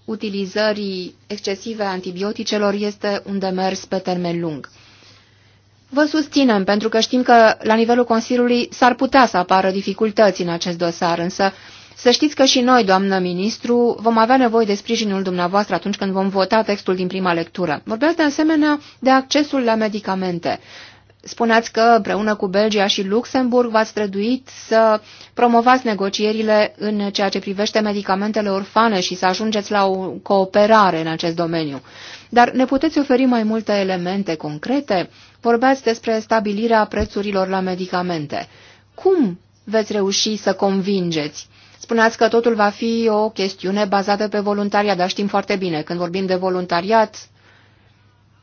utilizării excesive antibioticelor este un demers pe termen lung. Vă susținem, pentru că știm că la nivelul Consiliului s-ar putea să apară dificultăți în acest dosar, însă să știți că și noi, doamnă ministru, vom avea nevoie de sprijinul dumneavoastră atunci când vom vota textul din prima lectură. Vorbeați de asemenea de accesul la medicamente. Spuneați că împreună cu Belgia și Luxemburg v-ați străduit să promovați negocierile în ceea ce privește medicamentele orfane și să ajungeți la o cooperare în acest domeniu. Dar ne puteți oferi mai multe elemente concrete? vorbeați despre stabilirea prețurilor la medicamente. Cum veți reuși să convingeți? Spuneați că totul va fi o chestiune bazată pe voluntariat, dar știm foarte bine, când vorbim de voluntariat,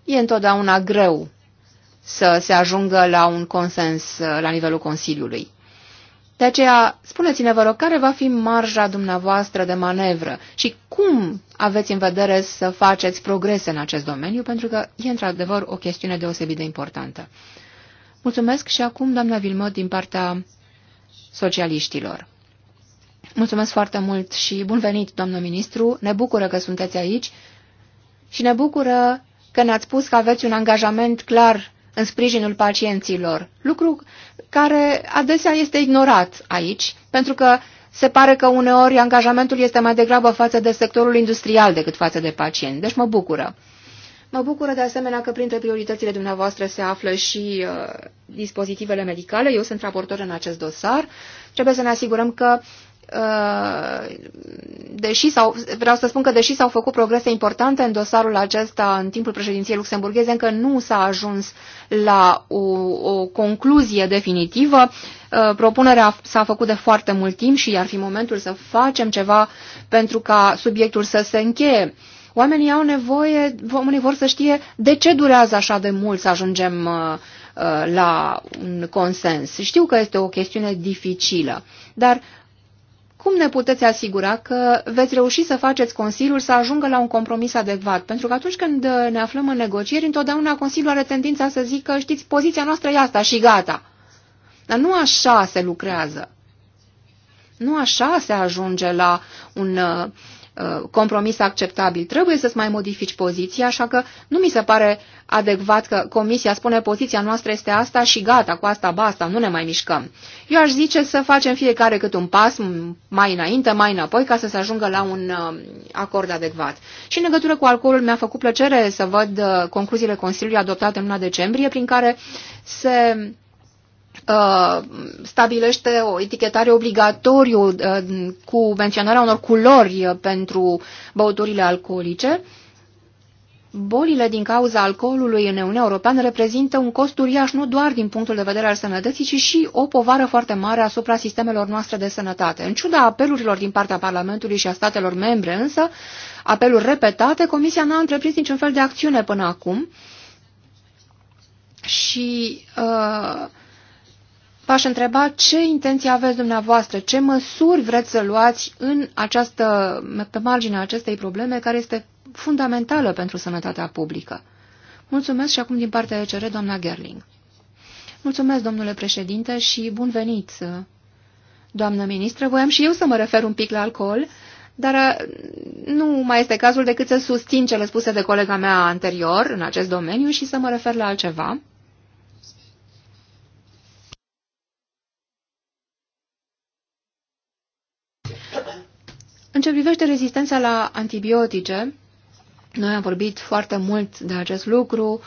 e întotdeauna greu să se ajungă la un consens la nivelul Consiliului. De aceea, spuneți-ne, vă rog, care va fi marja dumneavoastră de manevră și cum aveți în vedere să faceți progrese în acest domeniu, pentru că e într-adevăr o chestiune deosebit de importantă. Mulțumesc și acum, doamna Vilmă, din partea socialiștilor. Mulțumesc foarte mult și bun venit, doamnă ministru. Ne bucură că sunteți aici și ne bucură că ne-ați spus că aveți un angajament clar în sprijinul pacienților, lucru care adesea este ignorat aici, pentru că se pare că uneori angajamentul este mai degrabă față de sectorul industrial decât față de pacienți, deci mă bucură. Mă bucură de asemenea că printre prioritățile dumneavoastră se află și uh, dispozitivele medicale. Eu sunt raportor în acest dosar. Trebuie să ne asigurăm că Uh, deși sau vreau să spun că deși s-au făcut progrese importante în dosarul acesta în timpul președinției luxemburgheze, încă nu s-a ajuns la o, o concluzie definitivă. Uh, propunerea s-a făcut de foarte mult timp și ar fi momentul să facem ceva pentru ca subiectul să se încheie. Oamenii au nevoie, oamenii vor să știe de ce durează așa de mult să ajungem uh, la un consens. Știu că este o chestiune dificilă, dar cum ne puteți asigura că veți reuși să faceți Consiliul să ajungă la un compromis adecvat? Pentru că atunci când ne aflăm în negocieri, întotdeauna Consiliul are tendința să zică, știți, poziția noastră e asta și gata. Dar nu așa se lucrează. Nu așa se ajunge la un uh, Uh, compromis acceptabil. Trebuie să-ți mai modifici poziția, așa că nu mi se pare adecvat că comisia spune poziția noastră este asta și gata, cu asta basta, nu ne mai mișcăm. Eu aș zice să facem fiecare cât un pas, mai înainte, mai înapoi, ca să se ajungă la un uh, acord adecvat. Și în legătură cu alcoolul mi-a făcut plăcere să văd uh, concluziile Consiliului adoptate în luna decembrie, prin care se Uh, stabilește o etichetare obligatoriu uh, cu menționarea unor culori uh, pentru băuturile alcoolice. Bolile din cauza alcoolului în Uniunea Europeană reprezintă un cost uriaș nu doar din punctul de vedere al sănătății, ci și o povară foarte mare asupra sistemelor noastre de sănătate. În ciuda apelurilor din partea Parlamentului și a statelor membre, însă, apeluri repetate, Comisia n-a întreprins niciun fel de acțiune până acum și uh, v-aș întreba ce intenții aveți dumneavoastră, ce măsuri vreți să luați în această, pe marginea acestei probleme care este fundamentală pentru sănătatea publică. Mulțumesc și acum din partea ECR, doamna Gerling. Mulțumesc, domnule președinte, și bun venit, doamnă ministră. Voiam și eu să mă refer un pic la alcool, dar uh, nu mai este cazul decât să susțin cele spuse de colega mea anterior în acest domeniu și să mă refer la altceva. În ce privește rezistența la antibiotice, noi am vorbit foarte mult de acest lucru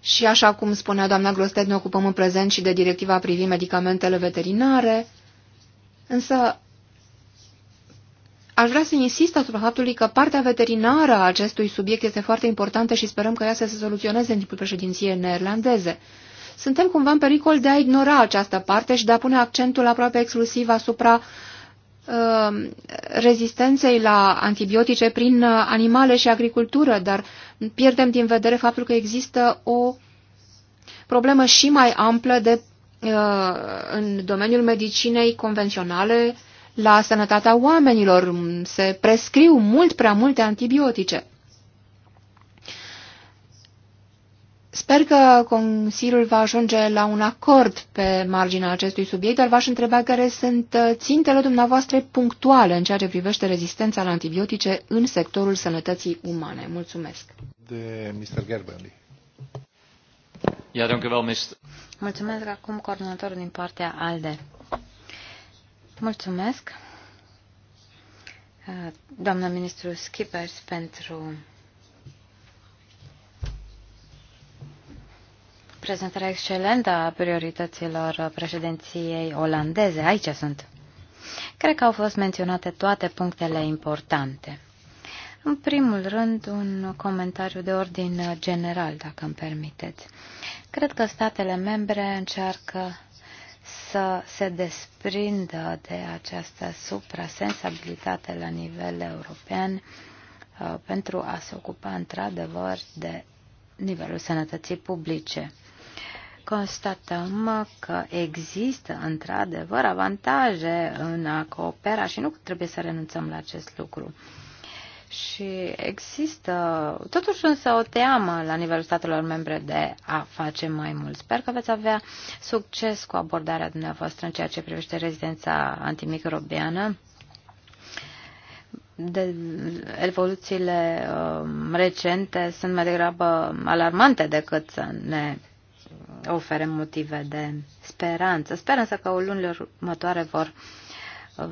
și așa cum spunea doamna Grosted, ne ocupăm în prezent și de directiva privind medicamentele veterinare, însă aș vrea să insist asupra faptului că partea veterinară a acestui subiect este foarte importantă și sperăm că ea să se soluționeze în timpul președinției neerlandeze. Suntem cumva în pericol de a ignora această parte și de a pune accentul aproape exclusiv asupra uh, Uh, rezistenței la antibiotice prin uh, animale și agricultură, dar pierdem din vedere faptul că există o problemă și mai amplă de, uh, în domeniul medicinei convenționale la sănătatea oamenilor. Se prescriu mult prea multe antibiotice. Sper că Consiliul va ajunge la un acord pe marginea acestui subiect, dar v-aș întreba care sunt uh, țintele dumneavoastră punctuale în ceea ce privește rezistența la antibiotice în sectorul sănătății umane. Mulțumesc. De Mr. Gerberly. Ja, wel, Mulțumesc acum coordonatorul din partea ALDE. Mulțumesc, uh, doamna ministru Skippers, pentru prezentarea excelentă a priorităților președinției olandeze. Aici sunt. Cred că au fost menționate toate punctele importante. În primul rând, un comentariu de ordin general, dacă îmi permiteți. Cred că statele membre încearcă să se desprindă de această suprasensibilitate la nivel european uh, pentru a se ocupa într-adevăr de nivelul sănătății publice constatăm că există într-adevăr avantaje în a coopera și nu trebuie să renunțăm la acest lucru. Și există totuși însă o teamă la nivelul statelor membre de a face mai mult. Sper că veți avea succes cu abordarea dumneavoastră în ceea ce privește rezidența antimicrobiană. De evoluțiile uh, recente sunt mai degrabă alarmante decât să ne ofere motive de speranță. speranță că o lunile următoare vor uh,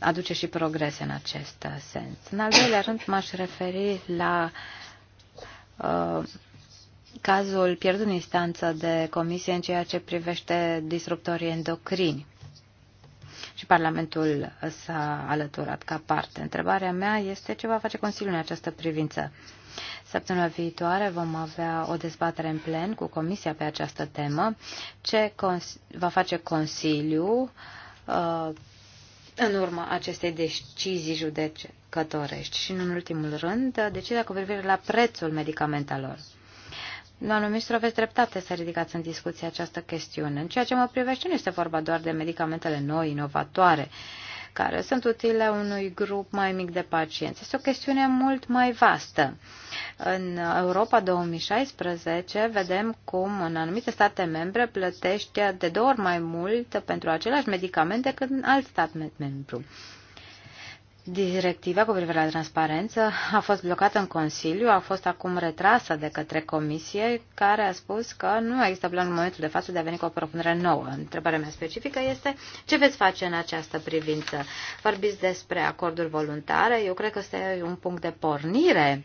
aduce și progrese în acest uh, sens. În al doilea rând m-aș referi la uh, cazul pierdut în instanță de comisie în ceea ce privește disruptorii endocrini. Și Parlamentul s-a alăturat ca parte. Întrebarea mea este ce va face Consiliul în această privință. Săptămâna viitoare vom avea o dezbatere în plen cu Comisia pe această temă, ce va face Consiliul uh, în urma acestei decizii judecătorești și, în ultimul rând, uh, decizia cu privire la prețul medicamentelor. Doamnul ministru, aveți dreptate să ridicați în discuție această chestiune. În ceea ce mă privește, nu este vorba doar de medicamentele noi, inovatoare. Uh, care sunt utile unui grup mai mic de pacienți. Este o chestiune mult mai vastă. În Europa 2016 vedem cum în anumite state membre plătește de două ori mai mult pentru același medicament decât în alt stat membru. Directiva cu privire la transparență a fost blocată în Consiliu, a fost acum retrasă de către Comisie, care a spus că nu există plan în momentul de față de a veni cu o propunere nouă. Întrebarea mea specifică este ce veți face în această privință? Vorbiți despre acorduri voluntare, eu cred că este un punct de pornire,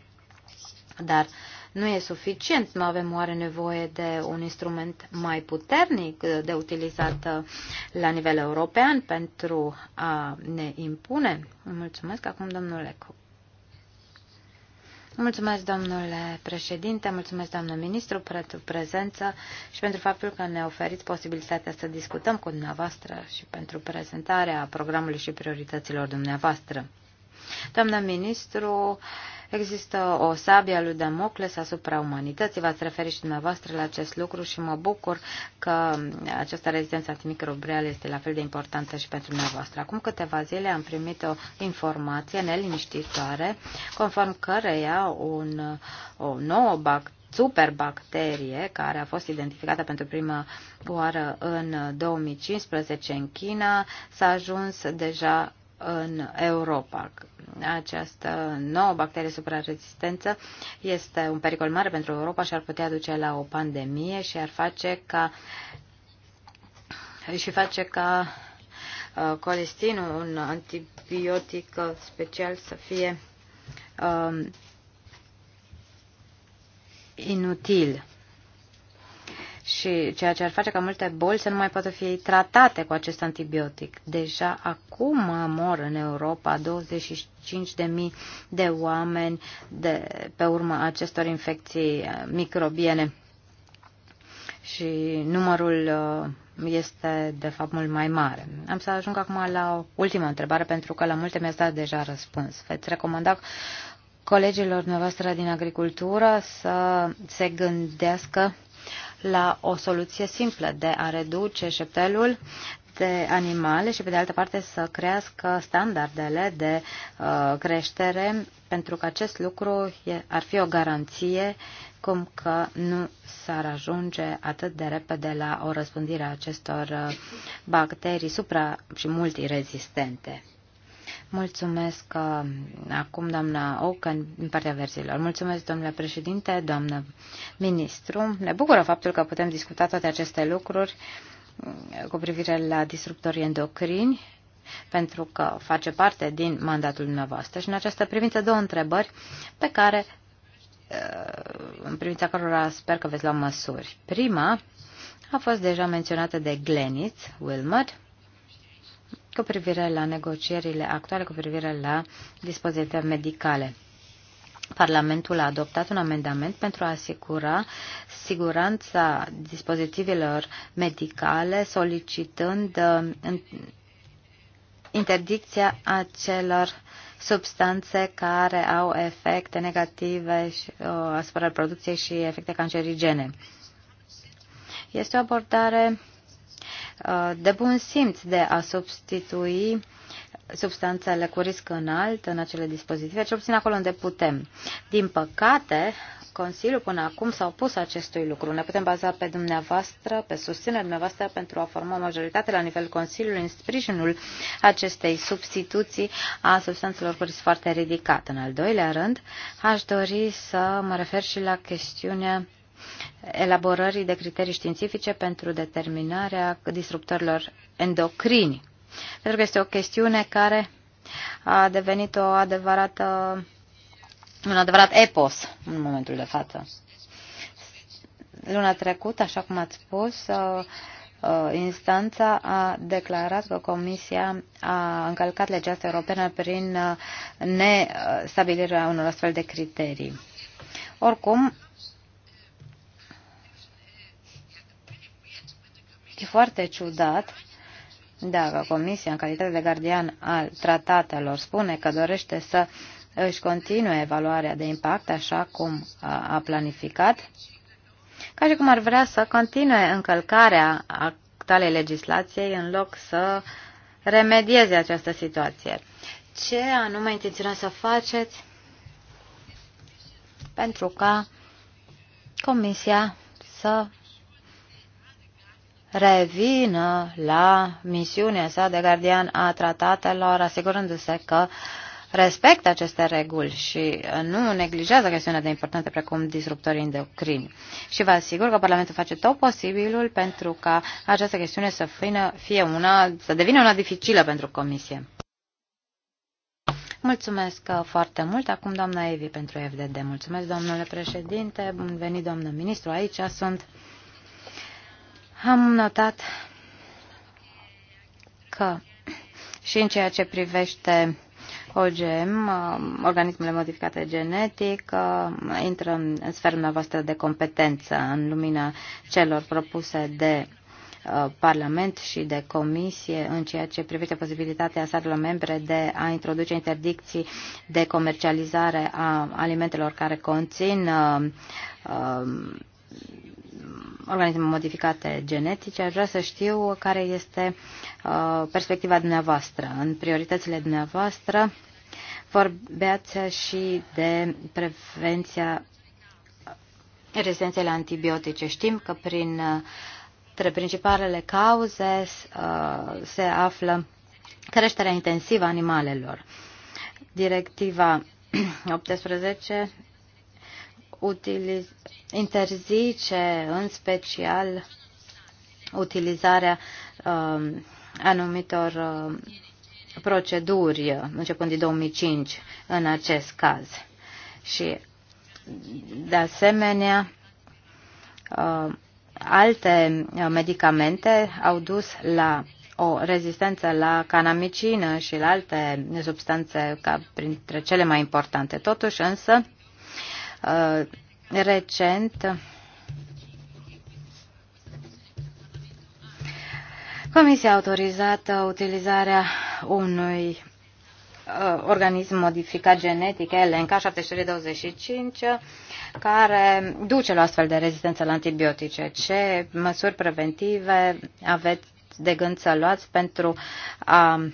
dar uh, nu e suficient. Nu avem oare nevoie de un instrument mai puternic de utilizat la nivel european pentru a ne impune? Mulțumesc acum, domnul Lecu. Mulțumesc, domnule președinte, mulțumesc, doamnă ministru, pentru prezență și pentru faptul că ne oferiți posibilitatea să discutăm cu dumneavoastră și pentru prezentarea programului și priorităților dumneavoastră. Doamna ministru, există o sabie a lui Damocles asupra umanității. V-ați referit și dumneavoastră la acest lucru și mă bucur că această rezistență antimicrobială este la fel de importantă și pentru dumneavoastră. Acum câteva zile am primit o informație neliniștitoare, conform căreia un, o nouă bact superbacterie care a fost identificată pentru prima oară în 2015 în China s-a ajuns deja în Europa. Această nouă bacterie suprarezistență este un pericol mare pentru Europa și ar putea duce la o pandemie și ar face ca și face ca uh, colestinul, un antibiotic uh, special, să fie um, inutil și ceea ce ar face ca multe boli să nu mai poată fi tratate cu acest antibiotic. Deja acum mor în Europa 25.000 de oameni de, pe urma acestor infecții eh, microbiene și numărul eh, este de fapt mult mai mare. Am să ajung acum la o ultimă întrebare pentru că la multe mi-ați dat deja răspuns. Veți recomanda colegilor noastre din agricultură să se gândească la o soluție simplă de a reduce șeptelul de animale și, pe de altă parte, să crească standardele de uh, creștere, pentru că acest lucru e, ar fi o garanție cum că nu s-ar ajunge atât de repede la o răspândire a acestor uh, bacterii supra- și multirezistente. Mulțumesc uh, acum, doamna Ocan, în partea versiilor. Mulțumesc, domnule președinte, doamnă ministru. Ne bucură faptul că putem discuta toate aceste lucruri uh, cu privire la disruptorii endocrini, pentru că face parte din mandatul dumneavoastră. Și în această privință două întrebări pe care, uh, în privința cărora sper că veți lua măsuri. Prima a fost deja menționată de Glenith Wilmot, cu privire la negocierile actuale cu privire la dispozitive medicale. Parlamentul a adoptat un amendament pentru a asigura siguranța dispozitivelor medicale, solicitând uh, interdicția acelor substanțe care au efecte negative uh, asupra producției și efecte cancerigene. Este o abordare Uh, de bun simț de a substitui substanțele cu risc înalt în acele dispozitive, ce obțin acolo unde putem. Din păcate, Consiliul până acum s-a opus acestui lucru. Ne putem baza pe dumneavoastră, pe susținerea dumneavoastră pentru a forma o majoritate la nivelul Consiliului în sprijinul acestei substituții a substanțelor cu risc foarte ridicat. În al doilea rând, aș dori să mă refer și la chestiunea elaborării de criterii științifice pentru determinarea disruptorilor endocrini. Pentru că este o chestiune care a devenit o adevărată, un adevărat epos în momentul de față. Luna trecută, așa cum ați spus, uh, uh, instanța a declarat că Comisia a încălcat legea europeană prin uh, nestabilirea unor astfel de criterii. Oricum, E foarte ciudat dacă Comisia, în calitate de gardian al tratatelor, spune că dorește să își continue evaluarea de impact așa cum a planificat, ca și cum ar vrea să continue încălcarea actualei legislației în loc să remedieze această situație. Ce anume intenționați să faceți pentru ca Comisia să revină la misiunea sa de gardian a tratatelor, asigurându-se că respectă aceste reguli și nu neglijează chestiunea de importante precum disruptorii endocrini. Și vă asigur că Parlamentul face tot posibilul pentru ca această chestiune să fină, fie una, să devină una dificilă pentru Comisie. Mulțumesc foarte mult. Acum doamna Evi pentru FDD. Mulțumesc, domnule președinte. Bun venit, doamnă ministru. Aici sunt. Am notat că și în ceea ce privește OGM, um, organismele modificate genetic, um, intră în sfera noastră de competență în lumina celor propuse de uh, Parlament și de Comisie în ceea ce privește posibilitatea statelor membre de a introduce interdicții de comercializare a alimentelor care conțin um, organisme modificate genetice, aș vrea să știu care este uh, perspectiva dumneavoastră. În prioritățile dumneavoastră vorbeați și de prevenția rezistenței la antibiotice. Știm că prin între uh, principalele cauze uh, se află creșterea intensivă a animalelor. Directiva 18 utiliz- interzice în special utilizarea uh, anumitor uh, proceduri începând din 2005 în acest caz. Și de asemenea uh, alte medicamente au dus la o rezistență la canamicină și la alte substanțe ca printre cele mai importante. Totuși însă Uh, recent Comisia a autorizat utilizarea unui uh, organism modificat genetic, LNK7325, care duce la astfel de rezistență la antibiotice. Ce măsuri preventive aveți de gând să luați pentru a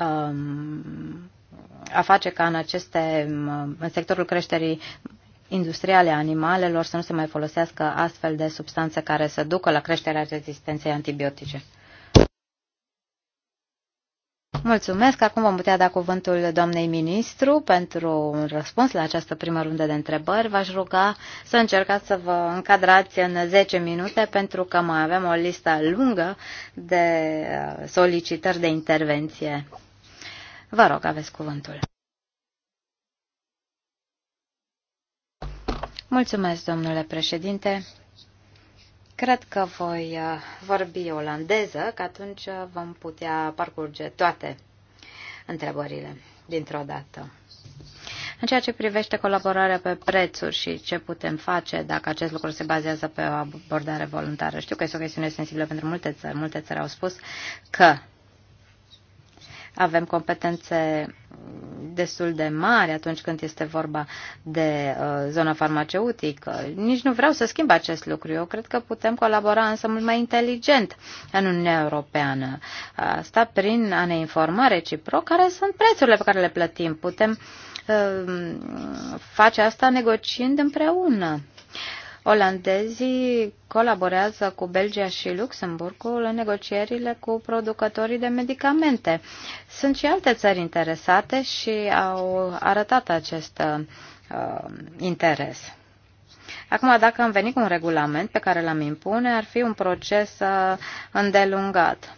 um, a face ca în aceste, în sectorul creșterii industriale a animalelor să nu se mai folosească astfel de substanțe care să ducă la creșterea rezistenței antibiotice. Mulțumesc. Acum vom putea da cuvântul doamnei ministru pentru un răspuns la această primă rundă de întrebări. V-aș ruga să încercați să vă încadrați în 10 minute pentru că mai avem o listă lungă de uh, solicitări de intervenție. Vă rog, aveți cuvântul. Mulțumesc, domnule președinte. Cred că voi uh, vorbi olandeză, că atunci uh, vom putea parcurge toate întrebările dintr-o dată. În ceea ce privește colaborarea pe prețuri și ce putem face dacă acest lucru se bazează pe o abordare voluntară, știu că este o chestiune sensibilă pentru multe țări. Multe țări au spus că avem competențe destul de mari atunci când este vorba de uh, zona farmaceutică. Nici nu vreau să schimb acest lucru. Eu cred că putem colabora însă mult mai inteligent în Uniunea Europeană. Asta prin a ne informa reciproc care sunt prețurile pe care le plătim. Putem uh, face asta negociind împreună. Uh, Olandezii colaborează cu Belgia și Luxemburgul în negocierile cu producătorii de medicamente. Sunt și alte țări interesate și au arătat acest uh, interes. Acum, dacă am venit cu un regulament pe care l-am impune, ar fi un proces uh, îndelungat.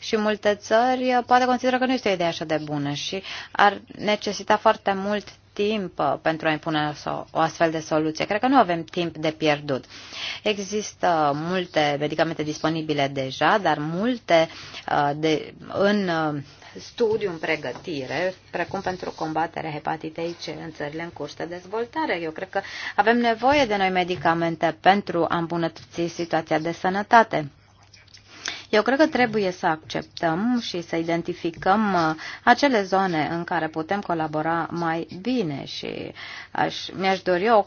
Și multe țări uh, poate consideră că nu este o idee așa de bună și ar necesita foarte mult timp uh, pentru a impune o astfel de soluție. Cred că nu avem timp de pierdut. Există multe medicamente disponibile deja, dar multe uh, de, în uh, studiu în pregătire, precum pentru combaterea hepatitei C în țările în curs de dezvoltare. Eu cred că avem nevoie de noi medicamente pentru a îmbunătăți situația de sănătate. Eu cred că trebuie să acceptăm și să identificăm uh, acele zone în care putem colabora mai bine și aș, mi-aș dori o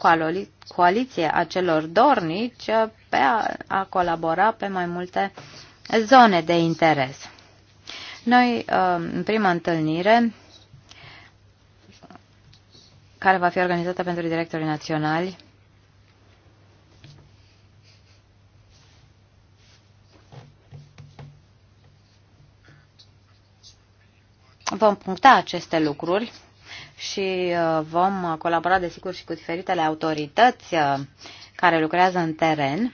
coaliție a celor dornici uh, pe a, a colabora pe mai multe zone de interes. Noi, uh, în prima întâlnire, care va fi organizată pentru directorii naționali, vom puncta aceste lucruri și uh, vom colabora, desigur, și cu diferitele autorități uh, care lucrează în teren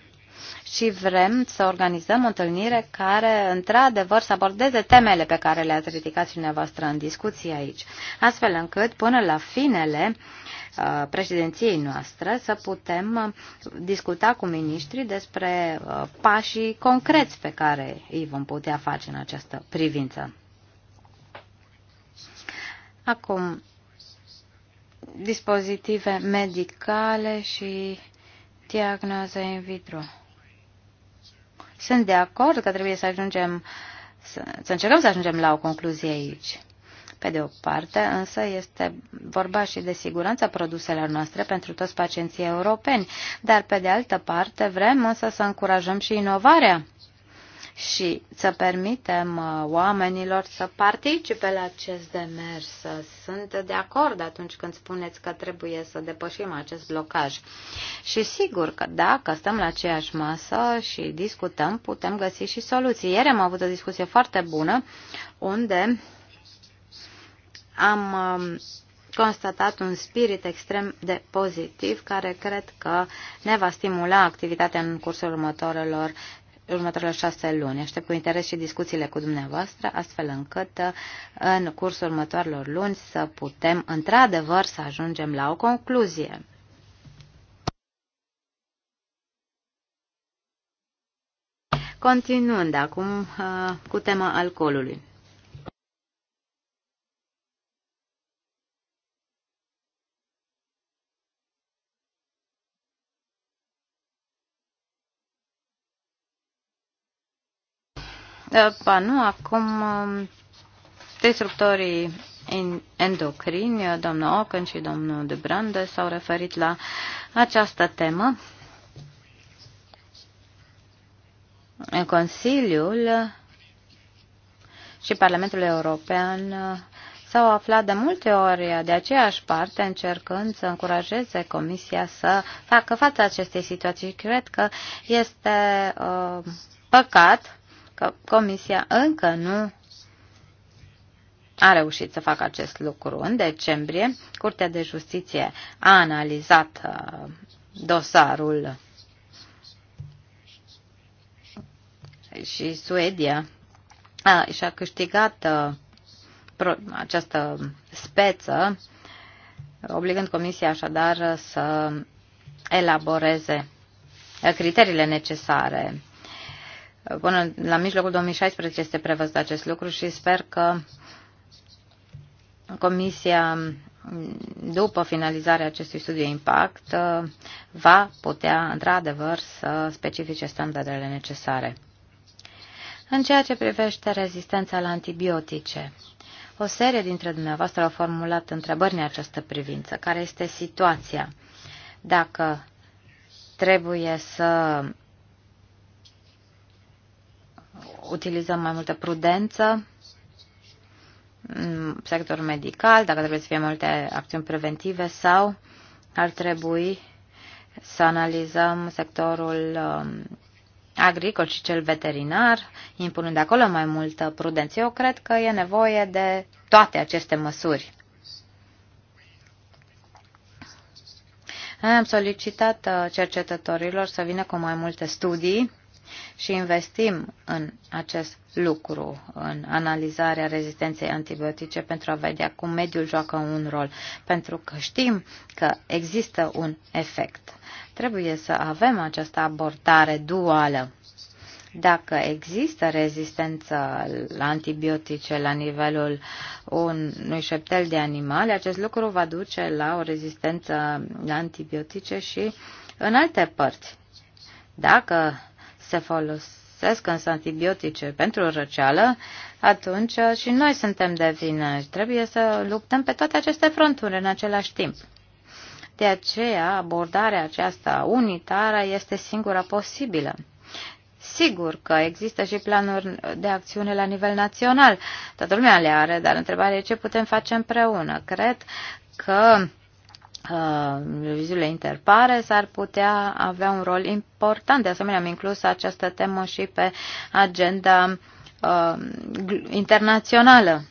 și vrem să organizăm o întâlnire care, într-adevăr, să abordeze temele pe care le-ați ridicat și dumneavoastră în discuție aici, astfel încât, până la finele uh, președinției noastre, să putem discuta cu miniștrii despre pașii concreți pe care îi vom putea face în această privință. Acum, dispozitive medicale și diagnoza in vitro. Sunt de acord că trebuie să ajungem, să, să încercăm să ajungem la o concluzie aici. Pe de o parte, însă, este vorba și de siguranța produselor noastre pentru toți pacienții europeni, dar pe de altă parte vrem însă să încurajăm și inovarea și să permitem uh, oamenilor să participe la acest demers. Sunt de acord atunci când spuneți că trebuie să depășim acest blocaj. Și sigur că dacă stăm la aceeași masă și discutăm, putem găsi și soluții. Ieri am avut o discuție foarte bună unde am um, constatat un spirit extrem de pozitiv care cred că ne va stimula activitatea în cursul următorilor următoarele șase luni. Aștept cu interes și discuțiile cu dumneavoastră, astfel încât uh, în cursul următoarelor luni să putem într-adevăr să ajungem la o concluzie. Continuând acum uh, cu tema alcoolului. Ba nu, acum um, disruptorii endocrini, domnul Ocken și domnul De Brande s-au referit la această temă. Consiliul și Parlamentul European uh, s-au aflat de multe ori de aceeași parte, încercând să încurajeze Comisia să facă față acestei situații. Cred că este uh, păcat că Comisia încă nu a reușit să facă acest lucru. În decembrie, Curtea de Justiție a analizat uh, dosarul și Suedia a, uh, și-a câștigat uh, pro, această speță, obligând Comisia așadar să elaboreze criteriile necesare Până la mijlocul 2016 este prevăzut acest lucru și sper că Comisia, după finalizarea acestui studiu impact, va putea, într-adevăr, să specifice standardele necesare. În ceea ce privește rezistența la antibiotice, o serie dintre dumneavoastră au formulat întrebări în această privință. Care este situația? Dacă trebuie să utilizăm mai multă prudență în sectorul medical, dacă trebuie să fie multe acțiuni preventive sau ar trebui să analizăm sectorul um, agricol și cel veterinar, impunând acolo mai multă prudență. Eu cred că e nevoie de toate aceste măsuri. Am solicitat uh, cercetătorilor să vină cu mai multe studii și investim în acest lucru, în analizarea rezistenței antibiotice pentru a vedea cum mediul joacă un rol, pentru că știm că există un efect. Trebuie să avem această abordare duală. Dacă există rezistență la antibiotice la nivelul unui șeptel de animale, acest lucru va duce la o rezistență la antibiotice și în alte părți. Dacă se folosesc însă antibiotice pentru răceală, atunci și noi suntem de vină. Trebuie să luptăm pe toate aceste fronturi în același timp. De aceea, abordarea aceasta unitară este singura posibilă. Sigur că există și planuri de acțiune la nivel național. Toată lumea le are, dar întrebarea e ce putem face împreună. Cred că Uh, viziunile interpare s-ar putea avea un rol important. De asemenea, am inclus această temă și pe agenda uh, internațională.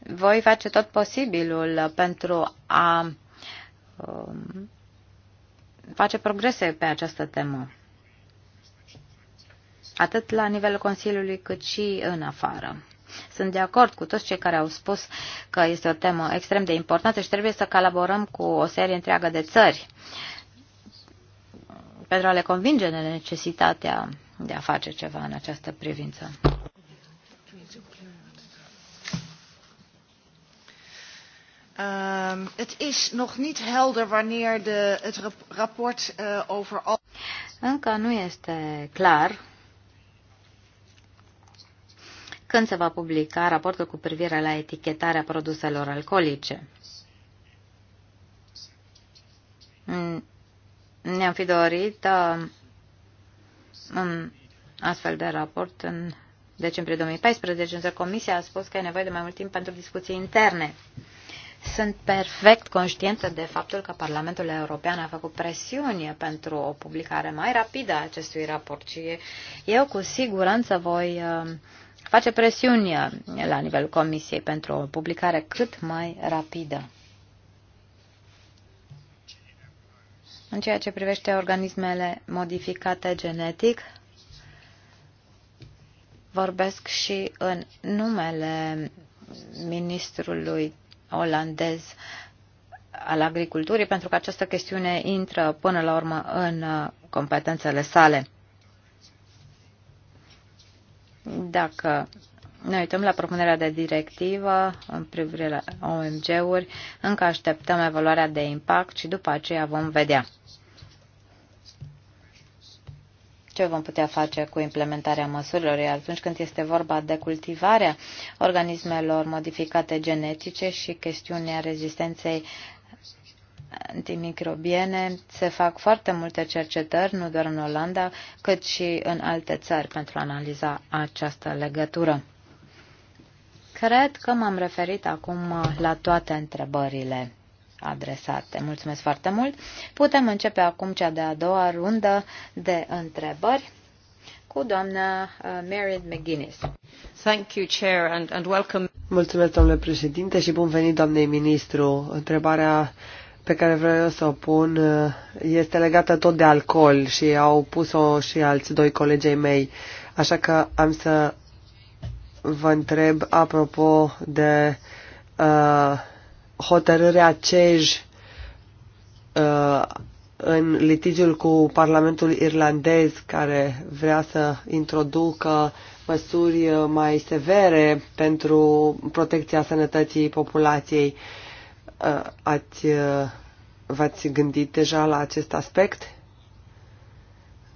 Voi face tot posibilul pentru a uh, face progrese pe această temă, atât la nivelul Consiliului cât și în afară. Sunt de acord cu toți cei care au spus că este o temă extrem de importantă și trebuie să colaborăm cu o serie întreagă de țări pentru a le convinge de necesitatea de a face ceva în această privință. Um, is nog niet helder wanneer de, het rapport uh, over al. Încă nu este clar când se va publica raportul cu privire la etichetarea produselor alcoolice. Ne-am fi dorit uh, un astfel de raport în decembrie 2014, însă Comisia a spus că e nevoie de mai mult timp pentru discuții interne. Sunt perfect conștientă de faptul că Parlamentul European a făcut presiune pentru o publicare mai rapidă a acestui raport și eu cu siguranță voi uh, face presiuni la nivelul Comisiei pentru o publicare cât mai rapidă. În ceea ce privește organismele modificate genetic, vorbesc și în numele ministrului olandez al agriculturii, pentru că această chestiune intră până la urmă în competențele sale. Dacă ne uităm la propunerea de directivă în privire la OMG-uri, încă așteptăm evaluarea de impact și după aceea vom vedea ce vom putea face cu implementarea măsurilor. Iar atunci când este vorba de cultivarea organismelor modificate genetice și chestiunea rezistenței antimicrobiene se fac foarte multe cercetări, nu doar în Olanda, cât și în alte țări pentru a analiza această legătură. Cred că m-am referit acum la toate întrebările adresate. Mulțumesc foarte mult. Putem începe acum cea de-a doua rundă de întrebări cu doamna uh, Mary McGuinness. Thank you, Chair, and, and welcome. Mulțumesc, domnule președinte, și bun venit, doamnei ministru. Întrebarea pe care vreau să o pun uh, este legată tot de alcool și au pus-o și alți doi colegei mei. Așa că am să vă întreb apropo de uh, hotărârea CEJ uh, în litigiul cu Parlamentul irlandez care vrea să introducă măsuri uh, mai severe pentru protecția sănătății populației. Uh, Uh, ați, uh, v-ați gândit deja la acest aspect?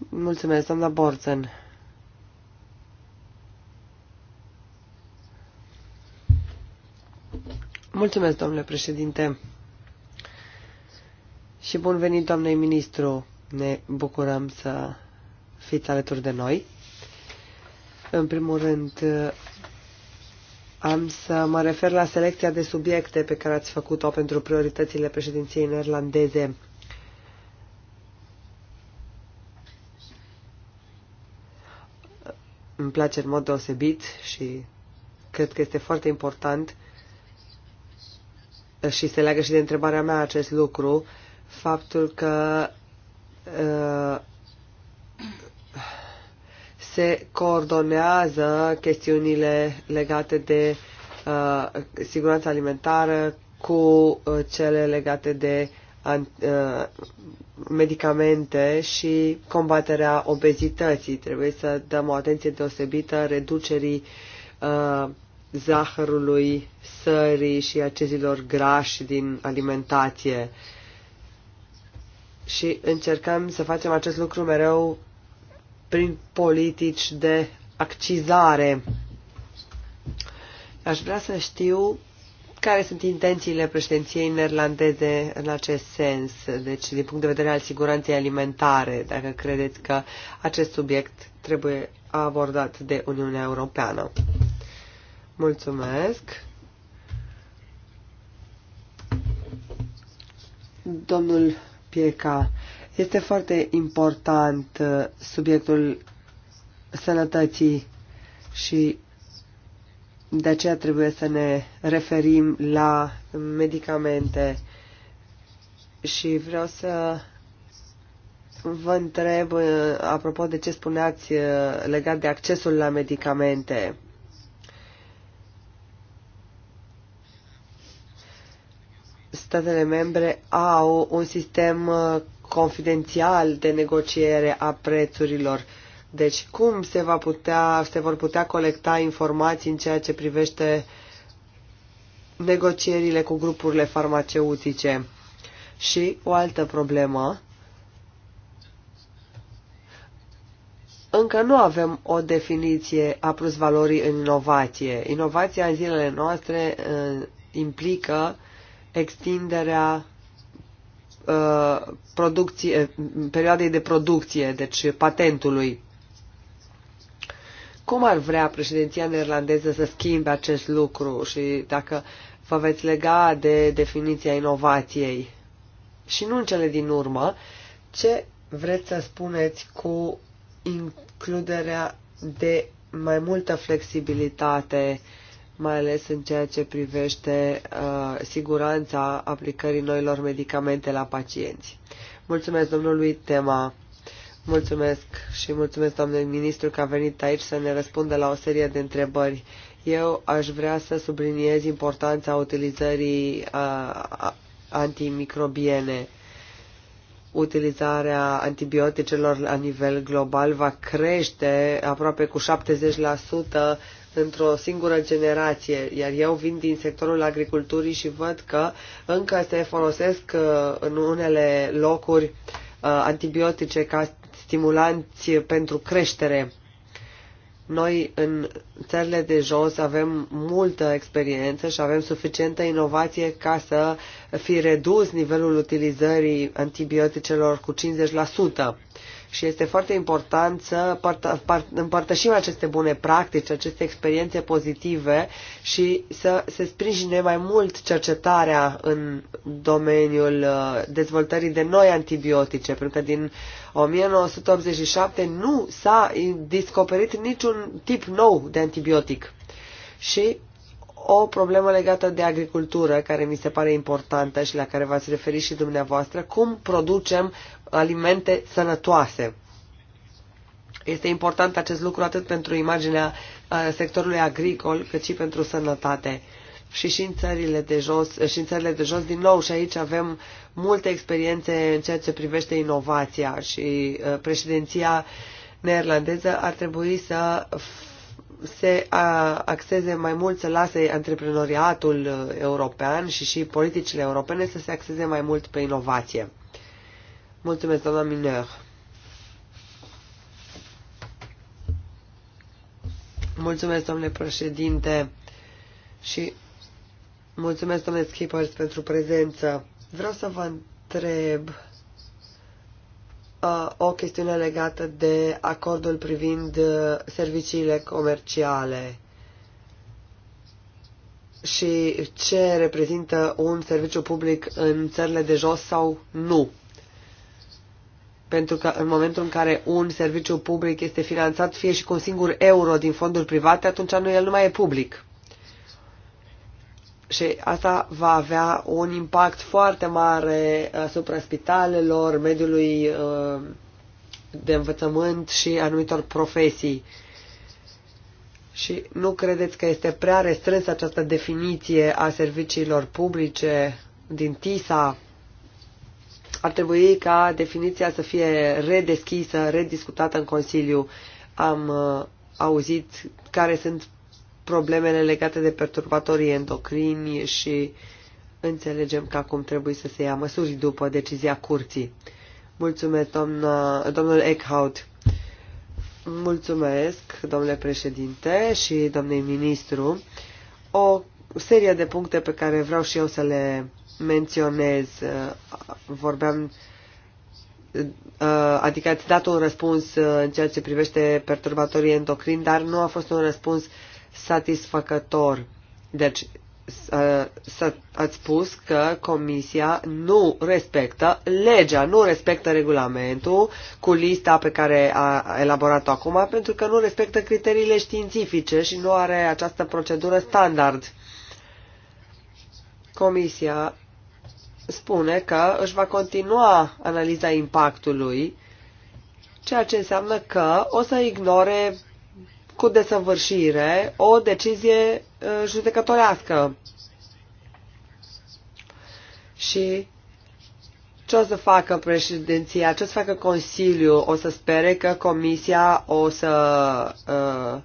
Mulțumesc, doamna Borzen. Mulțumesc, domnule președinte. Și bun venit, doamnei ministru. Ne bucurăm să fiți alături de noi. În primul rând, am să mă refer la selecția de subiecte pe care ați făcut-o pentru prioritățile președinției neerlandeze. Îmi place în mod deosebit și cred că este foarte important și se leagă și de întrebarea mea acest lucru, faptul că uh, se coordonează chestiunile legate de uh, siguranța alimentară cu uh, cele legate de uh, medicamente și combaterea obezității. Trebuie să dăm o atenție deosebită reducerii uh, zahărului, sării și acezilor grași din alimentație. Și încercăm să facem acest lucru mereu prin politici de accizare. Aș vrea să știu care sunt intențiile președinției neerlandeze în acest sens, deci din punct de vedere al siguranței alimentare, dacă credeți că acest subiect trebuie abordat de Uniunea Europeană. Mulțumesc. Domnul Pieca este foarte important uh, subiectul sănătății și de aceea trebuie să ne referim la medicamente și vreau să vă întreb uh, apropo de ce spuneați uh, legat de accesul la medicamente. Statele membre au un sistem confidențial de negociere a prețurilor. Deci cum se, va putea, se vor putea colecta informații în ceea ce privește negocierile cu grupurile farmaceutice? Și o altă problemă. Încă nu avem o definiție a valorii în inovație. Inovația în zilele noastre eh, implică extinderea Uh, producție, perioadei de producție, deci patentului. Cum ar vrea președinția neerlandeză să schimbe acest lucru și dacă vă veți lega de definiția inovației? Și nu în cele din urmă, ce vreți să spuneți cu includerea de mai multă flexibilitate uh, mai ales în ceea ce privește uh, siguranța aplicării noilor medicamente la pacienți. Mulțumesc domnului Tema. Mulțumesc și mulțumesc domnului ministru că a venit aici să ne răspundă la o serie de întrebări. Eu aș vrea să subliniez importanța utilizării uh, antimicrobiene utilizarea antibioticelor la nivel global va crește aproape cu 70% într-o singură generație, iar eu vin din sectorul agriculturii și văd că încă se folosesc uh, în unele locuri uh, antibiotice ca stimulanți pentru creștere. Noi în țările de jos avem multă experiență și avem suficientă inovație ca să fi redus nivelul utilizării antibioticelor cu 50% și este foarte important să împărtășim aceste bune practici, aceste experiențe pozitive și să se sprijine mai mult cercetarea în domeniul uh, dezvoltării de noi antibiotice, pentru că din 1987 nu s-a descoperit niciun tip nou de antibiotic. Și o problemă legată de agricultură care mi se pare importantă și la care v-ați referit și dumneavoastră, cum producem alimente sănătoase. Este important acest lucru atât pentru imaginea sectorului agricol, cât și pentru sănătate. Și și în țările de jos, și în țările de jos din nou și aici avem multe experiențe în ceea ce privește inovația și președinția neerlandeză ar trebui să se axeze mai mult, să lase antreprenoriatul uh, european și și politicile europene să se axeze mai mult pe inovație. Mulțumesc, doamna Miner. Mulțumesc, domnule președinte, și mulțumesc, domnule Skippers, pentru prezență. Vreau să vă întreb Uh, o chestiune legată de acordul privind uh, serviciile comerciale și ce reprezintă un serviciu public în țările de jos sau nu. Pentru că în momentul în care un serviciu public este finanțat fie și cu un singur euro din fonduri private, atunci nu el nu mai e public și asta va avea un impact foarte mare uh, asupra spitalelor, mediului uh, de învățământ și anumitor profesii. Și nu credeți că este prea restrânsă această definiție a serviciilor publice din TISA? Ar trebui ca definiția să fie redeschisă, rediscutată în Consiliu. Am uh, auzit care sunt problemele legate de perturbatorii endocrini și înțelegem că acum trebuie să se ia măsuri după decizia curții. Mulțumesc, doamna, domnul Eckhout. Mulțumesc, domnule președinte și domnului ministru. O serie de puncte pe care vreau și eu să le menționez. Vorbeam, uh, adică ați dat un răspuns uh, în ceea ce privește perturbatorii endocrini, dar nu a fost un răspuns satisfăcător. Deci, să ați spus că Comisia nu respectă legea, nu respectă regulamentul cu lista pe care a elaborat-o acum, pentru că nu respectă criteriile științifice și nu are această procedură standard. Comisia spune că își va continua analiza impactului, ceea ce înseamnă că o să ignore cu desăvârșire o decizie uh, judecătorească. Și ce o să facă președinția, ce o să facă Consiliul? O să spere că Comisia o să uh,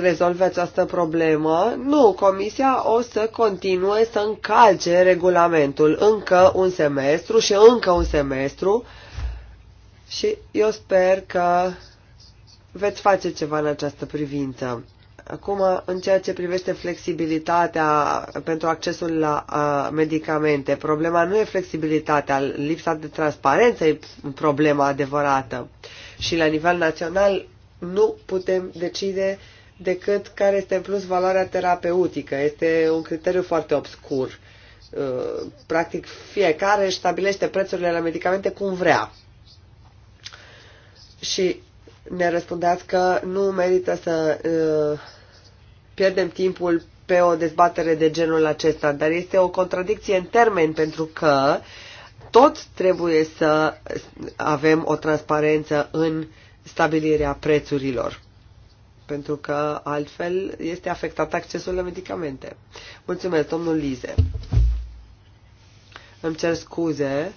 rezolve această problemă? Nu, Comisia o să continue să încalce regulamentul încă un semestru și încă un semestru uh, și eu sper că veți face ceva în această privință. Acum, în ceea ce privește flexibilitatea pentru accesul la a, medicamente, problema nu e flexibilitatea, lipsa de transparență e problema adevărată. Și la nivel național nu putem decide decât care este în plus valoarea terapeutică. Este un criteriu foarte obscur. Uh, practic, fiecare își stabilește prețurile la medicamente cum vrea și ne răspundeați că nu merită să uh, pierdem timpul pe o dezbatere de genul acesta, dar este o contradicție în termeni pentru că tot trebuie să avem o transparență în stabilirea prețurilor, pentru că altfel este afectat accesul la medicamente. Mulțumesc, domnul Lize. Îmi cer scuze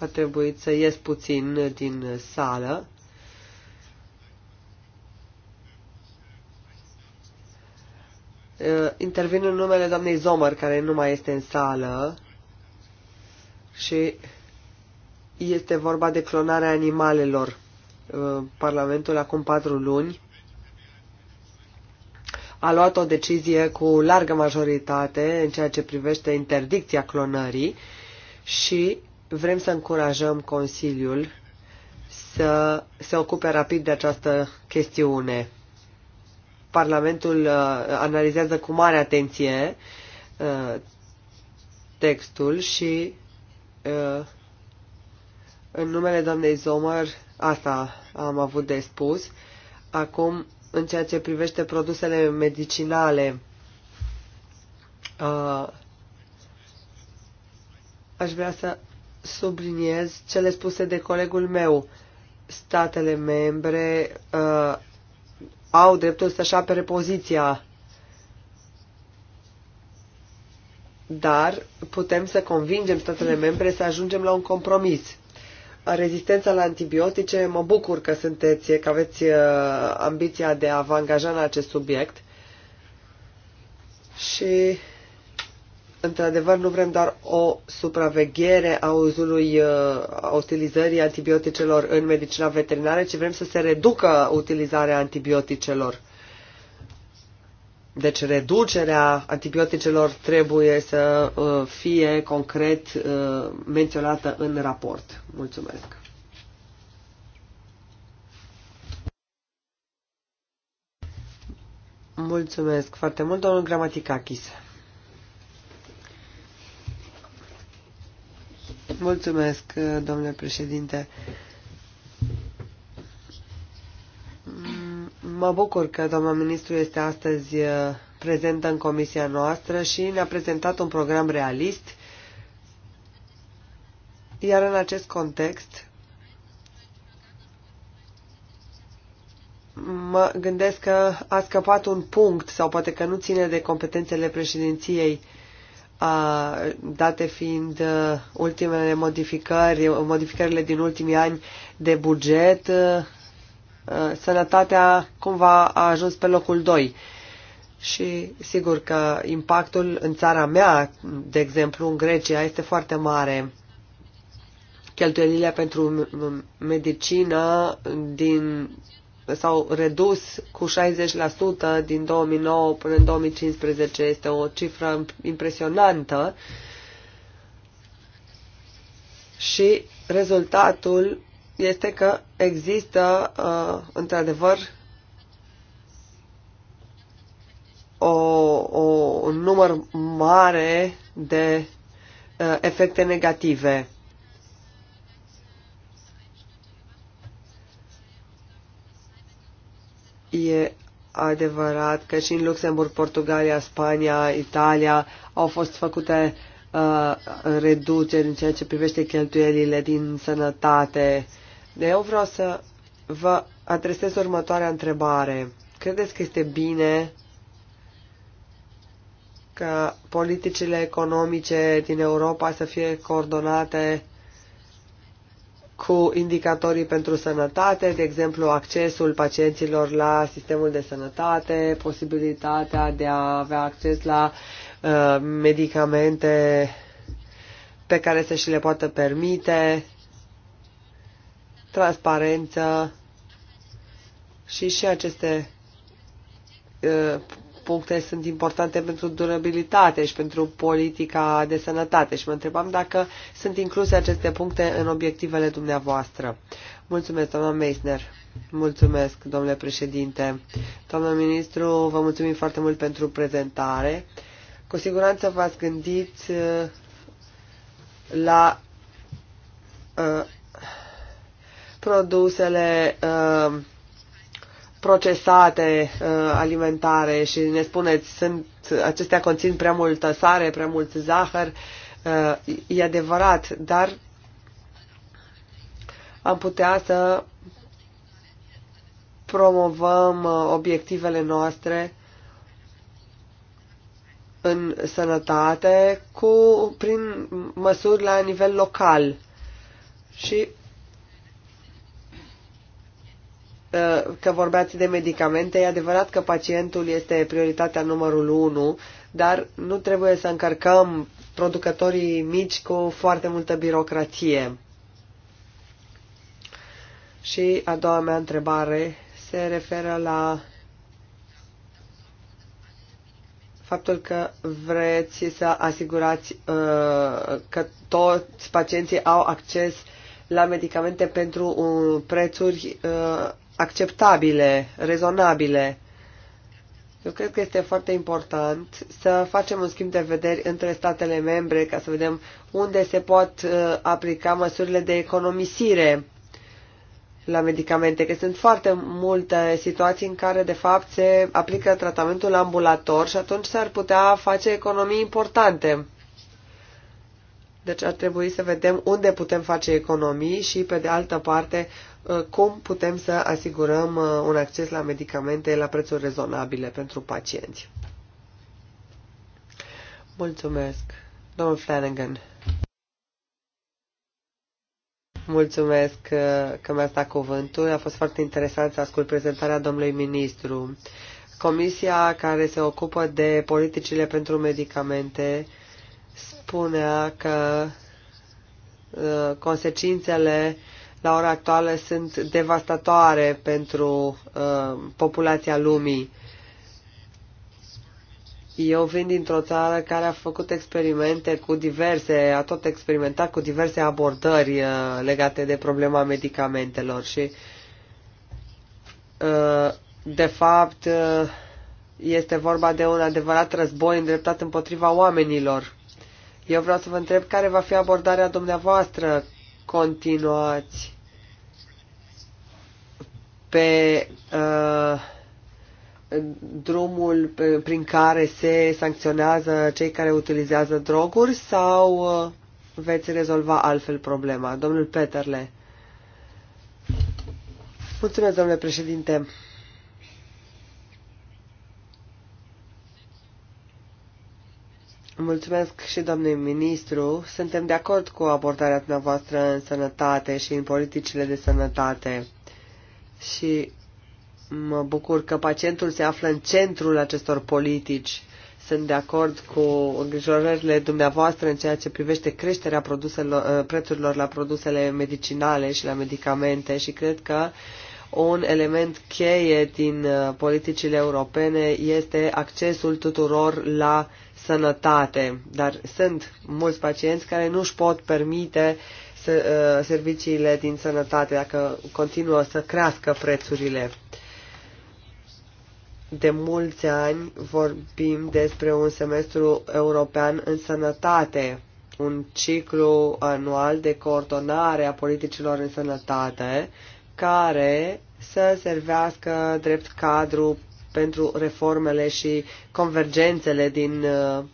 a trebuit să ies puțin din sală. Uh, intervin în numele doamnei Zomăr, care nu mai este în sală și este vorba de clonarea animalelor. Uh, Parlamentul acum patru luni a luat o decizie cu largă majoritate în ceea ce privește interdicția clonării și vrem să încurajăm Consiliul să se ocupe rapid de această chestiune. Parlamentul uh, analizează cu mare atenție uh, textul și uh, în numele doamnei Zomer asta am avut de spus. Acum, în ceea ce privește produsele medicinale, aș vrea să subliniez cele spuse de colegul meu. Statele membre uh, au dreptul să-și apere poziția, dar putem să convingem statele membre să ajungem la un compromis. Rezistența la antibiotice, mă bucur că sunteți, că aveți uh, ambiția de a vă angaja în acest subiect și într-adevăr, nu vrem doar o supraveghere a uzului, uh, a utilizării antibioticelor în medicina veterinară, ci vrem să se reducă utilizarea antibioticelor. Deci reducerea antibioticelor trebuie să uh, fie concret uh, menționată în raport. Mulțumesc! Mulțumesc foarte mult, domnul Gramaticakis. Mulțumesc, domnule președinte. Mm, mă bucur că doamna ministru este astăzi uh, prezentă în comisia noastră și ne-a prezentat un program realist. Iar în acest context, mă gândesc că a scăpat un punct sau poate că nu ține de competențele președinției date fiind ultimele modificări, modificările din ultimii ani de buget, sănătatea cumva a ajuns pe locul 2. Și sigur că impactul în țara mea, de exemplu în Grecia, este foarte mare. Cheltuielile pentru medicină din s-au redus cu 60% din 2009 până în 2015. Este o cifră impresionantă și rezultatul este că există uh, într-adevăr o, o, un număr mare de uh, efecte negative. E adevărat că și în Luxemburg, Portugalia, Spania, Italia au fost făcute uh, reduceri în ceea ce privește cheltuielile din sănătate. Eu vreau să vă adresez următoarea întrebare. Credeți că este bine ca politicile economice din Europa să fie coordonate uh, cu indicatorii pentru sănătate, de exemplu accesul pacienților la sistemul de sănătate, posibilitatea de a avea acces la uh, medicamente pe care să și le poată permite, transparență și și aceste uh, puncte sunt importante pentru durabilitate și pentru politica de sănătate și mă întrebam dacă sunt incluse aceste puncte în obiectivele dumneavoastră. Mulțumesc, doamna Meisner. Mulțumesc, domnule președinte. Doamna ministru, vă mulțumim foarte mult pentru prezentare. Cu siguranță v-ați gândit uh, la uh, produsele uh, procesate uh, alimentare și ne spuneți, sunt, acestea conțin prea multă sare, prea mult zahăr, uh, e adevărat, dar am putea să promovăm uh, obiectivele noastre în sănătate cu, prin măsuri la nivel local. Și Uh, că vorbeați de medicamente, e adevărat că pacientul este prioritatea numărul 1, dar nu trebuie să încărcăm producătorii mici cu foarte multă birocrație. Și a doua mea întrebare se referă la faptul că vreți să asigurați uh, că toți pacienții au acces la medicamente pentru uh, prețuri uh, acceptabile, rezonabile. Eu cred că este foarte important să facem un schimb de vederi între statele membre ca să vedem unde se pot uh, aplica măsurile de economisire la medicamente, că sunt foarte multe situații în care, de fapt, se aplică tratamentul ambulator și atunci s-ar putea face economii importante. Deci ar trebui să vedem unde putem face economii și, pe de altă parte, Uh, cum putem să asigurăm uh, un acces la medicamente la prețuri rezonabile pentru pacienți. Mulțumesc, domnul Flanagan. Mulțumesc uh, că mi-ați dat cuvântul. A fost foarte interesant să ascult prezentarea domnului ministru. Comisia care se ocupă de politicile pentru medicamente spunea că consecințele uh, la ora actuală sunt devastatoare pentru uh, populația lumii. Eu vin dintr-o țară care a făcut experimente cu diverse, a tot experimentat cu diverse abordări uh, legate de problema medicamentelor și uh, de fapt uh, este vorba de un adevărat război îndreptat împotriva oamenilor. Eu vreau să vă întreb care va fi abordarea dumneavoastră continuați pe uh, drumul pe, prin care se sancționează cei care utilizează droguri sau uh, veți rezolva altfel problema? Domnul Peterle. Mulțumesc, domnule președinte. Mulțumesc și domnului ministru. Suntem de acord cu abordarea dumneavoastră în sănătate și în politicile de sănătate. Și mă bucur că pacientul se află în centrul acestor politici. Sunt de acord cu îngrijorările dumneavoastră în ceea ce privește creșterea prețurilor la produsele medicinale și la medicamente și cred că uh, un element cheie din uh, politicile europene este accesul tuturor la sănătate, dar sunt mulți pacienți care nu își pot permite uh, serviciile din sănătate dacă continuă să crească prețurile. De mulți ani vorbim despre un semestru european în sănătate, un ciclu anual de coordonare a politicilor în sănătate, care să servească drept cadru pentru reformele și convergențele din uh,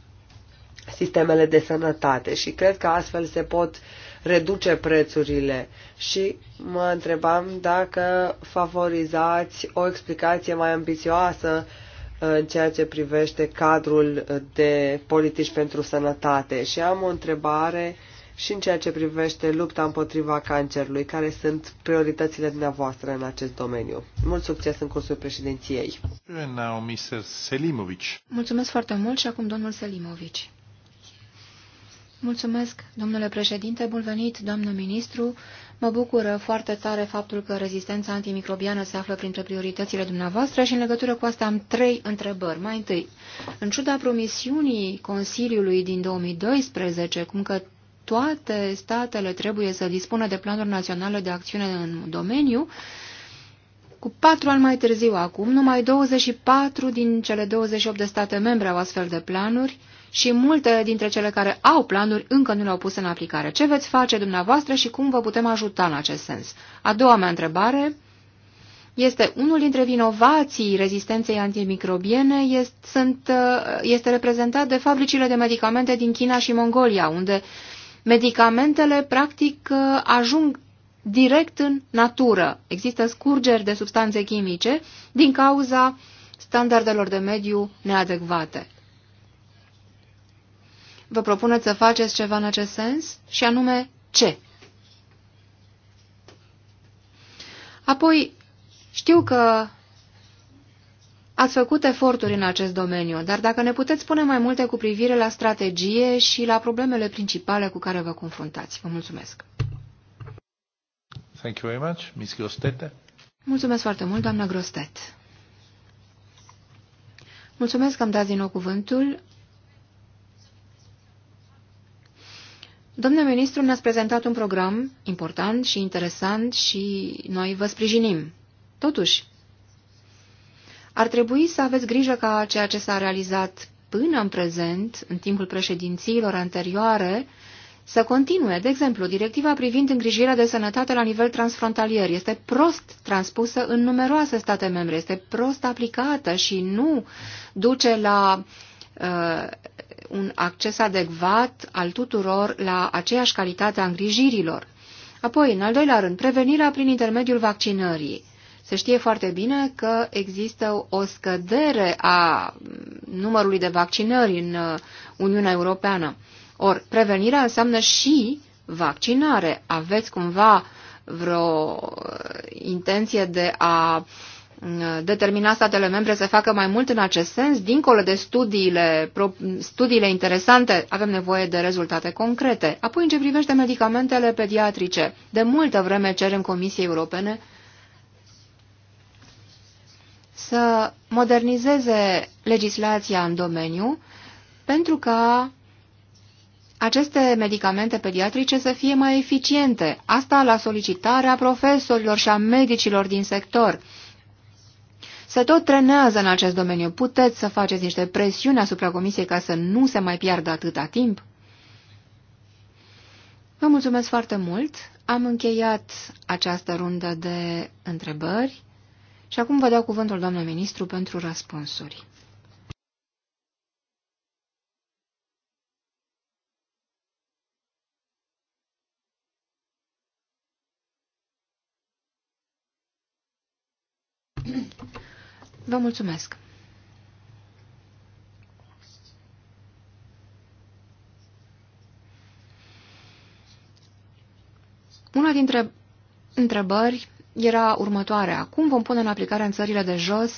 sistemele de sănătate și cred că astfel se pot reduce prețurile și mă întrebam dacă favorizați o explicație mai ambițioasă uh, în ceea ce privește cadrul de politici pentru sănătate. Și am o întrebare uh, și în ceea ce privește lupta împotriva cancerului, care sunt prioritățile dumneavoastră în acest domeniu. Mult succes în cursul președinției! Mulțumesc foarte mult și acum domnul Selimovici. Mulțumesc, domnule președinte, bun venit, doamnă ministru. Mă bucură foarte tare faptul că rezistența antimicrobiană se află printre prioritățile dumneavoastră și în legătură cu asta am trei întrebări. Mai întâi, în ciuda promisiunii Consiliului din 2012, cum că toate statele trebuie să dispună de planuri naționale de acțiune în domeniu, cu patru ani mai târziu acum, numai 24 din cele 28 de state membre au astfel de planuri și multe dintre cele care au planuri încă nu le-au pus în aplicare. Ce veți face dumneavoastră și cum vă putem ajuta în acest sens? A doua mea întrebare este unul dintre vinovații rezistenței antimicrobiene este, sunt, este reprezentat de fabricile de medicamente din China și Mongolia, unde uh, medicamentele practic uh, ajung direct în natură. Există scurgeri de substanțe chimice din cauza standardelor de mediu neadecvate. Vă propuneți să faceți ceva în acest sens? Și anume, ce? Apoi, știu că Ați făcut eforturi în acest domeniu, dar dacă ne puteți spune mai multe cu privire la strategie și la problemele principale cu care vă confruntați. Vă mulțumesc. Thank you very much. Ms. Grostete. Mulțumesc foarte mult, doamna Grostet. Mulțumesc că am dat din nou cuvântul. Domnule ministru, ne-ați prezentat un program important și interesant și noi vă sprijinim. Totuși, ar trebui să aveți grijă ca ceea ce s-a realizat până în prezent, în timpul președințiilor anterioare, să continue. De exemplu, directiva privind îngrijirea de sănătate la nivel transfrontalier este prost transpusă în numeroase state membre, este prost aplicată și nu duce la uh, un acces adecvat al tuturor la aceeași calitate a îngrijirilor. Apoi, în al doilea rând, prevenirea prin intermediul vaccinării. Se știe foarte bine că există o scădere a numărului de vaccinări în uh, Uniunea Europeană. Or, prevenirea înseamnă și vaccinare. Aveți cumva vreo uh, intenție de a uh, determina statele membre să facă mai mult în acest sens, dincolo de studiile, studiile interesante, avem nevoie de rezultate concrete. Apoi, în ce privește medicamentele pediatrice, de multă vreme cerem Comisiei Europene să modernizeze legislația în domeniu pentru ca aceste medicamente pediatrice să fie mai eficiente. Asta la solicitarea profesorilor și a medicilor din sector. Se tot trenează în acest domeniu. Puteți să faceți niște presiuni asupra comisiei ca să nu se mai piardă atâta timp? Vă mulțumesc foarte mult. Am încheiat această rundă de întrebări. Și acum vă dau cuvântul, doamnă ministru, pentru răspunsuri. Vă mulțumesc! Una dintre întrebări era următoarea. Cum vom pune în aplicare în țările de jos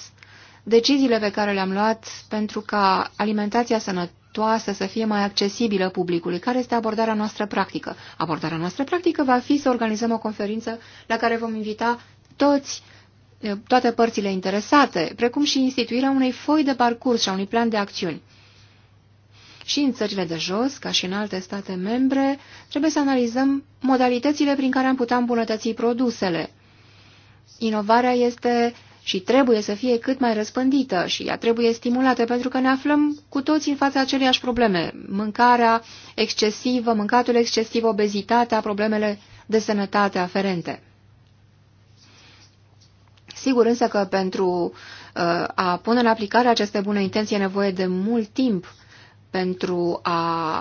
deciziile pe care le-am luat pentru ca alimentația sănătoasă să fie mai accesibilă publicului? Care este abordarea noastră practică? Abordarea noastră practică va fi să organizăm o conferință la care vom invita toți eh, toate părțile interesate, precum și instituirea unei foi de parcurs și a unui plan de acțiuni. Și în țările de jos, ca și în alte state membre, trebuie să analizăm modalitățile prin care am putea îmbunătăți produsele, Inovarea este și trebuie să fie cât mai răspândită și ea trebuie stimulată pentru că ne aflăm cu toți în fața aceleiași probleme. Mâncarea excesivă, mâncatul excesiv, obezitatea, problemele de sănătate aferente. Sigur însă că pentru uh, a pune în aplicare aceste bune intenții e nevoie de mult timp pentru a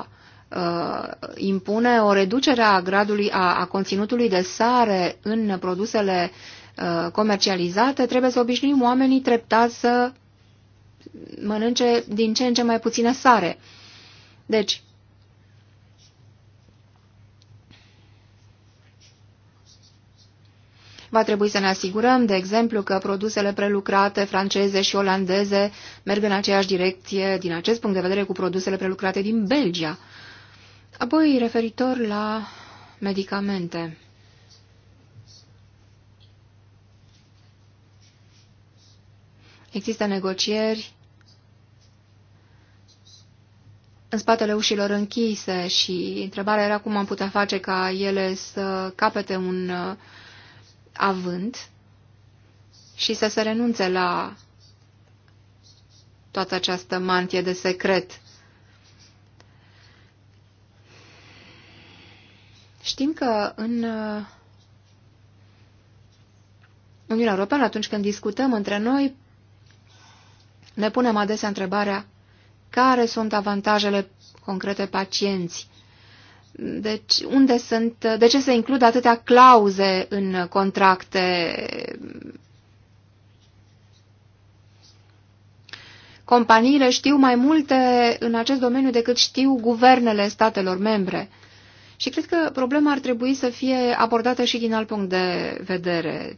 uh, impune o reducere a gradului, a, a conținutului de sare în produsele uh, Uh, comercializate, trebuie să obișnuim oamenii treptat să mănânce din ce în ce mai puțină sare. Deci, Va trebui să ne asigurăm, de exemplu, că produsele prelucrate franceze și olandeze merg în aceeași direcție, din acest punct de vedere, cu produsele prelucrate din Belgia. Apoi, referitor la medicamente. Există negocieri în spatele ușilor închise și întrebarea era cum am putea face ca ele să capete un uh, avânt și să se renunțe la toată această mantie de secret. Știm că în uh, Uniunea Europeană, atunci când discutăm între noi, ne punem adesea întrebarea care sunt avantajele concrete pacienți. Deci, unde sunt, de ce se includ atâtea clauze în contracte? Companiile știu mai multe în acest domeniu decât știu guvernele statelor membre. Și cred că problema ar trebui să fie abordată și din alt punct de vedere.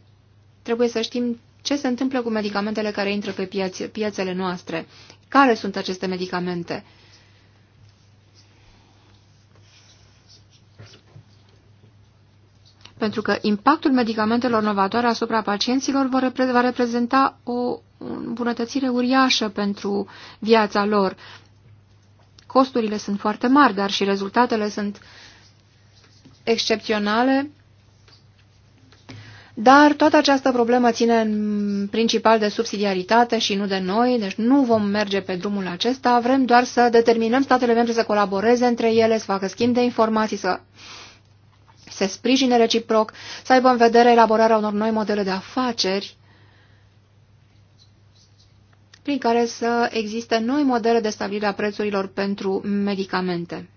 Trebuie să știm ce se întâmplă cu medicamentele care intră pe piațe, piațele noastre. Care sunt aceste medicamente? Pentru că impactul medicamentelor novatoare asupra pacienților va, va reprezenta o îmbunătățire uriașă pentru viața lor. Costurile sunt foarte mari, dar și rezultatele sunt excepționale dar toată această problemă ține în principal de subsidiaritate și nu de noi, deci nu vom merge pe drumul acesta, vrem doar să determinăm statele membre să colaboreze între ele, să facă schimb de informații, să se sprijine reciproc, să aibă în vedere elaborarea unor noi modele de afaceri prin care să existe noi modele de stabilire a prețurilor pentru medicamente.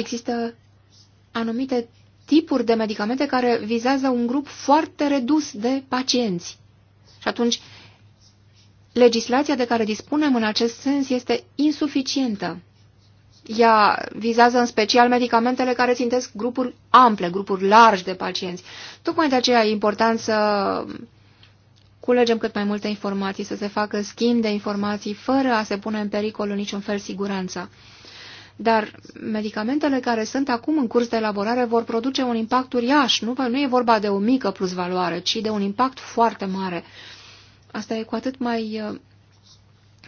Există anumite tipuri de medicamente care vizează un grup foarte redus de pacienți. Și atunci, legislația de care dispunem în acest sens este insuficientă. Ea vizează în special medicamentele care țintesc grupuri ample, grupuri largi de pacienți. Tocmai de aceea e important să culegem cât mai multe informații, să se facă schimb de informații fără a se pune în pericol în niciun fel siguranța. Dar medicamentele care sunt acum în curs de elaborare vor produce un impact uriaș. Nu, nu e vorba de o mică plus valoare, ci de un impact foarte mare. Asta e cu atât mai uh,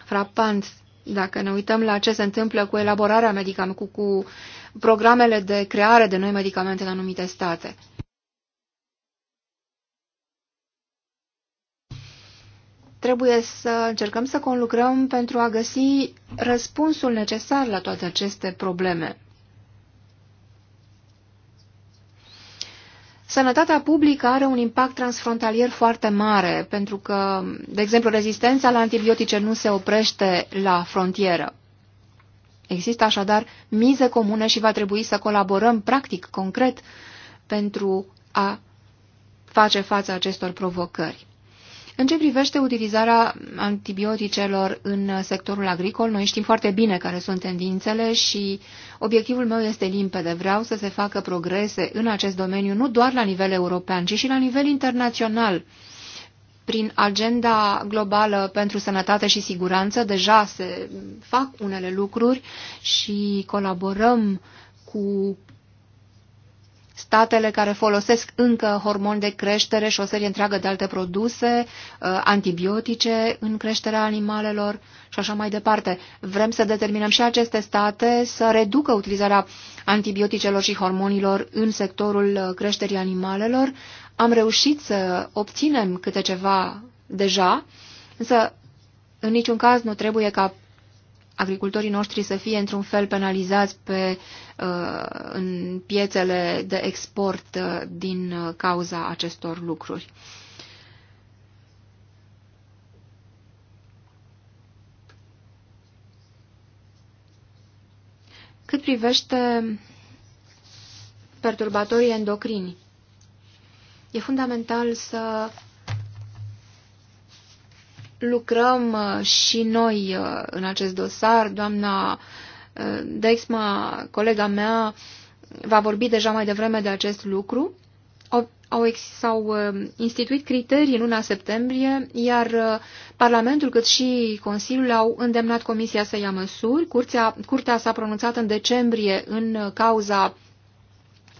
frapant dacă ne uităm la ce se întâmplă cu elaborarea medicamentului, cu, cu programele de creare de noi medicamente în anumite state. Trebuie să încercăm să conlucrăm pentru a găsi răspunsul necesar la toate aceste probleme. Sănătatea publică are un impact transfrontalier foarte mare, pentru că, de exemplu, rezistența la antibiotice nu se oprește la frontieră. Există așadar mize comune și va trebui să colaborăm practic, concret, pentru a face față acestor provocări. În ce privește utilizarea antibioticelor în sectorul agricol, noi știm foarte bine care sunt tendințele și obiectivul meu este limpede. Vreau să se facă progrese în acest domeniu, nu doar la nivel european, ci și la nivel internațional. Prin agenda globală pentru sănătate și siguranță deja se fac unele lucruri și colaborăm cu statele care folosesc încă hormoni de creștere și o serie întreagă de alte produse, uh, antibiotice în creșterea animalelor și așa mai departe. Vrem să determinăm și aceste state să reducă utilizarea antibioticelor și hormonilor în sectorul uh, creșterii animalelor. Am reușit să obținem câte ceva deja, însă în niciun caz nu trebuie ca agricultorii noștri să fie într-un fel penalizați pe, uh, în piețele de export uh, din uh, cauza acestor lucruri. Cât privește perturbatorii endocrini, e fundamental să lucrăm uh, și noi uh, în acest dosar. Doamna uh, Dexma, colega mea, va vorbi deja mai devreme de acest lucru. Au, s-au instituit criterii în luna septembrie, iar Parlamentul cât și Consiliul au îndemnat Comisia să ia măsuri. Curtea, curtea s-a pronunțat în decembrie în cauza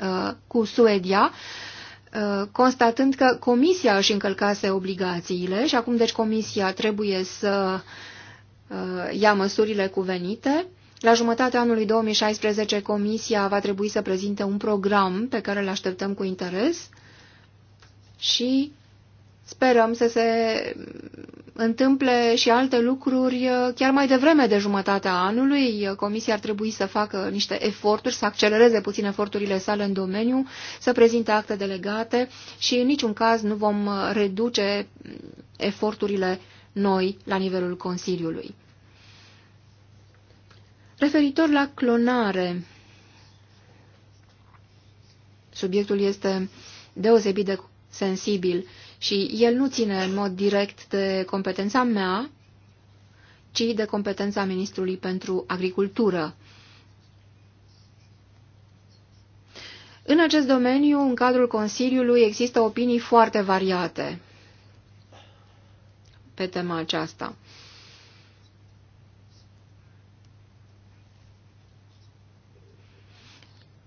uh, cu Suedia. Uh, Uh, constatând că comisia își încălcase obligațiile și acum deci comisia trebuie să uh, ia măsurile cuvenite. La jumătatea anului 2016 comisia va trebui să prezinte un program pe care îl așteptăm cu interes și sperăm să se întâmple și alte lucruri uh, chiar mai devreme de jumătatea anului. Uh, comisia ar trebui să facă niște eforturi, să accelereze puțin eforturile sale în domeniu, să prezinte acte delegate și în niciun caz nu vom uh, reduce mm, eforturile noi la nivelul Consiliului. Referitor la clonare, subiectul este deosebit de sensibil. Și el nu ține în mod direct de competența mea, ci de competența Ministrului pentru Agricultură. În acest domeniu, în cadrul Consiliului, există opinii foarte variate pe tema aceasta.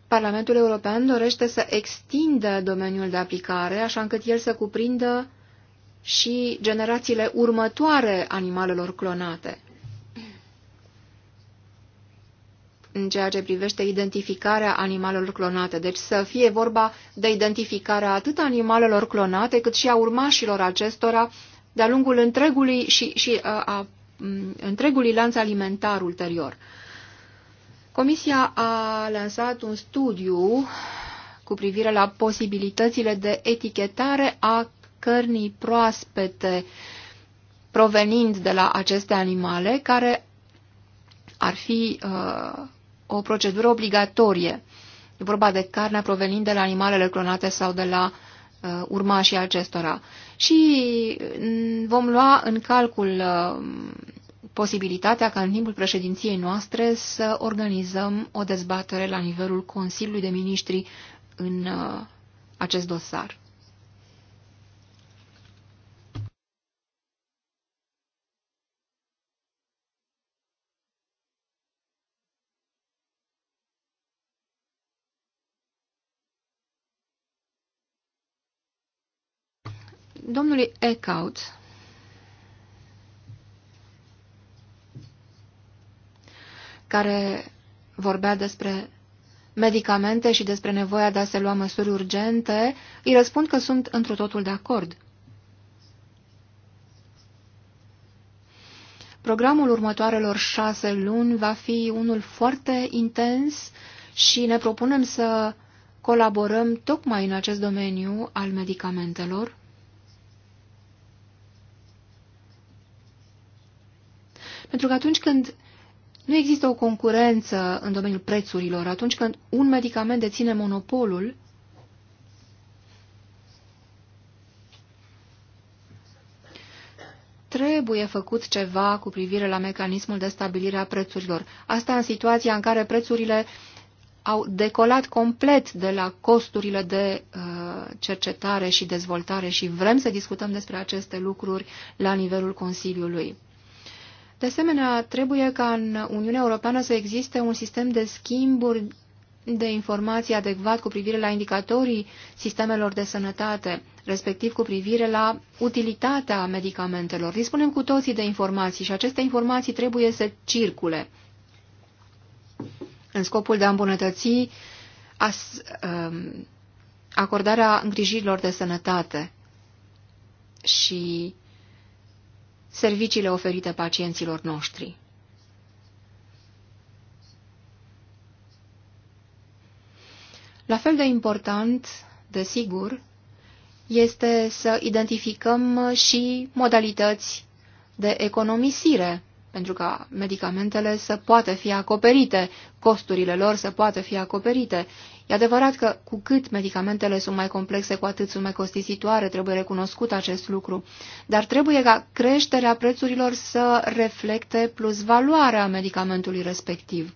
Parlamentul European dorește să extindă domeniul de aplicare, așa încât el să cuprindă și generațiile următoare animalelor clonate. În ceea ce privește identificarea animalelor clonate, deci să fie vorba de identificarea atât animalelor clonate, cât și a urmașilor acestora de-a lungul întregului și, și a, a, întregului lanț alimentar ulterior. Comisia a lansat un studiu cu privire la posibilitățile de etichetare a cărnii proaspete provenind de la aceste animale, care ar fi uh, o procedură obligatorie. E vorba de carnea provenind de la animalele clonate sau de la uh, urmașii acestora. Și mm, vom lua în calcul uh, posibilitatea ca în timpul președinției noastre să organizăm o dezbatere la nivelul Consiliului de Ministri în uh, acest dosar. Domnului Eckhout, care vorbea despre medicamente și despre nevoia de a se lua măsuri urgente, îi răspund că sunt într totul de acord. Programul următoarelor șase luni va fi unul foarte intens și ne propunem să colaborăm tocmai în acest domeniu al medicamentelor. Pentru că atunci când nu există o concurență în domeniul prețurilor. Atunci când un medicament deține monopolul, trebuie făcut ceva cu privire la mecanismul de stabilire a prețurilor. Asta în situația în care prețurile au decolat complet de la costurile de uh, cercetare și dezvoltare și vrem să discutăm despre aceste lucruri la nivelul Consiliului. De asemenea, trebuie ca în Uniunea Europeană să existe un sistem de schimburi de informații adecvat cu privire la indicatorii sistemelor de sănătate, respectiv cu privire la utilitatea medicamentelor. Dispunem cu toții de informații și aceste informații trebuie să circule în scopul de a îmbunătăți as, um, acordarea îngrijirilor de sănătate și serviciile oferite pacienților noștri. La fel de important, desigur, este să identificăm și modalități de economisire pentru ca medicamentele să poată fi acoperite, costurile lor să poată fi acoperite. E adevărat că cu cât medicamentele sunt mai complexe, cu atât sunt mai costisitoare, trebuie recunoscut acest lucru. Dar trebuie ca creșterea prețurilor să reflecte plus valoarea medicamentului respectiv.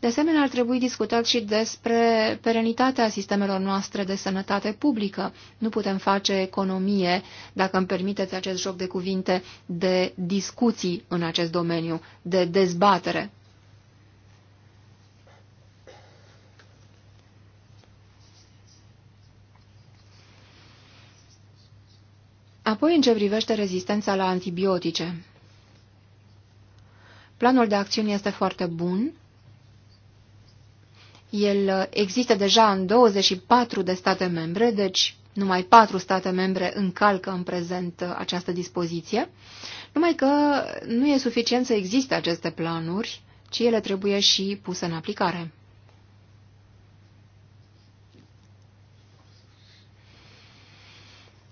De asemenea, ar trebui discutat și despre perenitatea sistemelor noastre de sănătate publică. Nu putem face economie, dacă îmi permiteți acest joc de cuvinte, de discuții în acest domeniu, de dezbatere. Apoi, în ce privește rezistența la antibiotice. Planul de acțiune este foarte bun, el uh, există deja în 24 de state membre, deci numai patru state membre încalcă în prezent uh, această dispoziție, numai că nu e suficient să existe aceste planuri, ci ele trebuie și puse în aplicare.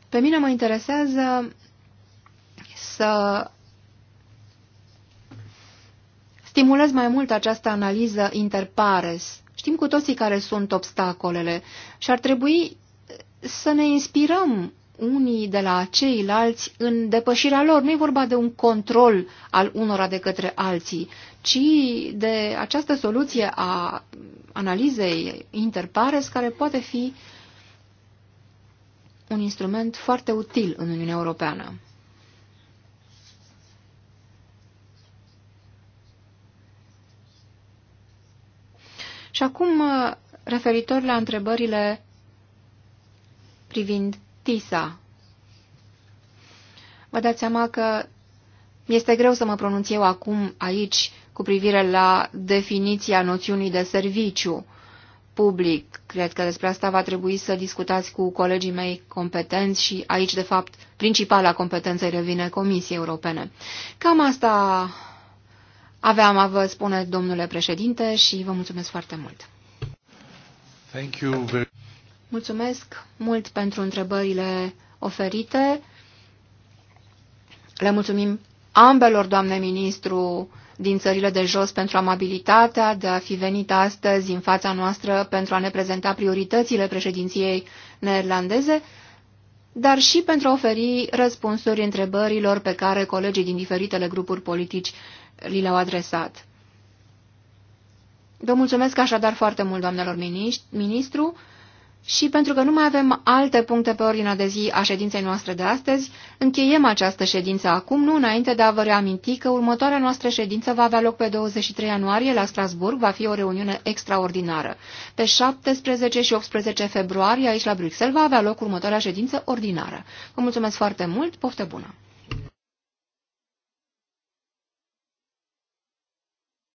Pe mine mă interesează să stimulez mai mult această analiză interpares Știm cu toții care sunt obstacolele și ar trebui să ne inspirăm unii de la ceilalți în depășirea lor. Nu e vorba de un control al unora de către alții, ci de această soluție a analizei interpares care poate fi un instrument foarte util în Uniunea Europeană. Și acum, uh, referitor la întrebările privind TISA. Vă dați seama că este greu să mă pronunț eu acum aici cu privire la definiția noțiunii de serviciu public. Cred că despre asta va trebui să discutați cu colegii mei competenți și aici, de fapt, principala competență revine Comisiei Europene. Cam asta aveam a vă spune, domnule președinte, și vă mulțumesc foarte mult. Thank you very... Mulțumesc mult pentru întrebările oferite. Le mulțumim ambelor, doamne ministru, din țările de jos pentru amabilitatea de a fi venit astăzi în fața noastră pentru a ne prezenta prioritățile președinției neerlandeze, dar și pentru a oferi răspunsuri întrebărilor pe care colegii din diferitele grupuri politici li le-au adresat. Vă mulțumesc așadar foarte mult, doamnelor ministru, și pentru că nu mai avem alte puncte pe ordinea de zi a ședinței noastre de astăzi, încheiem această ședință acum, nu înainte de a vă reaminti că următoarea noastră ședință va avea loc pe 23 ianuarie la Strasburg, va fi o reuniune extraordinară. Pe 17 și 18 februarie, aici la Bruxelles, va avea loc următoarea ședință ordinară. Vă mulțumesc foarte mult, poftă bună!